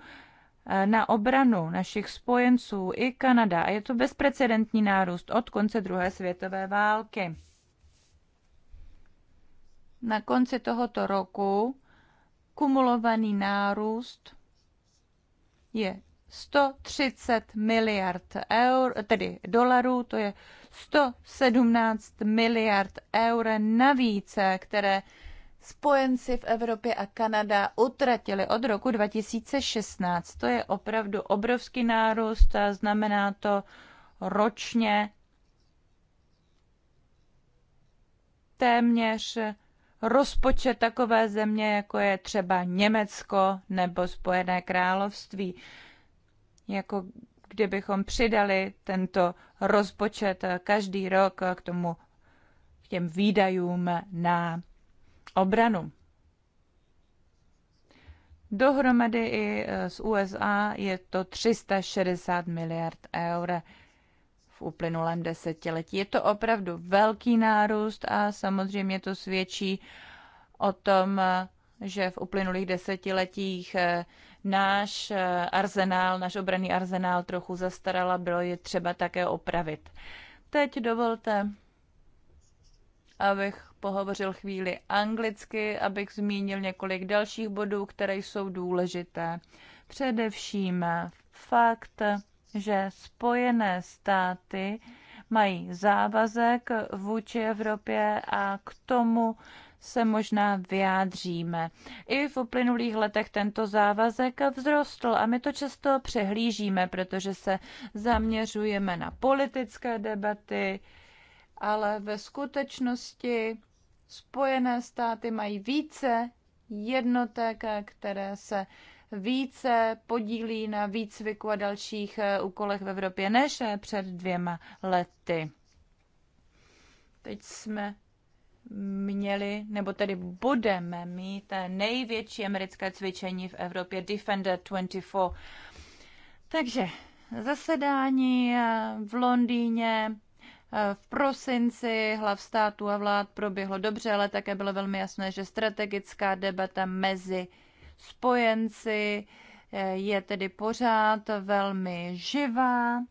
eh, na obranu našich spojenců i Kanada. A je to bezprecedentní nárůst od konce druhé světové války. Na konci tohoto roku kumulovaný nárůst je 130 miliard eur, tedy dolarů, to je 117 miliard eur navíc, které spojenci v Evropě a Kanada utratili od roku 2016. To je opravdu obrovský nárůst a znamená to ročně téměř rozpočet takové země, jako je třeba Německo nebo Spojené království. Jako kdybychom přidali tento rozpočet každý rok k tomu k těm výdajům na obranu. Dohromady i z USA je to 360 miliard eur uplynulém desetiletí. Je to opravdu velký nárůst a samozřejmě to svědčí o tom, že v uplynulých desetiletích eh, náš eh, arzenál, náš obraný arzenál trochu zastarala, bylo je třeba také opravit. Teď dovolte, abych pohovořil chvíli anglicky, abych zmínil několik dalších bodů, které jsou důležité. Především fakt, že Spojené státy mají závazek vůči Evropě a k tomu se možná vyjádříme. I v uplynulých letech tento závazek vzrostl a my to často přehlížíme, protože se zaměřujeme na politické debaty, ale ve skutečnosti Spojené státy mají více jednotek, které se více podílí na výcviku a dalších eh, úkolech v Evropě než eh, před dvěma lety. Teď jsme měli, nebo tedy budeme mít eh, největší americké cvičení v Evropě Defender 24. Takže zasedání v Londýně v prosinci hlav států a vlád proběhlo dobře, ale také bylo velmi jasné, že strategická debata mezi spojenci, eh, je tedy pořád velmi živá.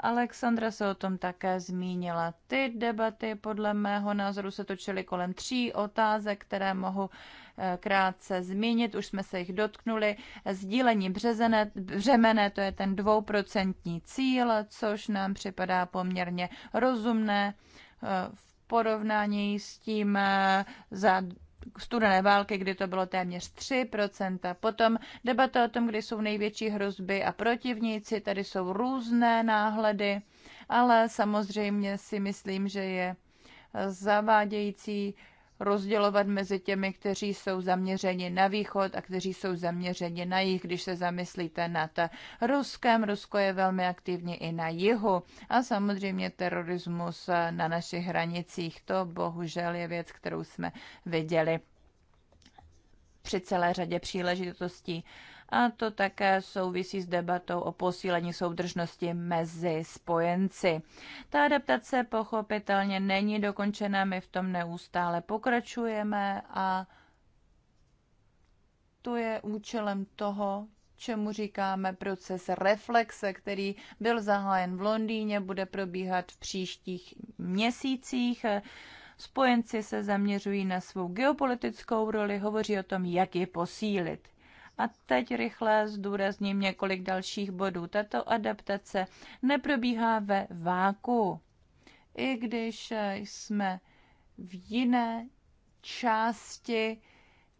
Alexandra se o tom také zmínila. Ty debaty podle mého názoru se točily kolem tří otázek, které mohu eh, krátce zmínit. Už jsme se jich dotknuli. Sdílení březené, břemene, to je ten dvouprocentní cíl, což nám připadá poměrně rozumné eh, v porovnání s tím za studené války, kdy to bylo téměř 3%. Potom debata o tom, kdy jsou největší hrozby a protivníci, tady jsou různé náhledy, ale samozřejmě si myslím, že je zavádějící rozdělovat mezi těmi, kteří jsou zaměřeni na východ a kteří jsou zaměřeni na jih, když se zamyslíte nad Ruskem. Rusko je velmi aktivní i na jihu a samozřejmě terorismus na našich hranicích. To bohužel je věc, kterou jsme viděli při celé řadě příležitostí a to také souvisí s debatou o posílení soudržnosti mezi spojenci. Ta adaptace pochopitelně není dokončena, my v tom neustále pokračujeme a to je účelem toho, čemu říkáme proces reflexe, který byl zahájen v Londýně, bude probíhat v příštích měsících. Spojenci se zaměřují na svou geopolitickou roli, hovoří o tom, jak ji posílit. A teď rychle zdůrazním několik dalších bodů. Tato adaptace neprobíhá ve váku. I když jsme v jiné části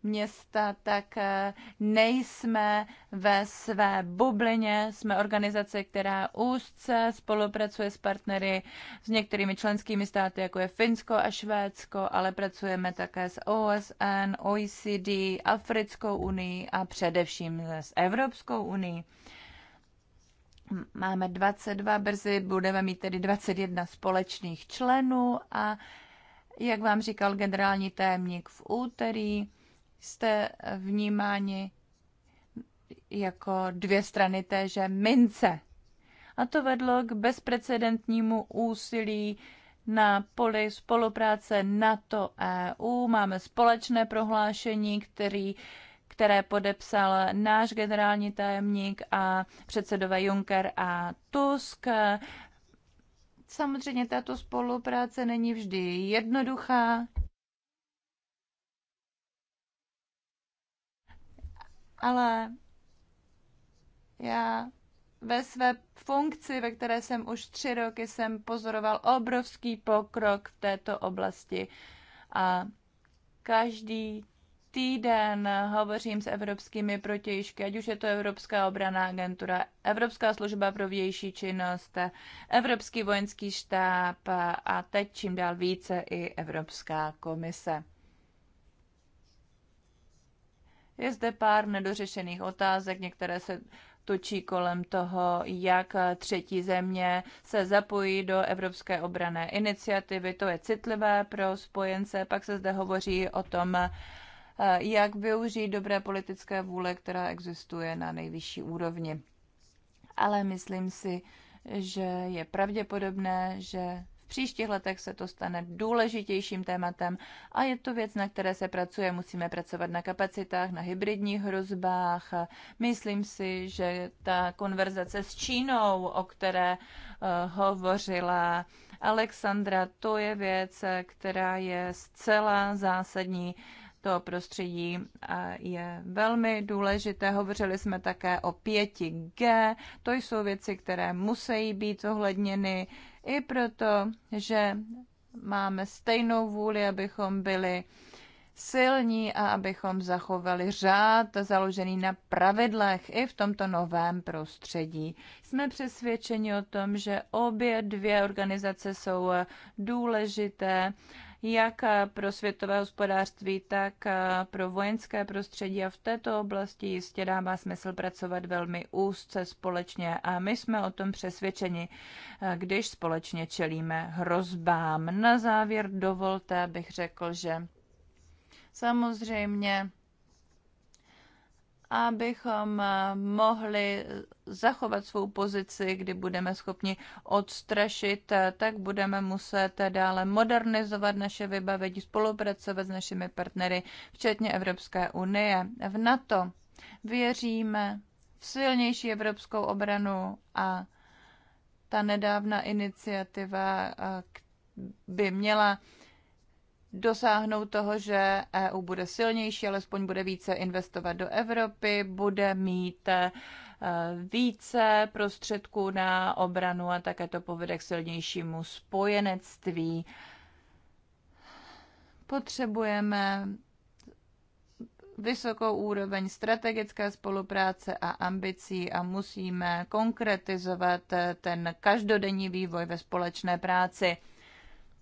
města, tak eh, nejsme ve své bublině. Jsme organizace, která úzce spolupracuje s partnery s některými členskými státy, jako je Finsko a Švédsko, ale pracujeme také s OSN, OECD, Africkou unii a především s Evropskou unii. Máme 22, brzy budeme mít tedy 21 společných členů a jak vám říkal generální témník v úterý, jste vnímáni jako dvě strany téže mince. A to vedlo k bezprecedentnímu úsilí na poli spolupráce NATO-EU. Máme společné prohlášení, který, které podepsal náš generální tajemník a předsedové Juncker a Tusk. Samozřejmě tato spolupráce není vždy jednoduchá, ale já ve své funkci, ve které jsem už tři roky, jsem pozoroval obrovský pokrok v této oblasti a každý týden hovořím s evropskými protějšky, ať už je to Evropská obraná agentura, Evropská služba pro vější činnost, Evropský vojenský štáb a teď čím dál více i Evropská komise. Je zde pár nedořešených otázek, některé se točí kolem toho, jak třetí země se zapojí do Evropské obrané iniciativy. To je citlivé pro spojence. Pak se zde hovoří o tom, eh, jak využít dobré politické vůle, která existuje na nejvyšší úrovni. Ale myslím si, že je pravděpodobné, že příštích letech se to stane důležitějším tématem a je to věc, na které se pracuje. Musíme pracovat na kapacitách, na hybridních hrozbách. Myslím si, že ta konverzace s Čínou, o které eh, hovořila Alexandra, to je věc, která je zcela zásadní to prostředí eh, je velmi důležité. Hovořili jsme také o 5G. To jsou věci, které musí být zohledněny. I proto, že máme stejnou vůli, abychom byli silní a abychom zachovali řád založený na pravidlech i v tomto novém prostředí. Jsme přesvědčeni o tom, že obě dvě organizace jsou důležité jak eh, pro světové hospodářství, tak eh, pro vojenské prostředí a v této oblasti jistě dává smysl pracovat velmi úzce společně a my jsme o tom přesvědčeni, eh, když společně čelíme hrozbám. Na závěr dovolte, abych řekl, že samozřejmě abychom eh, mohli zachovat svou pozici, kdy budeme schopni odstrašit, eh, tak budeme muset dále modernizovat naše vybavení, spolupracovat s našimi partnery, včetně Evropské unie. V NATO věříme v silnější evropskou obranu a ta nedávna iniciativa eh, by měla dosáhnout toho, že EU bude silnější, alespoň bude více investovat do Evropy, bude mít eh, více prostředků na obranu a také to povede k silnějšímu spojenectví. Potřebujeme vysokou úroveň strategické spolupráce a ambicí a musíme konkretizovat ten každodenní vývoj ve společné práci.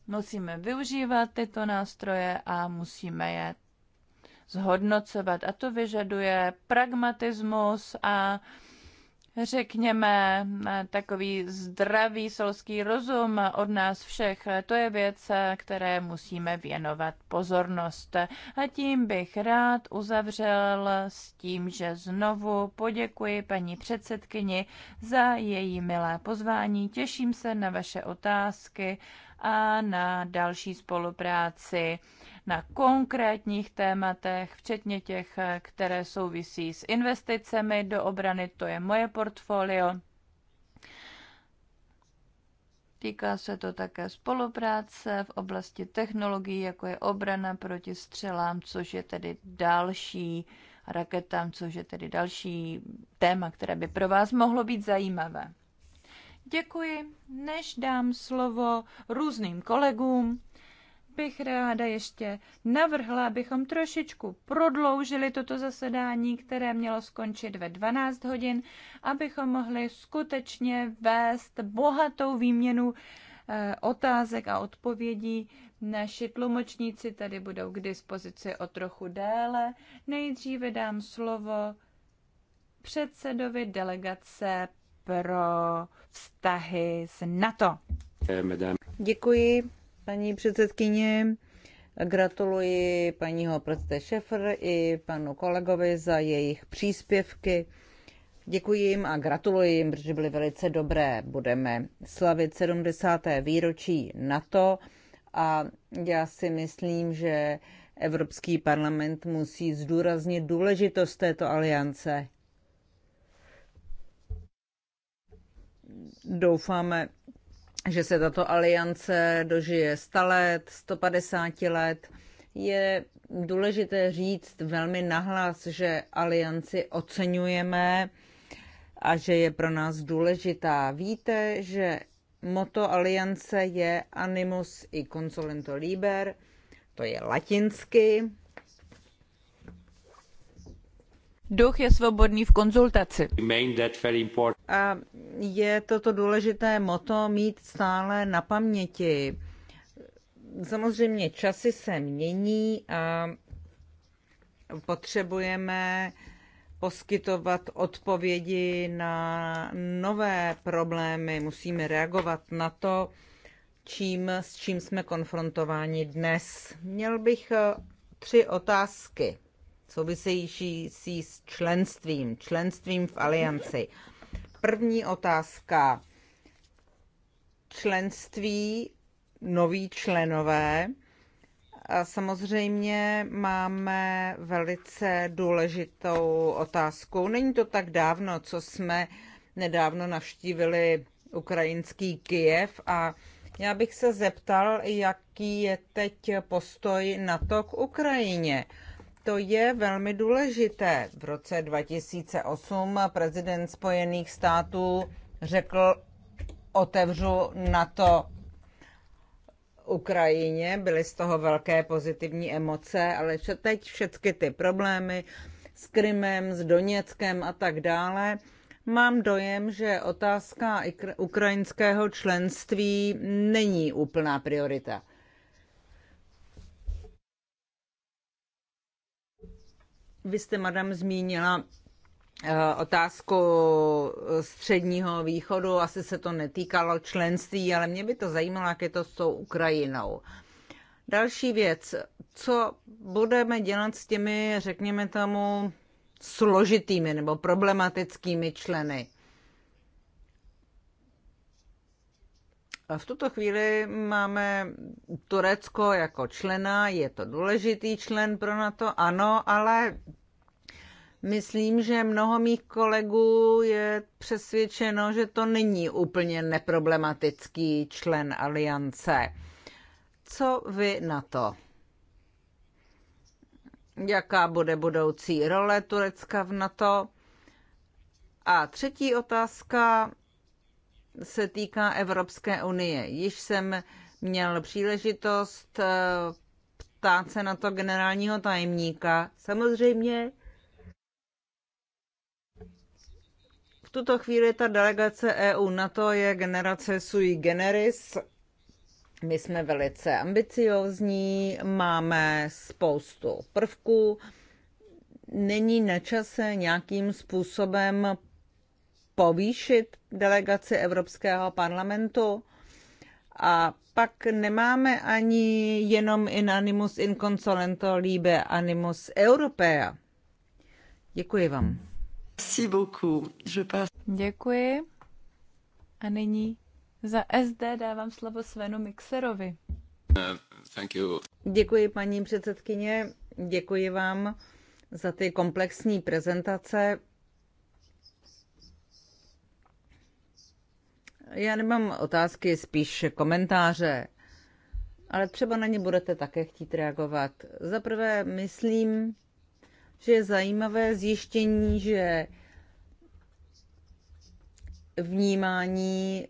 Musíme využívat tyto nástroje a musíme je zhodnocovat. A to vyžaduje pragmatismus a řekněme, takový zdravý solský rozum od nás všech. To je věc, které musíme věnovat pozornost. A tím bych rád uzavřel s tím, že znovu poděkuji paní předsedkyni za její milé pozvání. Těším se na vaše otázky a na další spolupráci na konkrétních tématech, včetně těch, které souvisí s investicemi do obrany, to je moje portfolio. Týká se to také spolupráce v oblasti technologií, jako je obrana proti střelám, což je tedy další raketám, což je tedy další téma, které by pro vás mohlo být zajímavé. Děkuji. Než dám slovo různým kolegům, bych ráda ještě navrhla, abychom trošičku prodloužili toto zasedání, které mělo skončit ve 12 hodin, abychom mohli skutečně vést bohatou výměnu eh, otázek a odpovědí. Naši tlumočníci tady budou k dispozici o trochu déle. Nejdříve dám slovo předsedovi delegace pro vztahy s NATO. Děkuji, paní předsedkyně. Gratuluji paní Hoprste Šefr i panu kolegovi za jejich příspěvky. Děkuji jim a gratuluji jim, protože byly velice dobré. Budeme slavit 70. výročí NATO a já si myslím, že Evropský parlament musí zdůraznit důležitost této aliance. doufáme, že se tato aliance dožije 100 let, 150 let. Je důležité říct velmi nahlas, že alianci oceňujeme a že je pro nás důležitá. Víte, že moto aliance je animus i consolento liber, to je latinsky, Duch je svobodný v konzultaci. A je toto důležité moto mít stále na paměti. Samozřejmě časy se mění a potřebujeme poskytovat odpovědi na nové problémy. Musíme reagovat na to, čím, s čím jsme konfrontováni dnes. Měl bych tři otázky související s členstvím, členstvím v alianci. První otázka. Členství, noví členové. A samozřejmě máme velice důležitou otázku. Není to tak dávno, co jsme nedávno navštívili ukrajinský Kijev a já bych se zeptal, jaký je teď postoj NATO k Ukrajině. To je velmi důležité. V roce 2008 prezident Spojených států řekl, otevřu na to Ukrajině, byly z toho velké pozitivní emoce, ale teď všechny ty problémy s Krymem, s Doněckem a tak dále, mám dojem, že otázka ukrajinského členství není úplná priorita. Vy jste, madam, zmínila eh, otázku středního východu. Asi se to netýkalo členství, ale mě by to zajímalo, jak je to s tou Ukrajinou. Další věc, co budeme dělat s těmi, řekněme tomu, složitými nebo problematickými členy? V tuto chvíli máme Turecko jako člena, je to důležitý člen pro NATO, ano, ale myslím, že mnoho mých kolegů je přesvědčeno, že to není úplně neproblematický člen aliance. Co vy na to? Jaká bude budoucí role Turecka v NATO? A třetí otázka se týká Evropské unie. Již jsem měl příležitost eh, ptát se na to generálního tajemníka. Samozřejmě v tuto chvíli ta delegace EU na to je generace sui generis. My jsme velice ambiciozní, máme spoustu prvků. Není na čase nějakým způsobem povýšit delegaci Evropského parlamentu. A pak nemáme ani jenom in animus consolento libe animus europea. Děkuji vám. Děkuji. A nyní za SD dávám slovo Svenu Mixerovi. Děkuji, paní předsedkyně. Děkuji vám za ty komplexní prezentace. Já nemám otázky, spíš komentáře, ale třeba na ně budete také chtít reagovat. Za prvé, myslím, že je zajímavé zjištění, že vnímání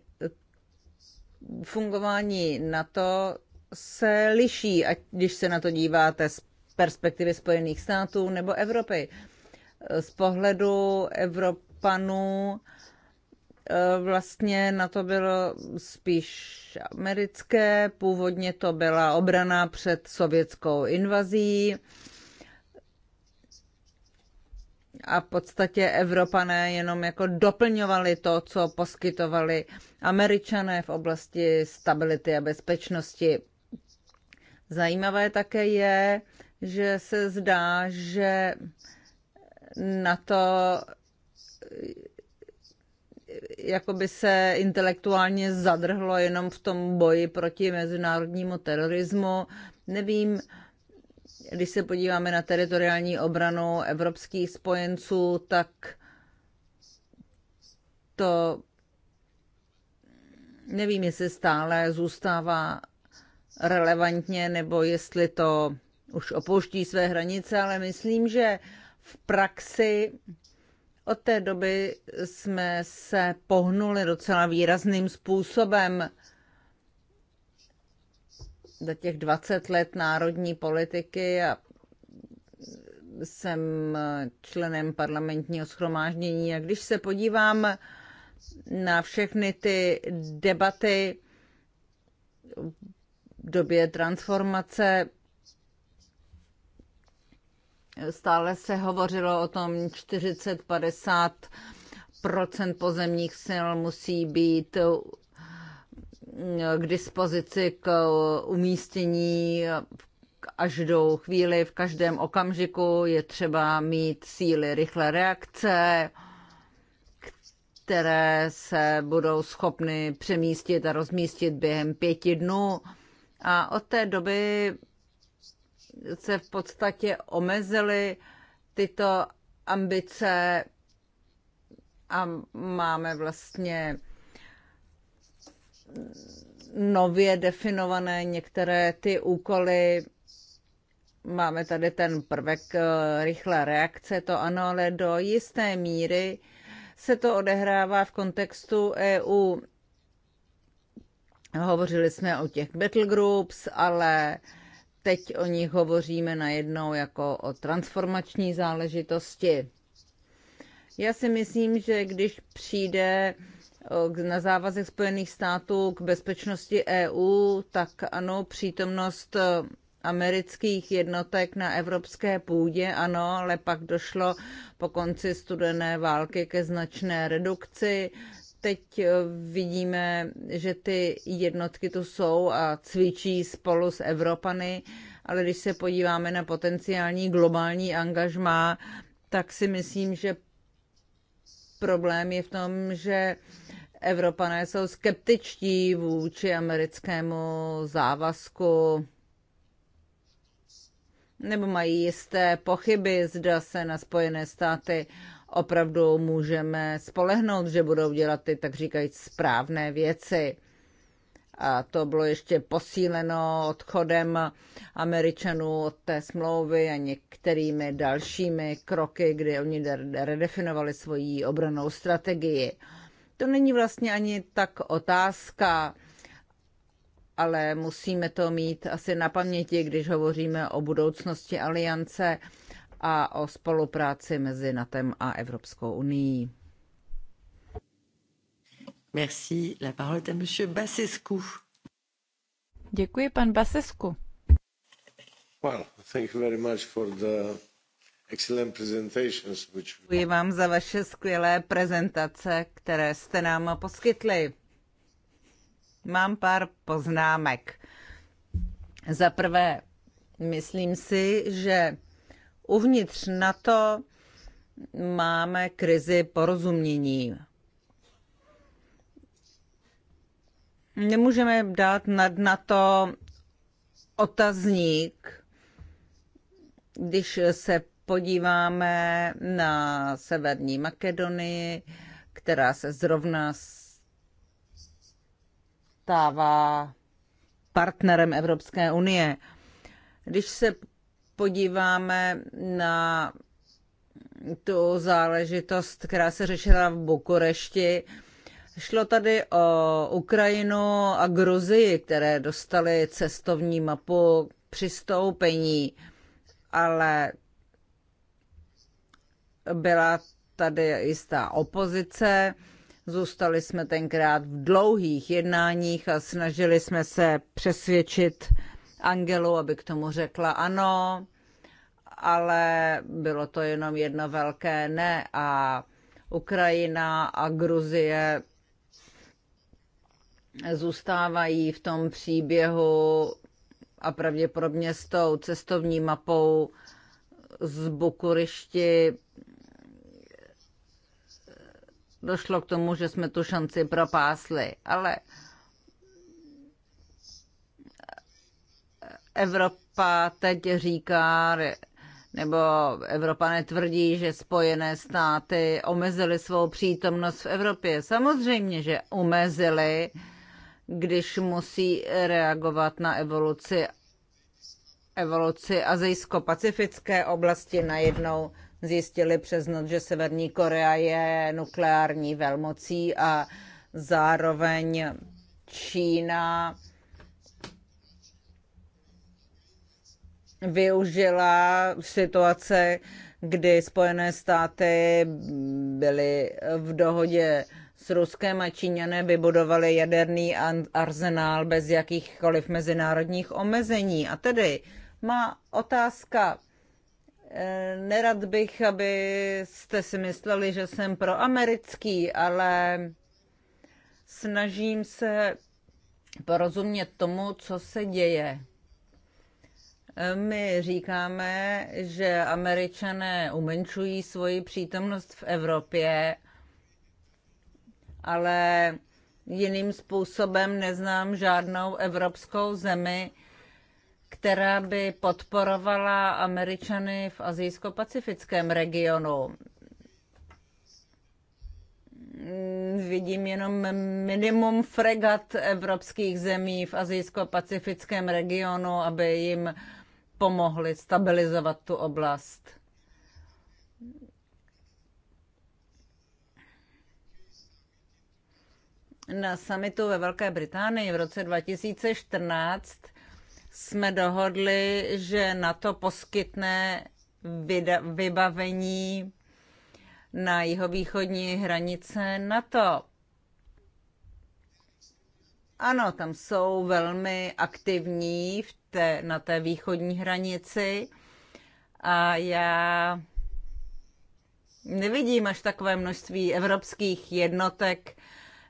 fungování na to se liší, ať když se na to díváte z perspektivy Spojených států nebo Evropy. Z pohledu Evropanů Eh, vlastně na to bylo spíš americké, původně to byla obrana před sovětskou invazí a v podstatě Evropané jenom jako doplňovali to, co poskytovali Američané v oblasti stability a bezpečnosti. Zajímavé také je, že se zdá, že na to jako by se intelektuálně zadrhlo jenom v tom boji proti mezinárodnímu terorismu. Nevím, když se podíváme na teritoriální obranu evropských spojenců, tak to nevím, jestli stále zůstává relevantně nebo jestli to už opouští své hranice, ale myslím, že v praxi od té doby jsme se pohnuli docela výrazným způsobem. Za těch 20 let národní politiky a jsem členem parlamentního schromáždění a když se podívám na všechny ty debaty v době transformace, Stále se hovořilo o tom 40-50 pozemních sil musí být k dispozici k umístění až do chvíli, v každém okamžiku je třeba mít síly rychlé reakce, které se budou schopny přemístit a rozmístit během pěti dnů. A od té doby se v podstatě omezily tyto ambice a máme vlastně nově definované některé ty úkoly. Máme tady ten prvek eh, rychlé reakce, to ano, ale do jisté míry se to odehrává v kontextu EU. Hovořili jsme o těch battle groups, ale teď o nich hovoříme najednou jako o transformační záležitosti. Já si myslím, že když přijde na závazek Spojených států k bezpečnosti EU, tak ano, přítomnost amerických jednotek na evropské půdě, ano, ale pak došlo po konci studené války ke značné redukci teď eh, vidíme, že ty jednotky tu jsou a cvičí spolu s Evropany, ale když se podíváme na potenciální globální angažmá, tak si myslím, že problém je v tom, že Evropané jsou skeptičtí vůči americkému závazku nebo mají jisté pochyby, zda se na Spojené státy opravdu můžeme spolehnout, že budou dělat ty, tak říkají, správné věci. A to bylo ještě posíleno odchodem Američanů od té smlouvy a některými dalšími kroky, kdy oni redefinovali svoji obranou strategii. To není vlastně ani tak otázka, ale musíme to mít asi na paměti, když hovoříme o budoucnosti aliance a o spolupráci mezi NATEM a Evropskou unii. Merci. La parole est à monsieur Basescu. Děkuji, pan Basescu. Well, thank you very much for the excellent presentations which... Děkuji vám za vaše skvělé prezentace, které jste nám poskytli. Mám pár poznámek. Za prvé, myslím si, že uvnitř na to máme krizi porozumění. Nemůžeme dát nad to otazník, když se podíváme na Severní Makedonii, která se zrovna stává partnerem Evropské unie. Když se podíváme na tu záležitost, která se řešila v Bukurešti, šlo tady o Ukrajinu a Gruzii, které dostaly cestovní mapu přistoupení, ale byla tady jistá opozice. Zůstali jsme tenkrát v dlouhých jednáních a snažili jsme se přesvědčit Angelu, aby k tomu řekla ano, ale bylo to jenom jedno velké ne a Ukrajina a Gruzie zůstávají v tom příběhu a pravděpodobně s tou cestovní mapou z Bukurišti došlo k tomu, že jsme tu šanci propásli. Ale Evropa teď říká, nebo Evropané tvrdí, že Spojené státy omezily svou přítomnost v Evropě. Samozřejmě, že omezily, když musí reagovat na evoluci, evoluci azijsko-pacifické oblasti najednou zjistili přes noc, že Severní Korea je nukleární velmocí a zároveň Čína využila situace, kdy Spojené státy byly v dohodě s Ruskem a Číňané vybudovali jaderný arzenál bez jakýchkoliv mezinárodních omezení. A tedy má otázka. Eh, nerad bych, abyste si mysleli, že jsem proamerický, ale snažím se porozumět tomu, co se děje. My říkáme, že američané umenšují svoji přítomnost v Evropě, ale jiným způsobem neznám žádnou evropskou zemi, která by podporovala američany v azijsko-pacifickém regionu. Vidím jenom minimum fregat evropských zemí v azijsko-pacifickém regionu, aby jim uh, pomohly stabilizovat tu oblast. Na samitu ve Velké Británii v roce 2014 jsme dohodli, že na to poskytne vybavení na jihovýchodní hranice NATO. Ano, tam jsou velmi aktivní v té, na té východní hranici. A já nevidím až takové množství evropských jednotek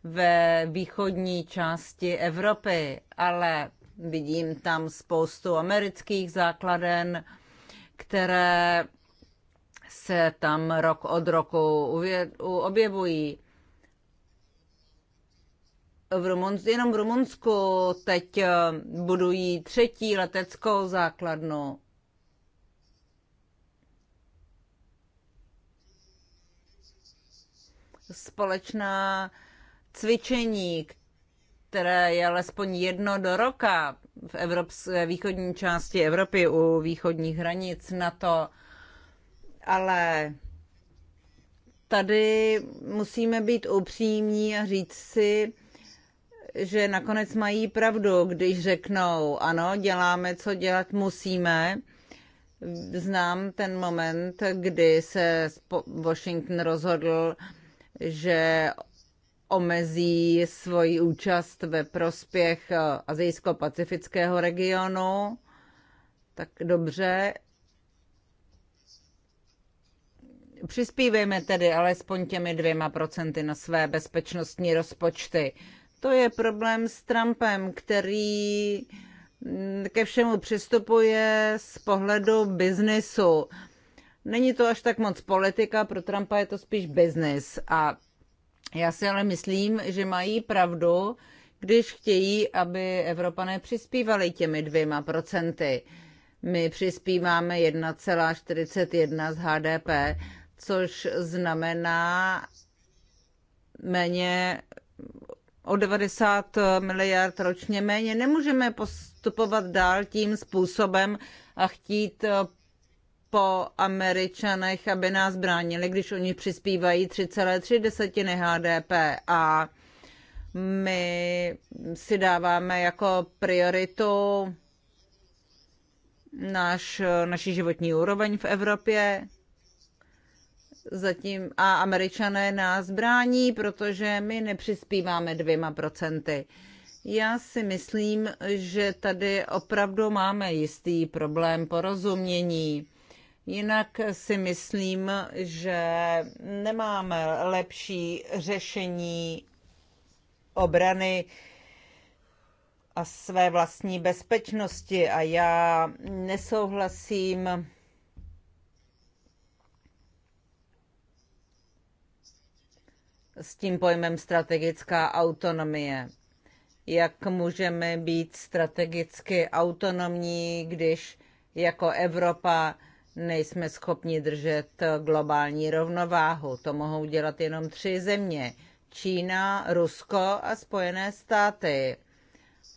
ve východní části Evropy, ale vidím tam spoustu amerických základen, které se tam rok od roku objevují v Rumunsku, jenom v Rumunsku teď eh, budují třetí leteckou základnu. Společná cvičení, které je alespoň jedno do roka v Evropské, východní části Evropy u východních hranic na to, ale tady musíme být upřímní a říct si, že nakonec mají pravdu, když řeknou, ano, děláme, co dělat musíme. Znám ten moment, kdy se Washington rozhodl, že omezí svoji účast ve prospěch eh, azijsko-pacifického regionu. Tak dobře. Přispívejme tedy alespoň těmi dvěma procenty na své bezpečnostní rozpočty. To je problém s Trumpem, který ke všemu přistupuje z pohledu biznesu. Není to až tak moc politika, pro Trumpa je to spíš biznis. A já si ale myslím, že mají pravdu, když chtějí, aby Evropané přispívali těmi dvěma procenty. My přispíváme 1,41 z HDP, což znamená méně o 90 miliard ročně méně. Nemůžeme postupovat dál tím způsobem a chtít eh, po Američanech, aby nás bránili, když oni přispívají 3,3 desetiny HDP a my si dáváme jako prioritu náš, naši životní úroveň v Evropě. Zatím a američané nás brání, protože my nepřispíváme dvěma procenty. Já si myslím, že tady opravdu máme jistý problém porozumění. Jinak si myslím, že nemáme lepší řešení obrany a své vlastní bezpečnosti a já nesouhlasím s tím pojmem strategická autonomie. Jak můžeme být strategicky autonomní, když jako Evropa nejsme schopni držet globální rovnováhu. To mohou dělat jenom tři země. Čína, Rusko a Spojené státy.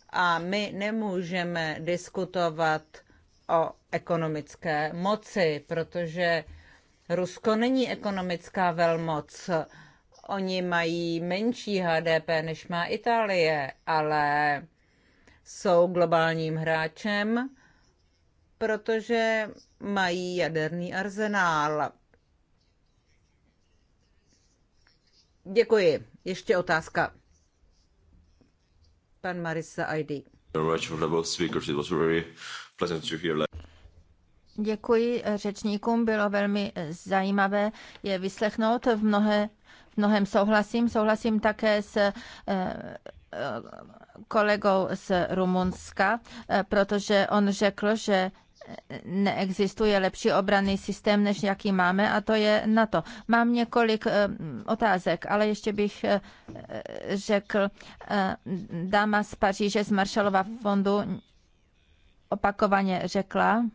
A my nemůžeme diskutovat o ekonomické moci, protože Rusko není ekonomická velmoc. Oni mají menší HDP, než má Itálie, ale jsou globálním hráčem, protože mají jaderný arzenál. Děkuji. Ještě otázka. Pan Marisa ID. Děkuji řečníkům, bylo velmi zajímavé je vyslechnout. V mnohé mnohem souhlasím. Souhlasím také s eh, eh, kolegou z Rumunska, eh, protože on řekl, že neexistuje lepší obranný systém, než jaký máme, a to je NATO. Mám několik otázek, ale ještě bych řekl, dáma z Paříže z Marshallova fondu opakovaně řekla,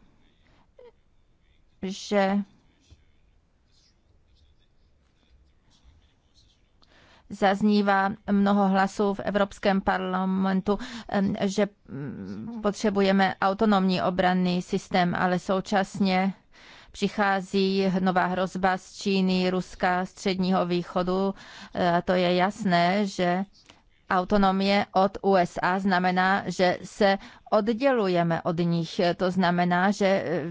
že zaznívá mnoho hlasů v Evropském parlamentu, že mm, potřebujeme autonomní obranný systém, ale současně přichází nová hrozba z Číny, Ruska, Středního východu. E, to je jasné, že autonomie od USA znamená, že se oddělujeme od nich. E, to znamená, že e,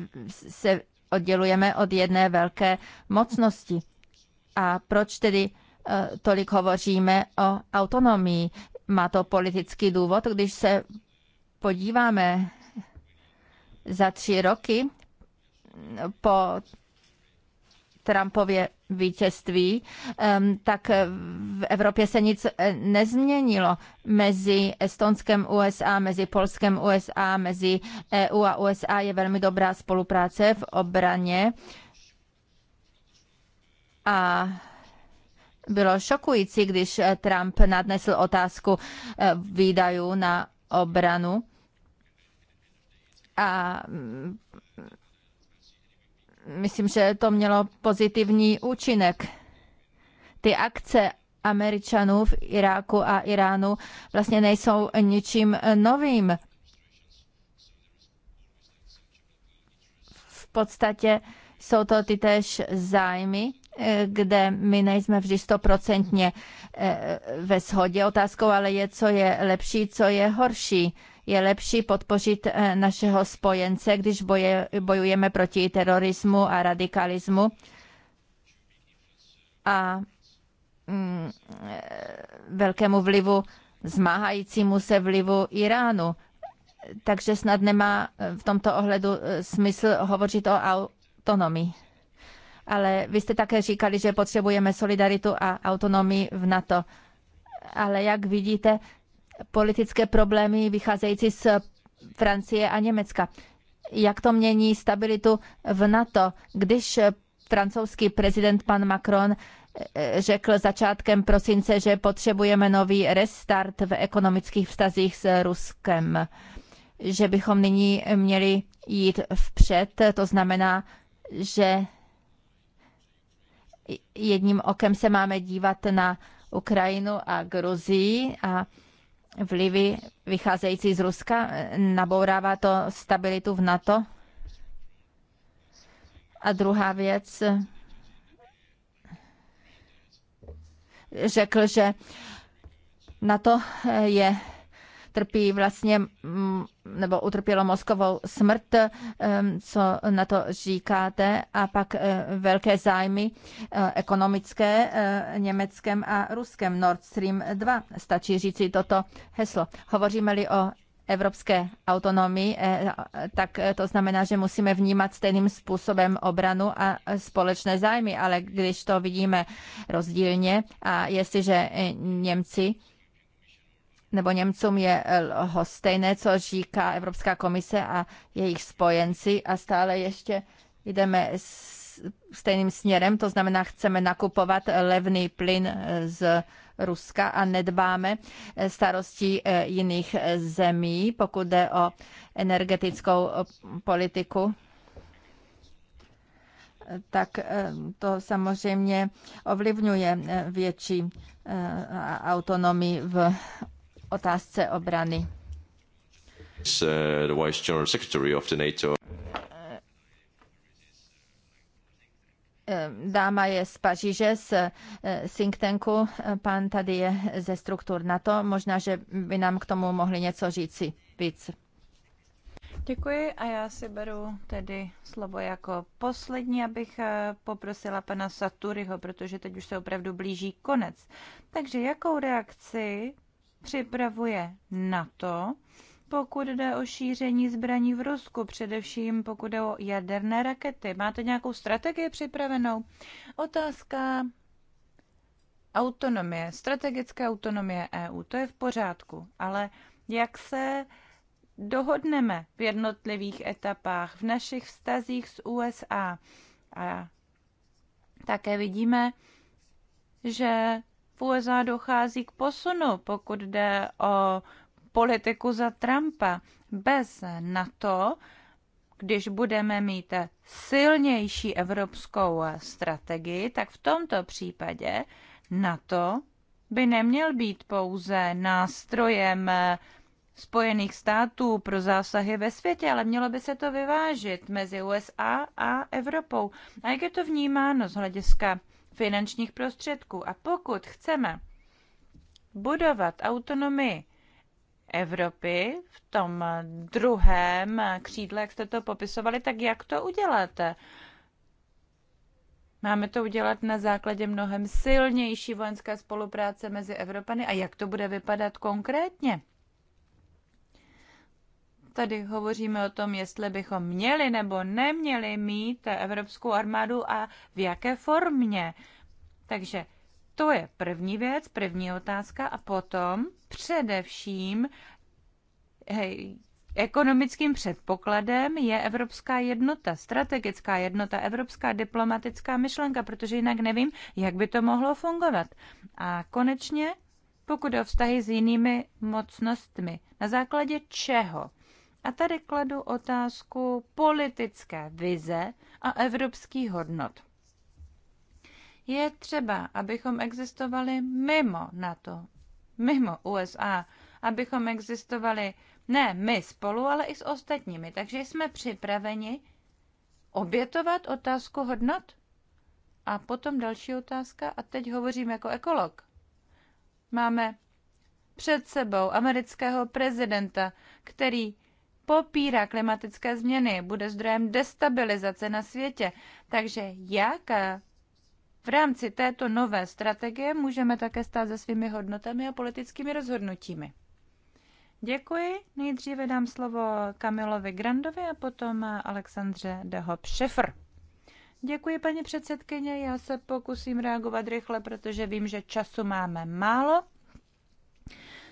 se oddělujeme od jedné velké mocnosti. A proč tedy Eh, tolik hovoříme o autonomii. Má to politický důvod, když se podíváme za tři roky po Trumpově vítězství, tak v Evropě se nic eh, nezměnilo mezi Estonskem USA, mezi Polskem USA, mezi EU a USA je velmi dobrá spolupráce v obraně. A bylo šokující, když eh, Trump nadnesl otázku eh, výdajů na obranu. A mm, myslím, že to mělo pozitivní účinek. Ty akce Američanů v Iráku a Iránu vlastně nejsou ničím eh, novým. V podstatě jsou to ty též zájmy, kde my nejsme vždy stoprocentně eh, ve shodě. Otázkou ale je, co je lepší, co je horší. Je lepší podpořit eh, našeho spojence, když boje, bojujeme proti terorismu a radikalismu. A mm, eh, velkému vlivu, zmáhajícímu se vlivu Iránu. Takže snad nemá v tomto ohledu smysl hovořit o autonomii ale vy jste také říkali, že potřebujeme solidaritu a autonomii v NATO. Ale jak vidíte, politické problémy vycházející z Francie a Německa. Jak to mění stabilitu v NATO, když francouzský prezident pan Macron eh, řekl začátkem prosince, že potřebujeme nový restart v ekonomických vztazích s Ruskem, že bychom nyní měli jít vpřed, to znamená, že jedním okem se máme dívat na Ukrajinu a Gruzii a vlivy vycházející z Ruska, nabourává to stabilitu v NATO. A druhá věc, řekl, že NATO je trpí vlastně mm, nebo utrpělo mozkovou smrt, co na to říkáte, a pak eh, velké zájmy eh, ekonomické eh, německém a ruském Nord Stream 2, stačí říci toto heslo. Hovoříme-li o evropské autonomii, tak to znamená, že musíme vnímat stejným způsobem obranu a společné zájmy, ale když to vidíme rozdílně a jestliže Němci nebo Němcům je eh, lhostejné, co říká Evropská komise a jejich spojenci a stále ještě jdeme stejným směrem, to znamená, chceme nakupovat eh, levný plyn eh, z Ruska a nedbáme starostí jiných zemí, pokud jde o energetickou politiku tak to samozřejmě ovlivňuje větší autonomii v otázce obrany. Uh, NATO. Eh, dáma je z Paříže, z eh, think tanku, eh, pan tady je ze struktur NATO. Možná, že by nám k tomu mohli něco říci víc. Děkuji a já si beru tedy slovo jako poslední, abych poprosila pana Saturyho, protože teď už se opravdu blíží konec. Takže jakou reakci připravuje na to, pokud jde o šíření zbraní v Rusku, především pokud jde o jaderné rakety? Máte nějakou strategii připravenou? Otázka autonomie, strategické autonomie EU, to je v pořádku, ale jak se dohodneme v jednotlivých etapách, v našich vztazích s USA. A také vidíme, že v USA dochází k posunu, pokud jde o politiku za Trumpa. Bez NATO, když budeme mít silnější evropskou strategii, tak v tomto případě NATO by neměl být pouze nástrojem Spojených států pro zásahy ve světě, ale mělo by se to vyvážit mezi USA a Evropou. A jak je to vnímáno z hlediska finančních prostředků. A pokud chceme budovat autonomii Evropy v tom druhém křídle, jak jste to popisovali, tak jak to uděláte? Máme to udělat na základě mnohem silnější vojenské spolupráce mezi Evropany a jak to bude vypadat konkrétně? tady hovoříme o tom, jestli bychom měli nebo neměli mít evropskou armádu a v jaké formě. Takže to je první věc, první otázka a potom především hej, ekonomickým předpokladem je evropská jednota, strategická jednota, evropská diplomatická myšlenka, protože jinak nevím, jak by to mohlo fungovat. A konečně pokud o vztahy s jinými mocnostmi. Na základě čeho a tady kladu otázku politické vize a evropských hodnot. Je třeba, abychom existovali mimo NATO, mimo USA, abychom existovali ne my spolu, ale i s ostatními. Takže jsme připraveni obětovat otázku hodnot? A potom další otázka, a teď hovořím jako ekolog. Máme před sebou amerického prezidenta, který popírá klimatické změny, bude zdrojem destabilizace na světě. Takže jak eh, v rámci této nové strategie můžeme také stát se svými hodnotami a politickými rozhodnutími? Děkuji. Nejdříve dám slovo Kamilovi Grandovi a potom eh, Alexandře Dehop Šefr. Děkuji, paní předsedkyně. Já se pokusím reagovat rychle, protože vím, že času máme málo.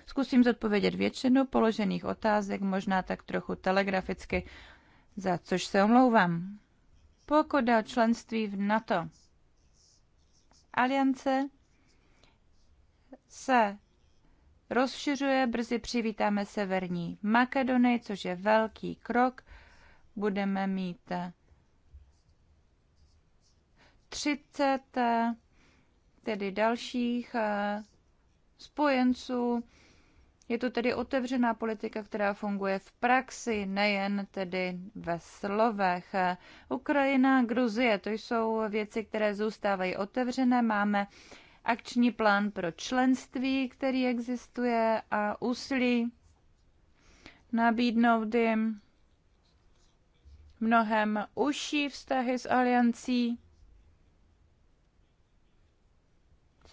Zkusím zodpovědět většinu položených otázek, možná tak trochu telegraficky, za což se omlouvám. Pokud o členství v NATO, aliance se rozšiřuje, brzy přivítáme Severní Makedonii, což je velký krok. Budeme mít 30 eh, tedy dalších eh, spojenců je to tedy otevřená politika, která funguje v praxi, nejen tedy ve slovech. Ukrajina, Gruzie, to jsou věci, které zůstávají otevřené. Máme akční plán pro členství, který existuje a úsilí nabídnout jim mnohem užší vztahy s aliancí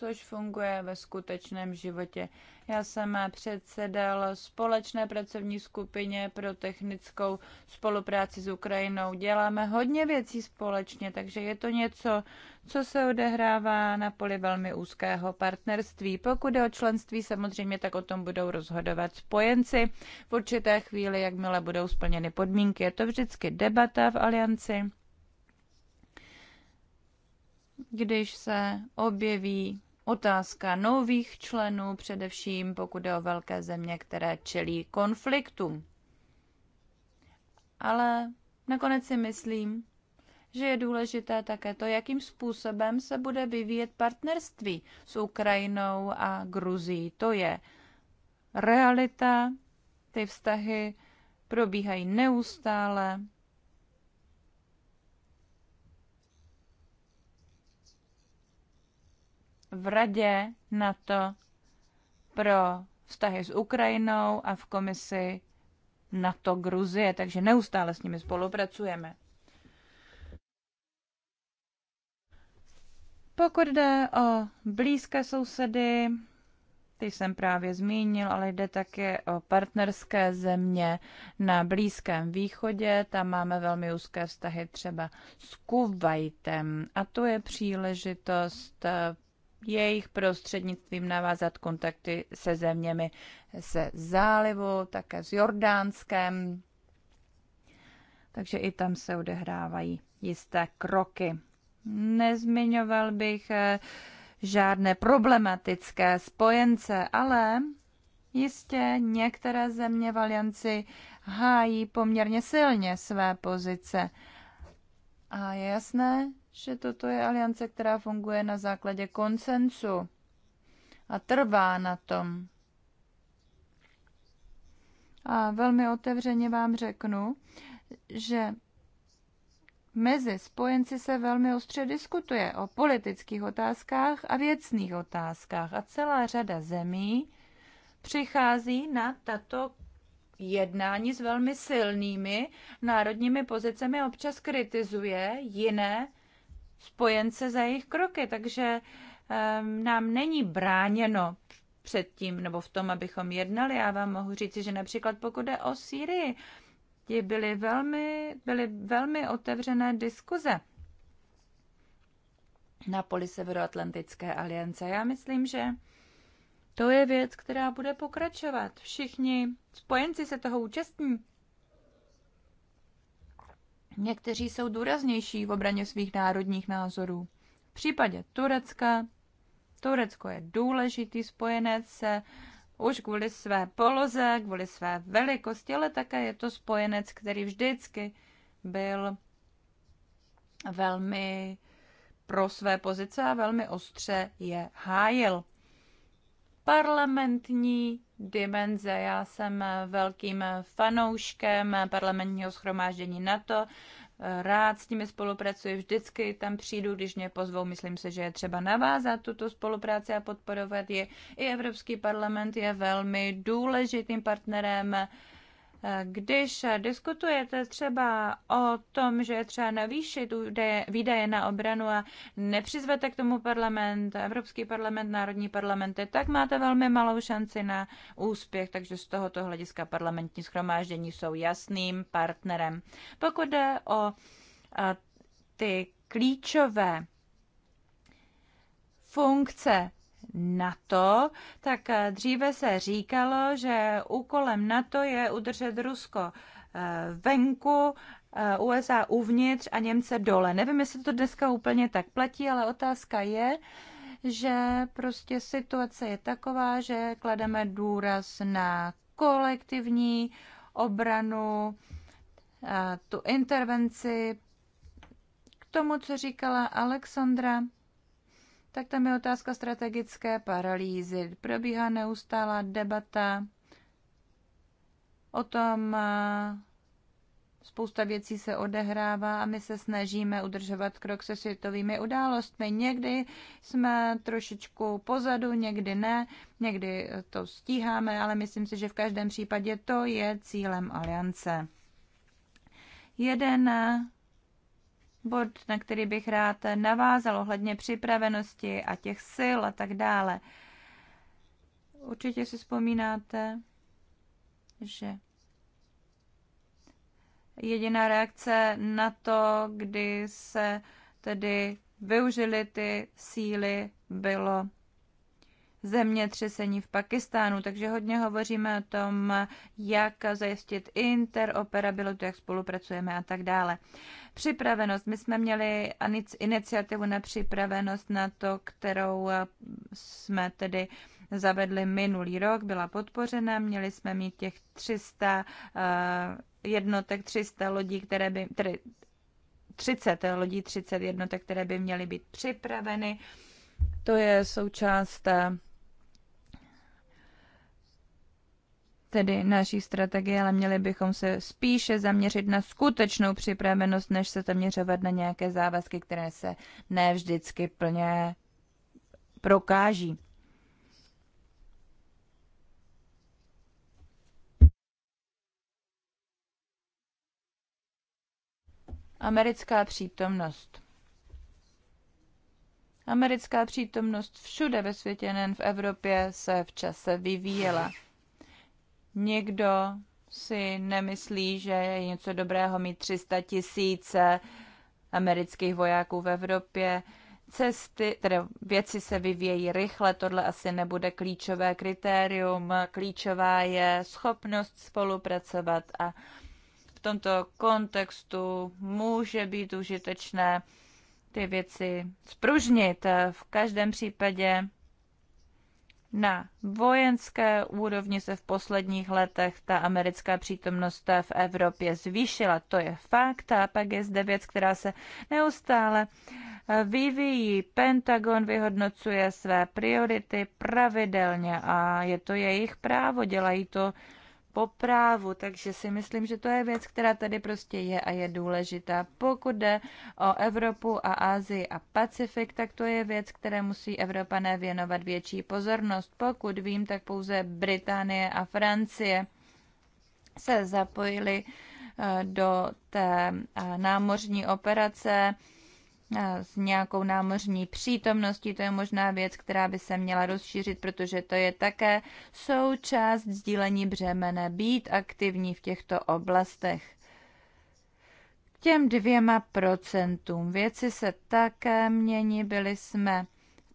což funguje ve skutečném životě. Já jsem předsedal společné pracovní skupině pro technickou spolupráci s Ukrajinou. Děláme hodně věcí společně, takže je to něco, co se odehrává na poli velmi úzkého partnerství. Pokud je o členství, samozřejmě tak o tom budou rozhodovat spojenci v určité chvíli, jakmile budou splněny podmínky. Je to vždycky debata v alianci když se objeví otázka nových členů, především pokud je o velké země, které čelí konfliktům. Ale nakonec si myslím, že je důležité také to, jakým způsobem se bude vyvíjet partnerství s Ukrajinou a Gruzí. To je realita, ty vztahy probíhají neustále v radě na to pro vztahy s Ukrajinou a v komisi na to Gruzie, takže neustále s nimi spolupracujeme. Pokud jde o blízké sousedy, ty jsem právě zmínil, ale jde také o partnerské země na Blízkém východě. Tam máme velmi úzké vztahy třeba s Kuwaitem a to je příležitost jejich prostřednictvím navázat kontakty se zeměmi se zálivu, také s Jordánskem. Takže i tam se odehrávají jisté kroky. Nezmiňoval bych eh, žádné problematické spojence, ale jistě některé země v alianci hájí poměrně silně své pozice. A je jasné, že toto je aliance, která funguje na základě konsensu a trvá na tom. A velmi otevřeně vám řeknu, že mezi spojenci se velmi ostře diskutuje o politických otázkách a věcných otázkách a celá řada zemí přichází na tato jednání s velmi silnými národními pozicemi občas kritizuje jiné spojence za jejich kroky, takže ehm, nám není bráněno předtím nebo v tom, abychom jednali. Já vám mohu říct, že například pokud jde o Sýrii, ti byly velmi, byly velmi otevřené diskuze na poli Severoatlantické aliance. Já myslím, že to je věc, která bude pokračovat. Všichni spojenci se toho účastní. Někteří jsou důraznější v obraně svých národních názorů. V případě Turecka, Turecko je důležitý spojenec už kvůli své poloze, kvůli své velikosti, ale také je to spojenec, který vždycky byl velmi pro své pozice a velmi ostře je hájil. Parlamentní dimenze. Já jsem velkým fanouškem parlamentního schromáždění NATO, rád s nimi spolupracuji, vždycky tam přijdu, když mě pozvou. Myslím si, že je třeba navázat tuto spolupráci a podporovat je. I Evropský parlament je velmi důležitým partnerem když diskutujete třeba o tom, že je třeba navýšit výdaje na obranu a nepřizvete k tomu parlament, Evropský parlament, národní parlamenty, tak máte velmi malou šanci na úspěch, takže z tohoto hlediska parlamentní schromáždění jsou jasným partnerem. Pokud jde o ty klíčové funkce NATO, tak dříve se říkalo, že úkolem NATO je udržet Rusko eh, venku, eh, USA uvnitř a Němce dole. Nevím, jestli to dneska úplně tak platí, ale otázka je, že prostě situace je taková, že klademe důraz na kolektivní obranu, eh, tu intervenci, k tomu, co říkala Alexandra tak tam je otázka strategické paralýzy. Probíhá neustálá debata o tom, spousta věcí se odehrává a my se snažíme udržovat krok se světovými událostmi. Někdy jsme trošičku pozadu, někdy ne, někdy to stíháme, ale myslím si, že v každém případě to je cílem aliance. Jeden bod, na který bych rád navázal ohledně připravenosti a těch sil a tak dále. Určitě si vzpomínáte, že jediná reakce na to, kdy se tedy využili ty síly, bylo zemětřesení v Pakistánu, takže hodně hovoříme o tom, jak zajistit interoperabilitu, jak spolupracujeme a tak dále. Připravenost. My jsme měli iniciativu na připravenost na to, kterou jsme tedy zavedli minulý rok, byla podpořena, měli jsme mít těch 300 eh, jednotek, 300 lodí, které by, tedy 30 lodí, 30 jednotek, které by měly být připraveny. To je součást eh, tedy naší strategie, ale měli bychom se spíše zaměřit na skutečnou připravenost, než se zaměřovat na nějaké závazky, které se ne vždycky plně prokáží. Americká přítomnost. Americká přítomnost všude ve světě, nejen v Evropě, se v čase vyvíjela. Někdo si nemyslí, že je něco dobrého mít 300 tisíce amerických vojáků v Evropě. Cesty, tedy věci se vyvějí rychle, tohle asi nebude klíčové kritérium. Klíčová je schopnost spolupracovat a v tomto kontextu může být užitečné ty věci spružnit. V každém případě na vojenské úrovni se v posledních letech ta americká přítomnost v Evropě zvýšila, to je fakt. A pak je zde věc, která se neustále vyvíjí. Pentagon vyhodnocuje své priority pravidelně a je to jejich právo, dělají to po právu, takže si myslím, že to je věc, která tady prostě je a je důležitá. Pokud jde o Evropu a Asii a Pacifik, tak to je věc, které musí Evropané věnovat větší pozornost. Pokud vím, tak pouze Británie a Francie se zapojili eh, do té eh, námořní operace s nějakou námořní přítomností, to je možná věc, která by se měla rozšířit, protože to je také součást sdílení břemene, být aktivní v těchto oblastech. K těm dvěma procentům věci se také mění, byli jsme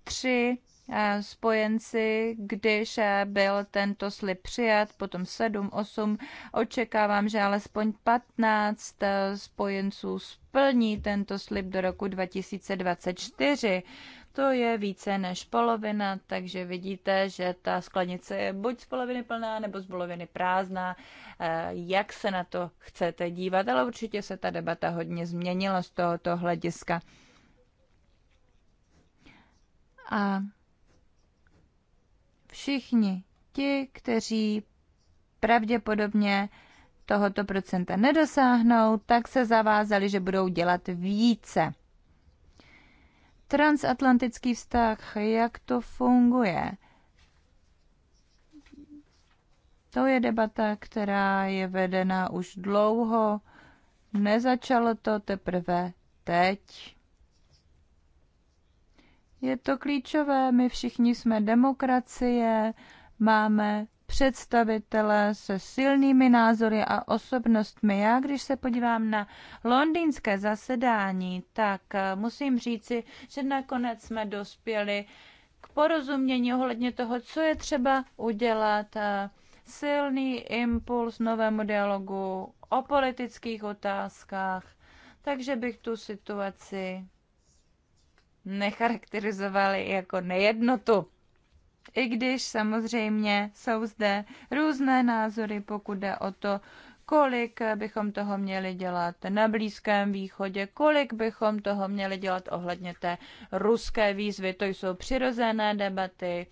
tři Eh, spojenci, když eh, byl tento slib přijat, potom 7, 8. Očekávám, že alespoň 15 eh, spojenců splní tento slib do roku 2024. To je více než polovina, takže vidíte, že ta sklenice je buď z poloviny plná nebo z poloviny prázdná. Jak se na to chcete dívat, ale určitě se ta debata hodně změnila z tohoto hlediska. A všichni ti, kteří pravděpodobně tohoto procenta nedosáhnou, tak se zavázali, že budou dělat více. Transatlantický vztah, jak to funguje? To je debata, která je vedena už dlouho. Nezačalo to teprve teď. Je to klíčové, my všichni jsme demokracie, máme představitele se silnými názory a osobnostmi. Já, když se podívám na londýnské zasedání, tak eh, musím říci, že nakonec jsme dospěli k porozumění ohledně toho, co je třeba udělat. Eh, silný impuls novému dialogu o politických otázkách. Takže bych tu situaci necharakterizovali jako nejednotu. I když samozřejmě jsou zde různé názory, pokud jde o to, kolik bychom toho měli dělat na Blízkém východě, kolik bychom toho měli dělat ohledně té ruské výzvy. To jsou přirozené debaty,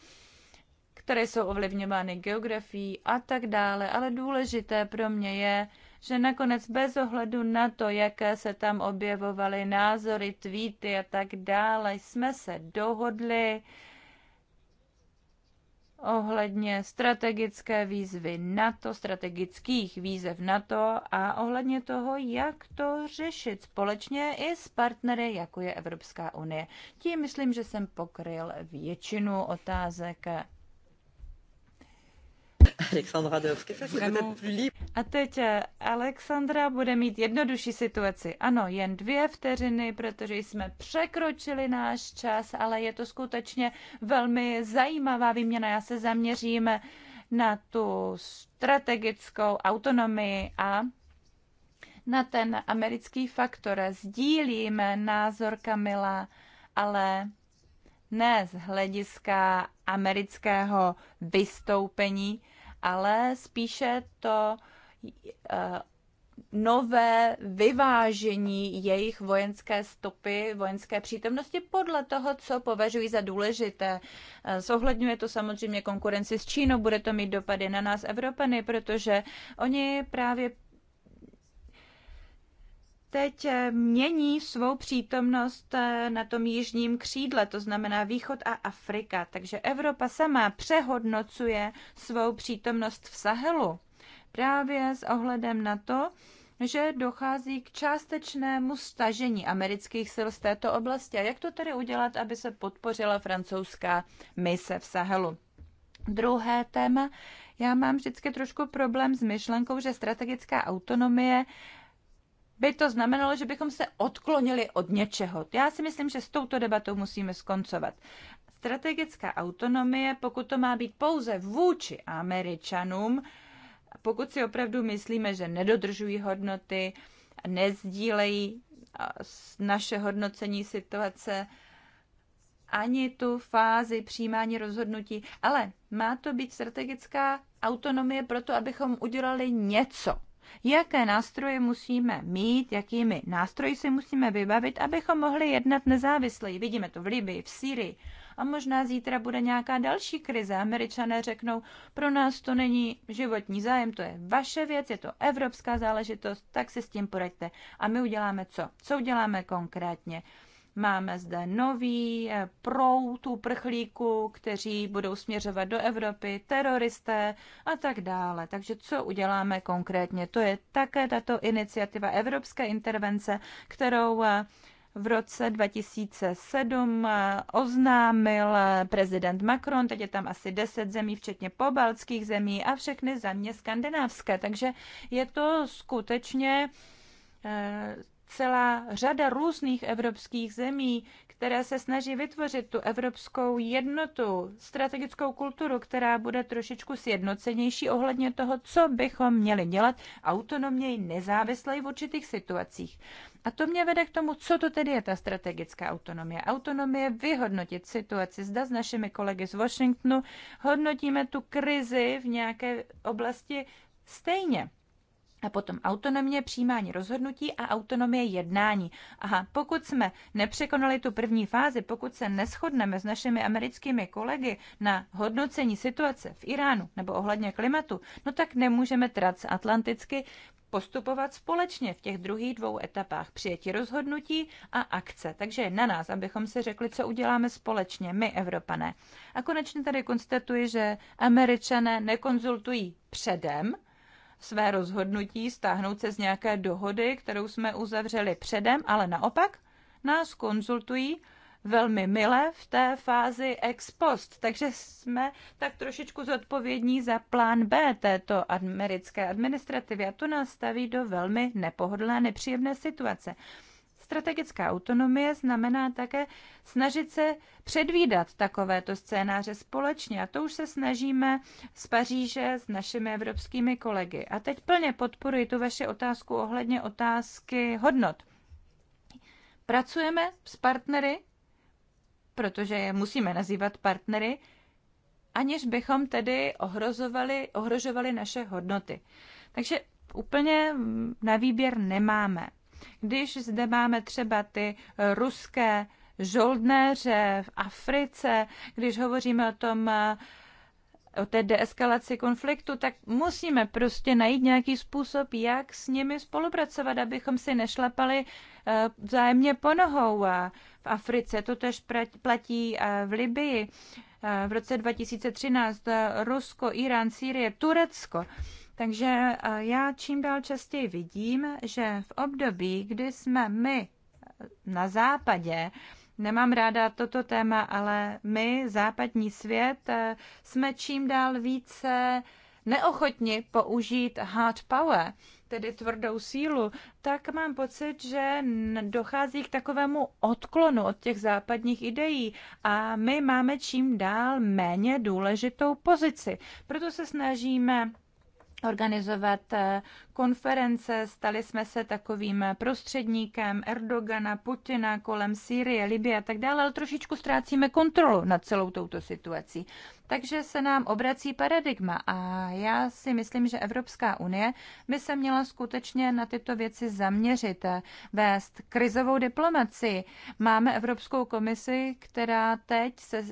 které jsou ovlivňovány geografií a tak dále, ale důležité pro mě je, že nakonec bez ohledu na to, jaké se tam objevovaly názory, tweety a tak dále, jsme se dohodli ohledně strategické výzvy NATO, strategických výzev NATO a ohledně toho, jak to řešit společně i s partnery, jako je Evropská unie. Tím myslím, že jsem pokryl většinu otázek Alexandra de A teď eh, Alexandra bude mít jednodušší situaci. Ano, jen dvě vteřiny, protože jsme překročili náš čas, ale je to skutečně velmi zajímavá výměna. Já se zaměřím na tu strategickou autonomii a na ten americký faktor. Sdílíme názor Kamila, ale ne z hlediska amerického vystoupení, ale spíše to eh, nové vyvážení jejich vojenské stopy, vojenské přítomnosti podle toho, co považují za důležité. Eh, zohledňuje to samozřejmě konkurenci s Čínou, bude to mít dopady na nás Evropany, protože oni právě teď eh, mění svou přítomnost eh, na tom jižním křídle, to znamená Východ a Afrika. Takže Evropa sama přehodnocuje svou přítomnost v Sahelu. Právě s ohledem na to, že dochází k částečnému stažení amerických sil z této oblasti. A jak to tedy udělat, aby se podpořila francouzská mise v Sahelu? Druhé téma. Já mám vždycky trošku problém s myšlenkou, že strategická autonomie by to znamenalo, že bychom se odklonili od něčeho. Já si myslím, že s touto debatou musíme skoncovat. Strategická autonomie, pokud to má být pouze vůči Američanům, pokud si opravdu myslíme, že nedodržují hodnoty, nezdílejí naše hodnocení situace, ani tu fázi přijímání rozhodnutí, ale má to být strategická autonomie proto, abychom udělali něco jaké nástroje musíme mít, jakými nástroji se musíme vybavit, abychom mohli jednat nezávisleji. Vidíme to v Libii, v Syrii. A možná zítra bude nějaká další krize. Američané řeknou, pro nás to není životní zájem, to je vaše věc, je to evropská záležitost, tak se s tím poraďte. A my uděláme co? Co uděláme konkrétně? Máme zde nový eh, prout uprchlíků, kteří budou směřovat do Evropy, teroristé a tak dále. Takže co uděláme konkrétně? To je také tato iniciativa Evropské intervence, kterou eh, v roce 2007 eh, oznámil prezident Macron, teď je tam asi 10 zemí, včetně pobaltských zemí a všechny země skandinávské. Takže je to skutečně celá řada různých evropských zemí, které se snaží vytvořit tu evropskou jednotu, strategickou kulturu, která bude trošičku sjednocenější ohledně toho, co bychom měli dělat autonomněji, nezávisle v určitých situacích. A to mě vede k tomu, co to tedy je ta strategická autonomie. Autonomie vyhodnotit situaci. Zda s našimi kolegy z Washingtonu hodnotíme tu krizi v nějaké oblasti stejně. A potom autonomie přijímání rozhodnutí a autonomie jednání. Aha, pokud jsme nepřekonali tu první fázi, pokud se neschodneme s našimi americkými kolegy na hodnocení situace v Iránu nebo ohledně klimatu, no tak nemůžeme transatlanticky postupovat společně v těch druhých dvou etapách přijetí rozhodnutí a akce. Takže je na nás, abychom si řekli, co uděláme společně, my Evropané. A konečně tady konstatuji, že Američané nekonzultují předem, své rozhodnutí stáhnout se z nějaké dohody, kterou jsme uzavřeli předem, ale naopak nás konzultují velmi milé v té fázi ex post. Takže jsme tak trošičku zodpovědní za plán B této americké administrativy a to nás staví do velmi nepohodlné, nepříjemné situace. Strategická autonomie znamená také snažit se předvídat takovéto scénáře společně a to už se snažíme z Paříže s našimi evropskými kolegy. A teď plně podporuji tu vaši otázku ohledně otázky hodnot. Pracujeme s partnery, protože je musíme nazývat partnery, aniž bychom tedy ohrozovali, ohrožovali naše hodnoty. Takže úplně na výběr nemáme. Když zde máme třeba ty ruské žoldnéře v Africe, když hovoříme o tom, eh, o té deeskalaci konfliktu, tak musíme prostě najít nějaký způsob, jak s nimi spolupracovat, abychom si nešlapali eh, vzájemně po nohou. Eh, v Africe to tež platí v Libii. V roce 2013 Rusko, Irán, Sýrie, Turecko takže eh, já čím dál častěji vidím, že v období, kdy jsme my eh, na západě, nemám ráda toto téma, ale my, západní svět, eh, jsme čím dál více neochotni použít hard power, tedy tvrdou sílu, tak mám pocit, že dochází k takovému odklonu od těch západních ideí a my máme čím dál méně důležitou pozici. Proto se snažíme organizovat eh, konference, stali jsme se takovým eh, prostředníkem Erdogana, Putina kolem Sýrie, Libie a tak dále, ale trošičku ztrácíme kontrolu nad celou touto situací. Takže se nám obrací paradigma a já si myslím, že Evropská unie by se měla skutečně na tyto věci zaměřit, eh, vést krizovou diplomaci. Máme Evropskou komisi, která teď se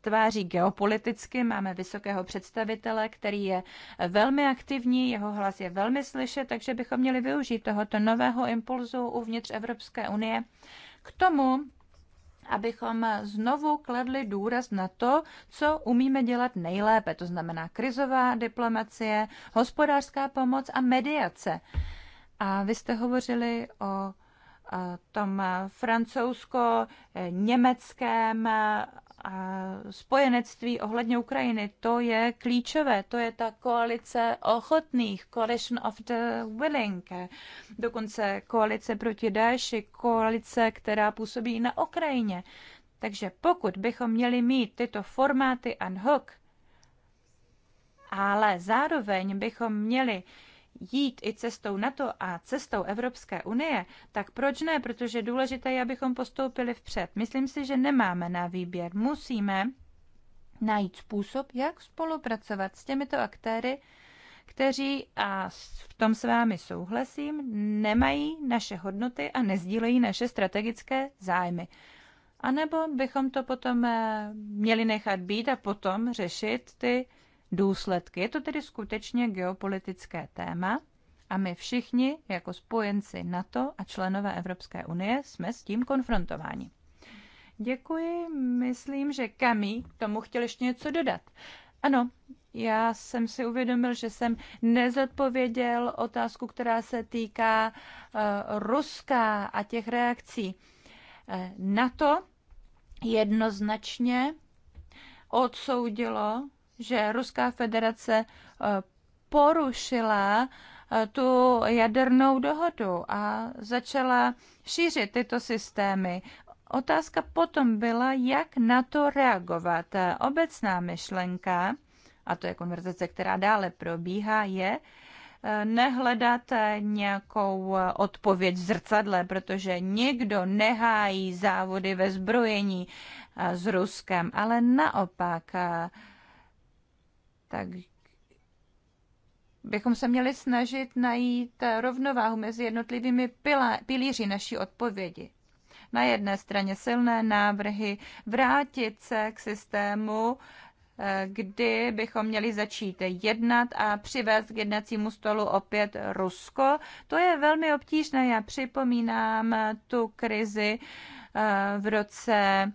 tváří geopoliticky. Máme vysokého představitele, který je velmi aktivní, jeho hlas je velmi slyšet, takže bychom měli využít tohoto nového impulzu uvnitř Evropské unie k tomu, abychom znovu kladli důraz na to, co umíme dělat nejlépe, to znamená krizová diplomacie, hospodářská pomoc a mediace. A vy jste hovořili o tom francouzsko-německém spojenectví ohledně Ukrajiny, to je klíčové, to je ta koalice ochotných, coalition of the willing, dokonce koalice proti Daeši, koalice, která působí na Ukrajině. Takže pokud bychom měli mít tyto formáty ad hoc, ale zároveň bychom měli uh, jít i cestou NATO a cestou Evropské unie, tak proč ne? Protože důležité je, abychom postoupili vpřed. Myslím si, že nemáme na výběr. Musíme najít způsob, jak spolupracovat s těmito aktéry, kteří, a v tom s vámi souhlasím, nemají naše hodnoty a nezdílejí naše strategické zájmy. A nebo bychom to potom eh, měli nechat být a potom řešit ty důsledky. Je to tedy skutečně geopolitické téma a my všichni jako spojenci NATO a členové Evropské unie jsme s tím konfrontováni. Děkuji, myslím, že Kamí k tomu chtěl ještě něco dodat. Ano, já jsem si uvědomil, že jsem nezodpověděl otázku, která se týká uh, Ruska a těch reakcí. Uh, NATO jednoznačně odsoudilo že Ruská federace eh, porušila eh, tu jadernou dohodu a začala šířit tyto systémy. Otázka potom byla, jak na to reagovat. Obecná myšlenka, a to je konverzace, která dále probíhá, je, eh, nehledat nějakou odpověď v zrcadle, protože nikdo nehájí závody ve zbrojení s Ruskem, ale naopak tak bychom se měli snažit najít rovnováhu mezi jednotlivými pilíři naší odpovědi. Na jedné straně silné návrhy vrátit se k systému, eh, kdy bychom měli začít jednat a přivést k jednacímu stolu opět Rusko. To je velmi obtížné. Já připomínám tu krizi eh, v roce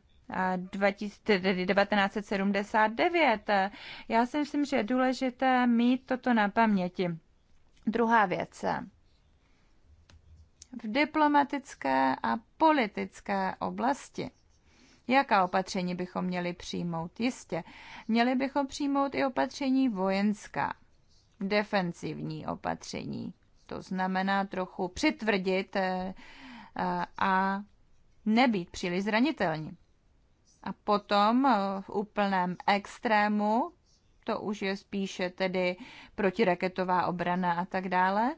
1979. Já si myslím, že je důležité mít toto na paměti. Druhá věc. V diplomatické a politické oblasti. Jaká opatření bychom měli přijmout? Jistě, měli bychom přijmout i opatření vojenská, defensivní opatření. To znamená trochu přitvrdit eh, a nebýt příliš zranitelní. A potom eh, v úplném extrému, to už je spíše tedy protiraketová obrana a tak dále.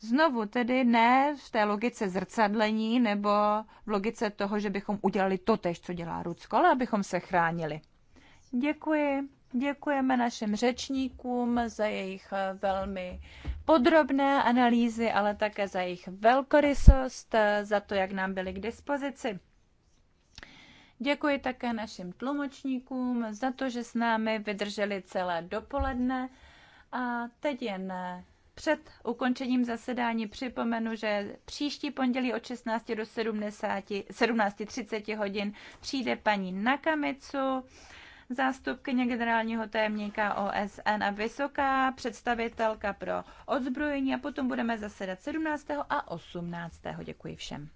Znovu tedy ne v té logice zrcadlení nebo v logice toho, že bychom udělali to tež, co dělá Rucko, ale abychom se chránili. Děkuji. Děkujeme našim řečníkům za jejich eh, velmi podrobné analýzy, ale také za jejich velkorysost, eh, za to, jak nám byly k dispozici. Děkuji také našim tlumočníkům za to, že s námi vydrželi celé dopoledne. A teď jen před ukončením zasedání připomenu, že příští pondělí od 16 do 17.30 hodin přijde paní Nakamicu, zástupkyně generálního tajemníka OSN a vysoká představitelka pro odzbrojení a potom budeme zasedat 17. a 18. Děkuji všem.